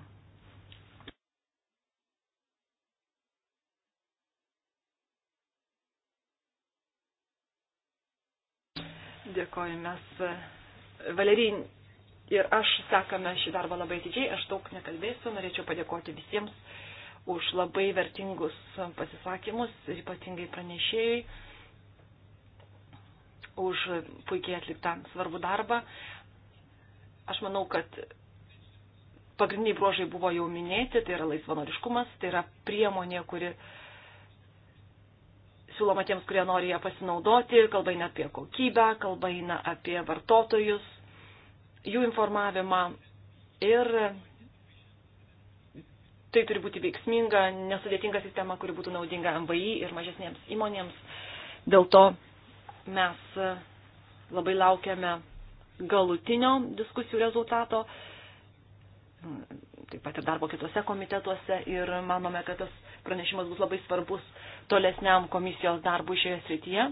Dėkoju, mes Valerijai ir aš sekame šį darbą labai atidžiai, aš daug nekalbėsiu, norėčiau padėkoti visiems už labai vertingus pasisakymus ir ypatingai pranešėjai už puikiai atliktą svarbų darbą. Aš manau, kad pagrindiniai bruožai buvo jau minėti, tai yra laisvanoriškumas, tai yra priemonė, kuri siūloma tiems, kurie nori ją pasinaudoti, kalba eina apie kokybę, kalba eina apie vartotojus, jų informavimą ir tai turi būti veiksminga, nesudėtinga sistema, kuri būtų naudinga MVI ir mažesnėms įmonėms. Dėl to mes e, labai laukiame galutinio diskusijų rezultato, taip pat ir darbo kitose komitetuose ir manome, kad tas pranešimas bus labai svarbus tolesniam komisijos darbui šioje srityje.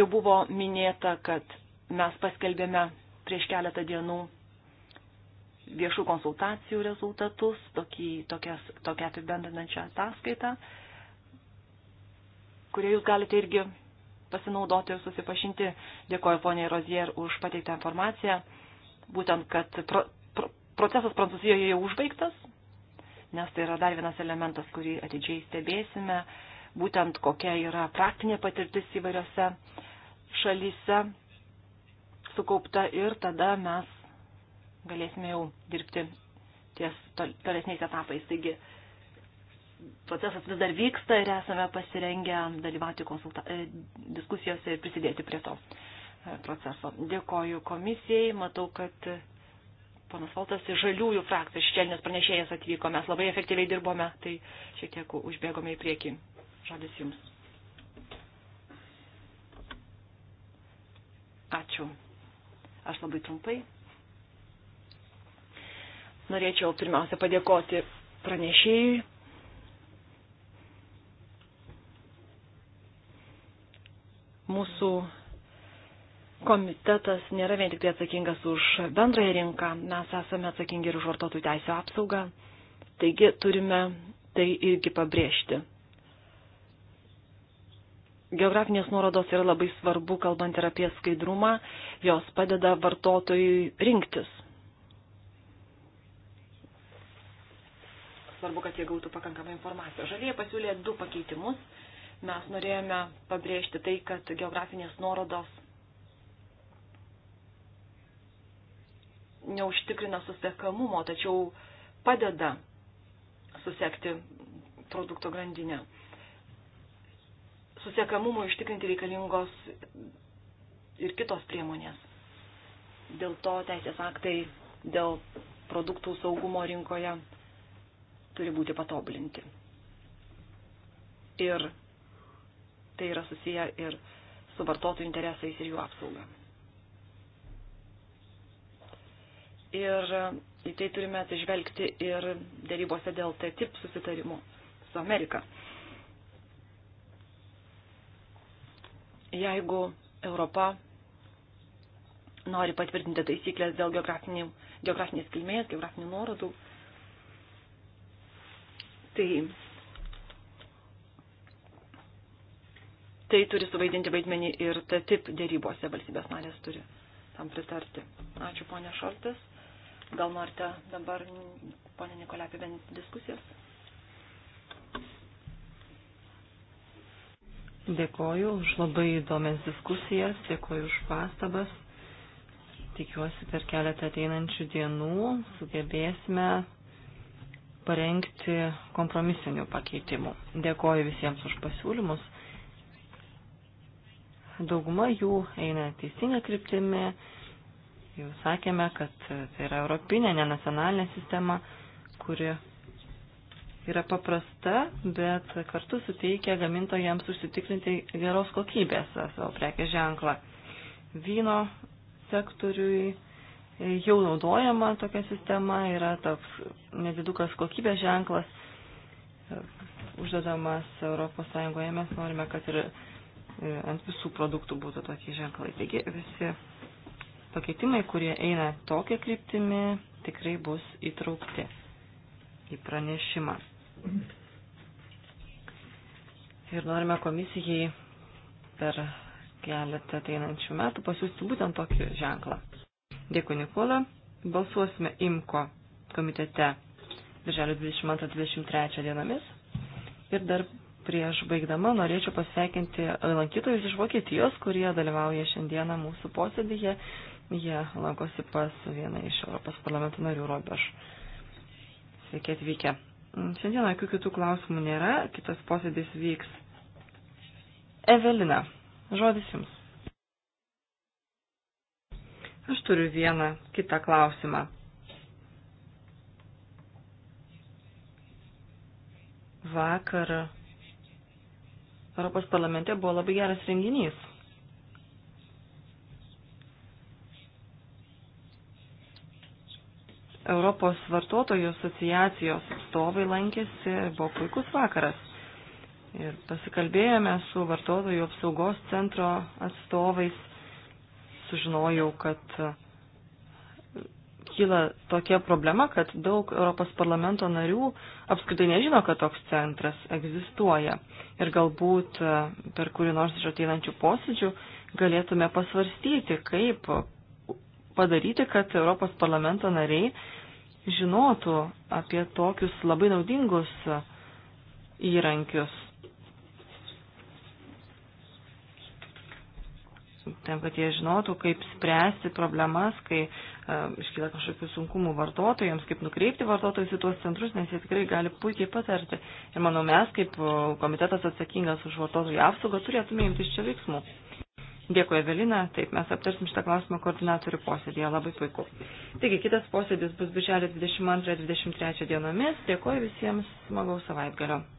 Jau buvo minėta, kad mes paskelbėme prieš keletą dienų viešų konsultacijų rezultatus, tokį, tokias, tokią apibendrinančią ataskaitą, kurie jūs galite irgi pasinaudoti ir susipažinti. Dėkoju poniai Rozier už pateiktą informaciją, būtent, kad pro, pro, procesas Prancūzijoje jau užbaigtas, nes tai yra dar vienas elementas, kurį atidžiai stebėsime, būtent kokia yra praktinė patirtis įvairiose šalyse sukaupta ir tada mes galėsime jau dirbti ties tolesniais etapais. Taigi procesas vis dar vyksta ir esame pasirengę dalyvauti konsulta... E, diskusijose ir prisidėti prie to e, proceso. Dėkoju komisijai, matau, kad panas Valtas iš žaliųjų frakcijos šešėlinės pranešėjas atvyko, mes labai efektyviai dirbome, tai šiek tiek užbėgome į priekį. Žodis jums. Ačiū. Aš labai trumpai. Norėčiau pirmiausia padėkoti pranešėjui. Mūsų komitetas nėra vien tik tai atsakingas už bendrąją rinką, mes esame atsakingi ir už vartotojų teisų apsaugą, taigi turime tai irgi pabrėžti. Geografinės nuorodos yra labai svarbu, kalbant ir apie skaidrumą, jos padeda vartotojui rinktis svarbu, kad jie gautų pakankamą informaciją. Žalieji pasiūlė du pakeitimus. Mes norėjome pabrėžti tai, kad geografinės nuorodos neužtikrina susekamumo, tačiau padeda susekti produkto grandinę. Susekamumui ištikrinti reikalingos ir kitos priemonės. Dėl to teisės aktai dėl produktų saugumo rinkoje turi būti patobulinti. Ir tai yra susiję ir su vartotojų interesais ir jų apsauga. Ir į tai turime atsižvelgti ir dėrybose dėl TTIP susitarimų su Amerika. Jeigu Europa nori patvirtinti taisyklės dėl geografinės kilmės, geografinių nuorodų, Tai, tai turi suvaidinti vaidmenį ir ta tip dėrybose valstybės narės turi tam pritarti. Ačiū, ponė Šaltis. Gal norite dabar, ponė Nikolė, apibendinti diskusijas? Dėkoju už labai įdomias diskusijas, dėkoju už pastabas. Tikiuosi per keletą ateinančių dienų sugebėsime parengti kompromisinių pakeitimų. Dėkoju visiems už pasiūlymus. Dauguma jų eina teisinga kryptimi. Jau sakėme, kad tai yra europinė, ne nacionalinė sistema, kuri yra paprasta, bet kartu suteikia gamintojams užsitikrinti geros kokybės savo prekės ženklą. Vyno sektoriui jau naudojama tokia sistema, yra toks nedidukas kokybės ženklas e, uždedamas ES, mes norime, kad ir e, ant visų produktų būtų tokie ženklai. Taigi visi pakeitimai, kurie eina tokia kryptimi, tikrai bus įtraukti į pranešimą. Ir norime komisijai per keletą ateinančių metų pasiūsti būtent tokį ženklą. Dėkui, Nikola. Balsuosime IMKO komitete birželio 22-23 dienomis. Ir dar prieš baigdama norėčiau pasveikinti lankytojus iš Vokietijos, kurie dalyvauja šiandieną mūsų posėdėje. Jie lankosi pas vieną iš Europos parlamento narių Robeš. Sveiki atvykę. Šiandieną jokių kitų klausimų nėra, kitas posėdis vyks. Evelina, žodis jums. Aš turiu vieną kitą klausimą. Vakar Europos parlamente buvo labai geras renginys. Europos vartotojų asociacijos atstovai lankėsi, buvo puikus vakaras. Ir pasikalbėjome su vartotojų apsaugos centro atstovais sužinojau, kad e, kyla tokia problema, kad daug Europos parlamento narių apskritai nežino, kad toks centras egzistuoja. Ir galbūt e, per kurį nors iš ateinančių posėdžių galėtume pasvarstyti, kaip padaryti, kad Europos parlamento nariai žinotų apie tokius labai naudingus e, įrankius tam, kad jie žinotų, kaip spręsti problemas, kai uh, iškyla kažkokių sunkumų vartotojams, kaip nukreipti vartotojus į tuos centrus, nes jie tikrai gali puikiai patarti. Ir manau, mes kaip e, komitetas atsakingas už vartotojų apsaugą turėtume imtis čia veiksmų. Dėkui, Evelina. Taip, mes aptarsim šitą klausimą koordinatorių posėdėje. Labai puiku. Taigi, kitas posėdis bus birželio 22-23 dienomis. Dėkuoju visiems. Smagaus savaitgalio.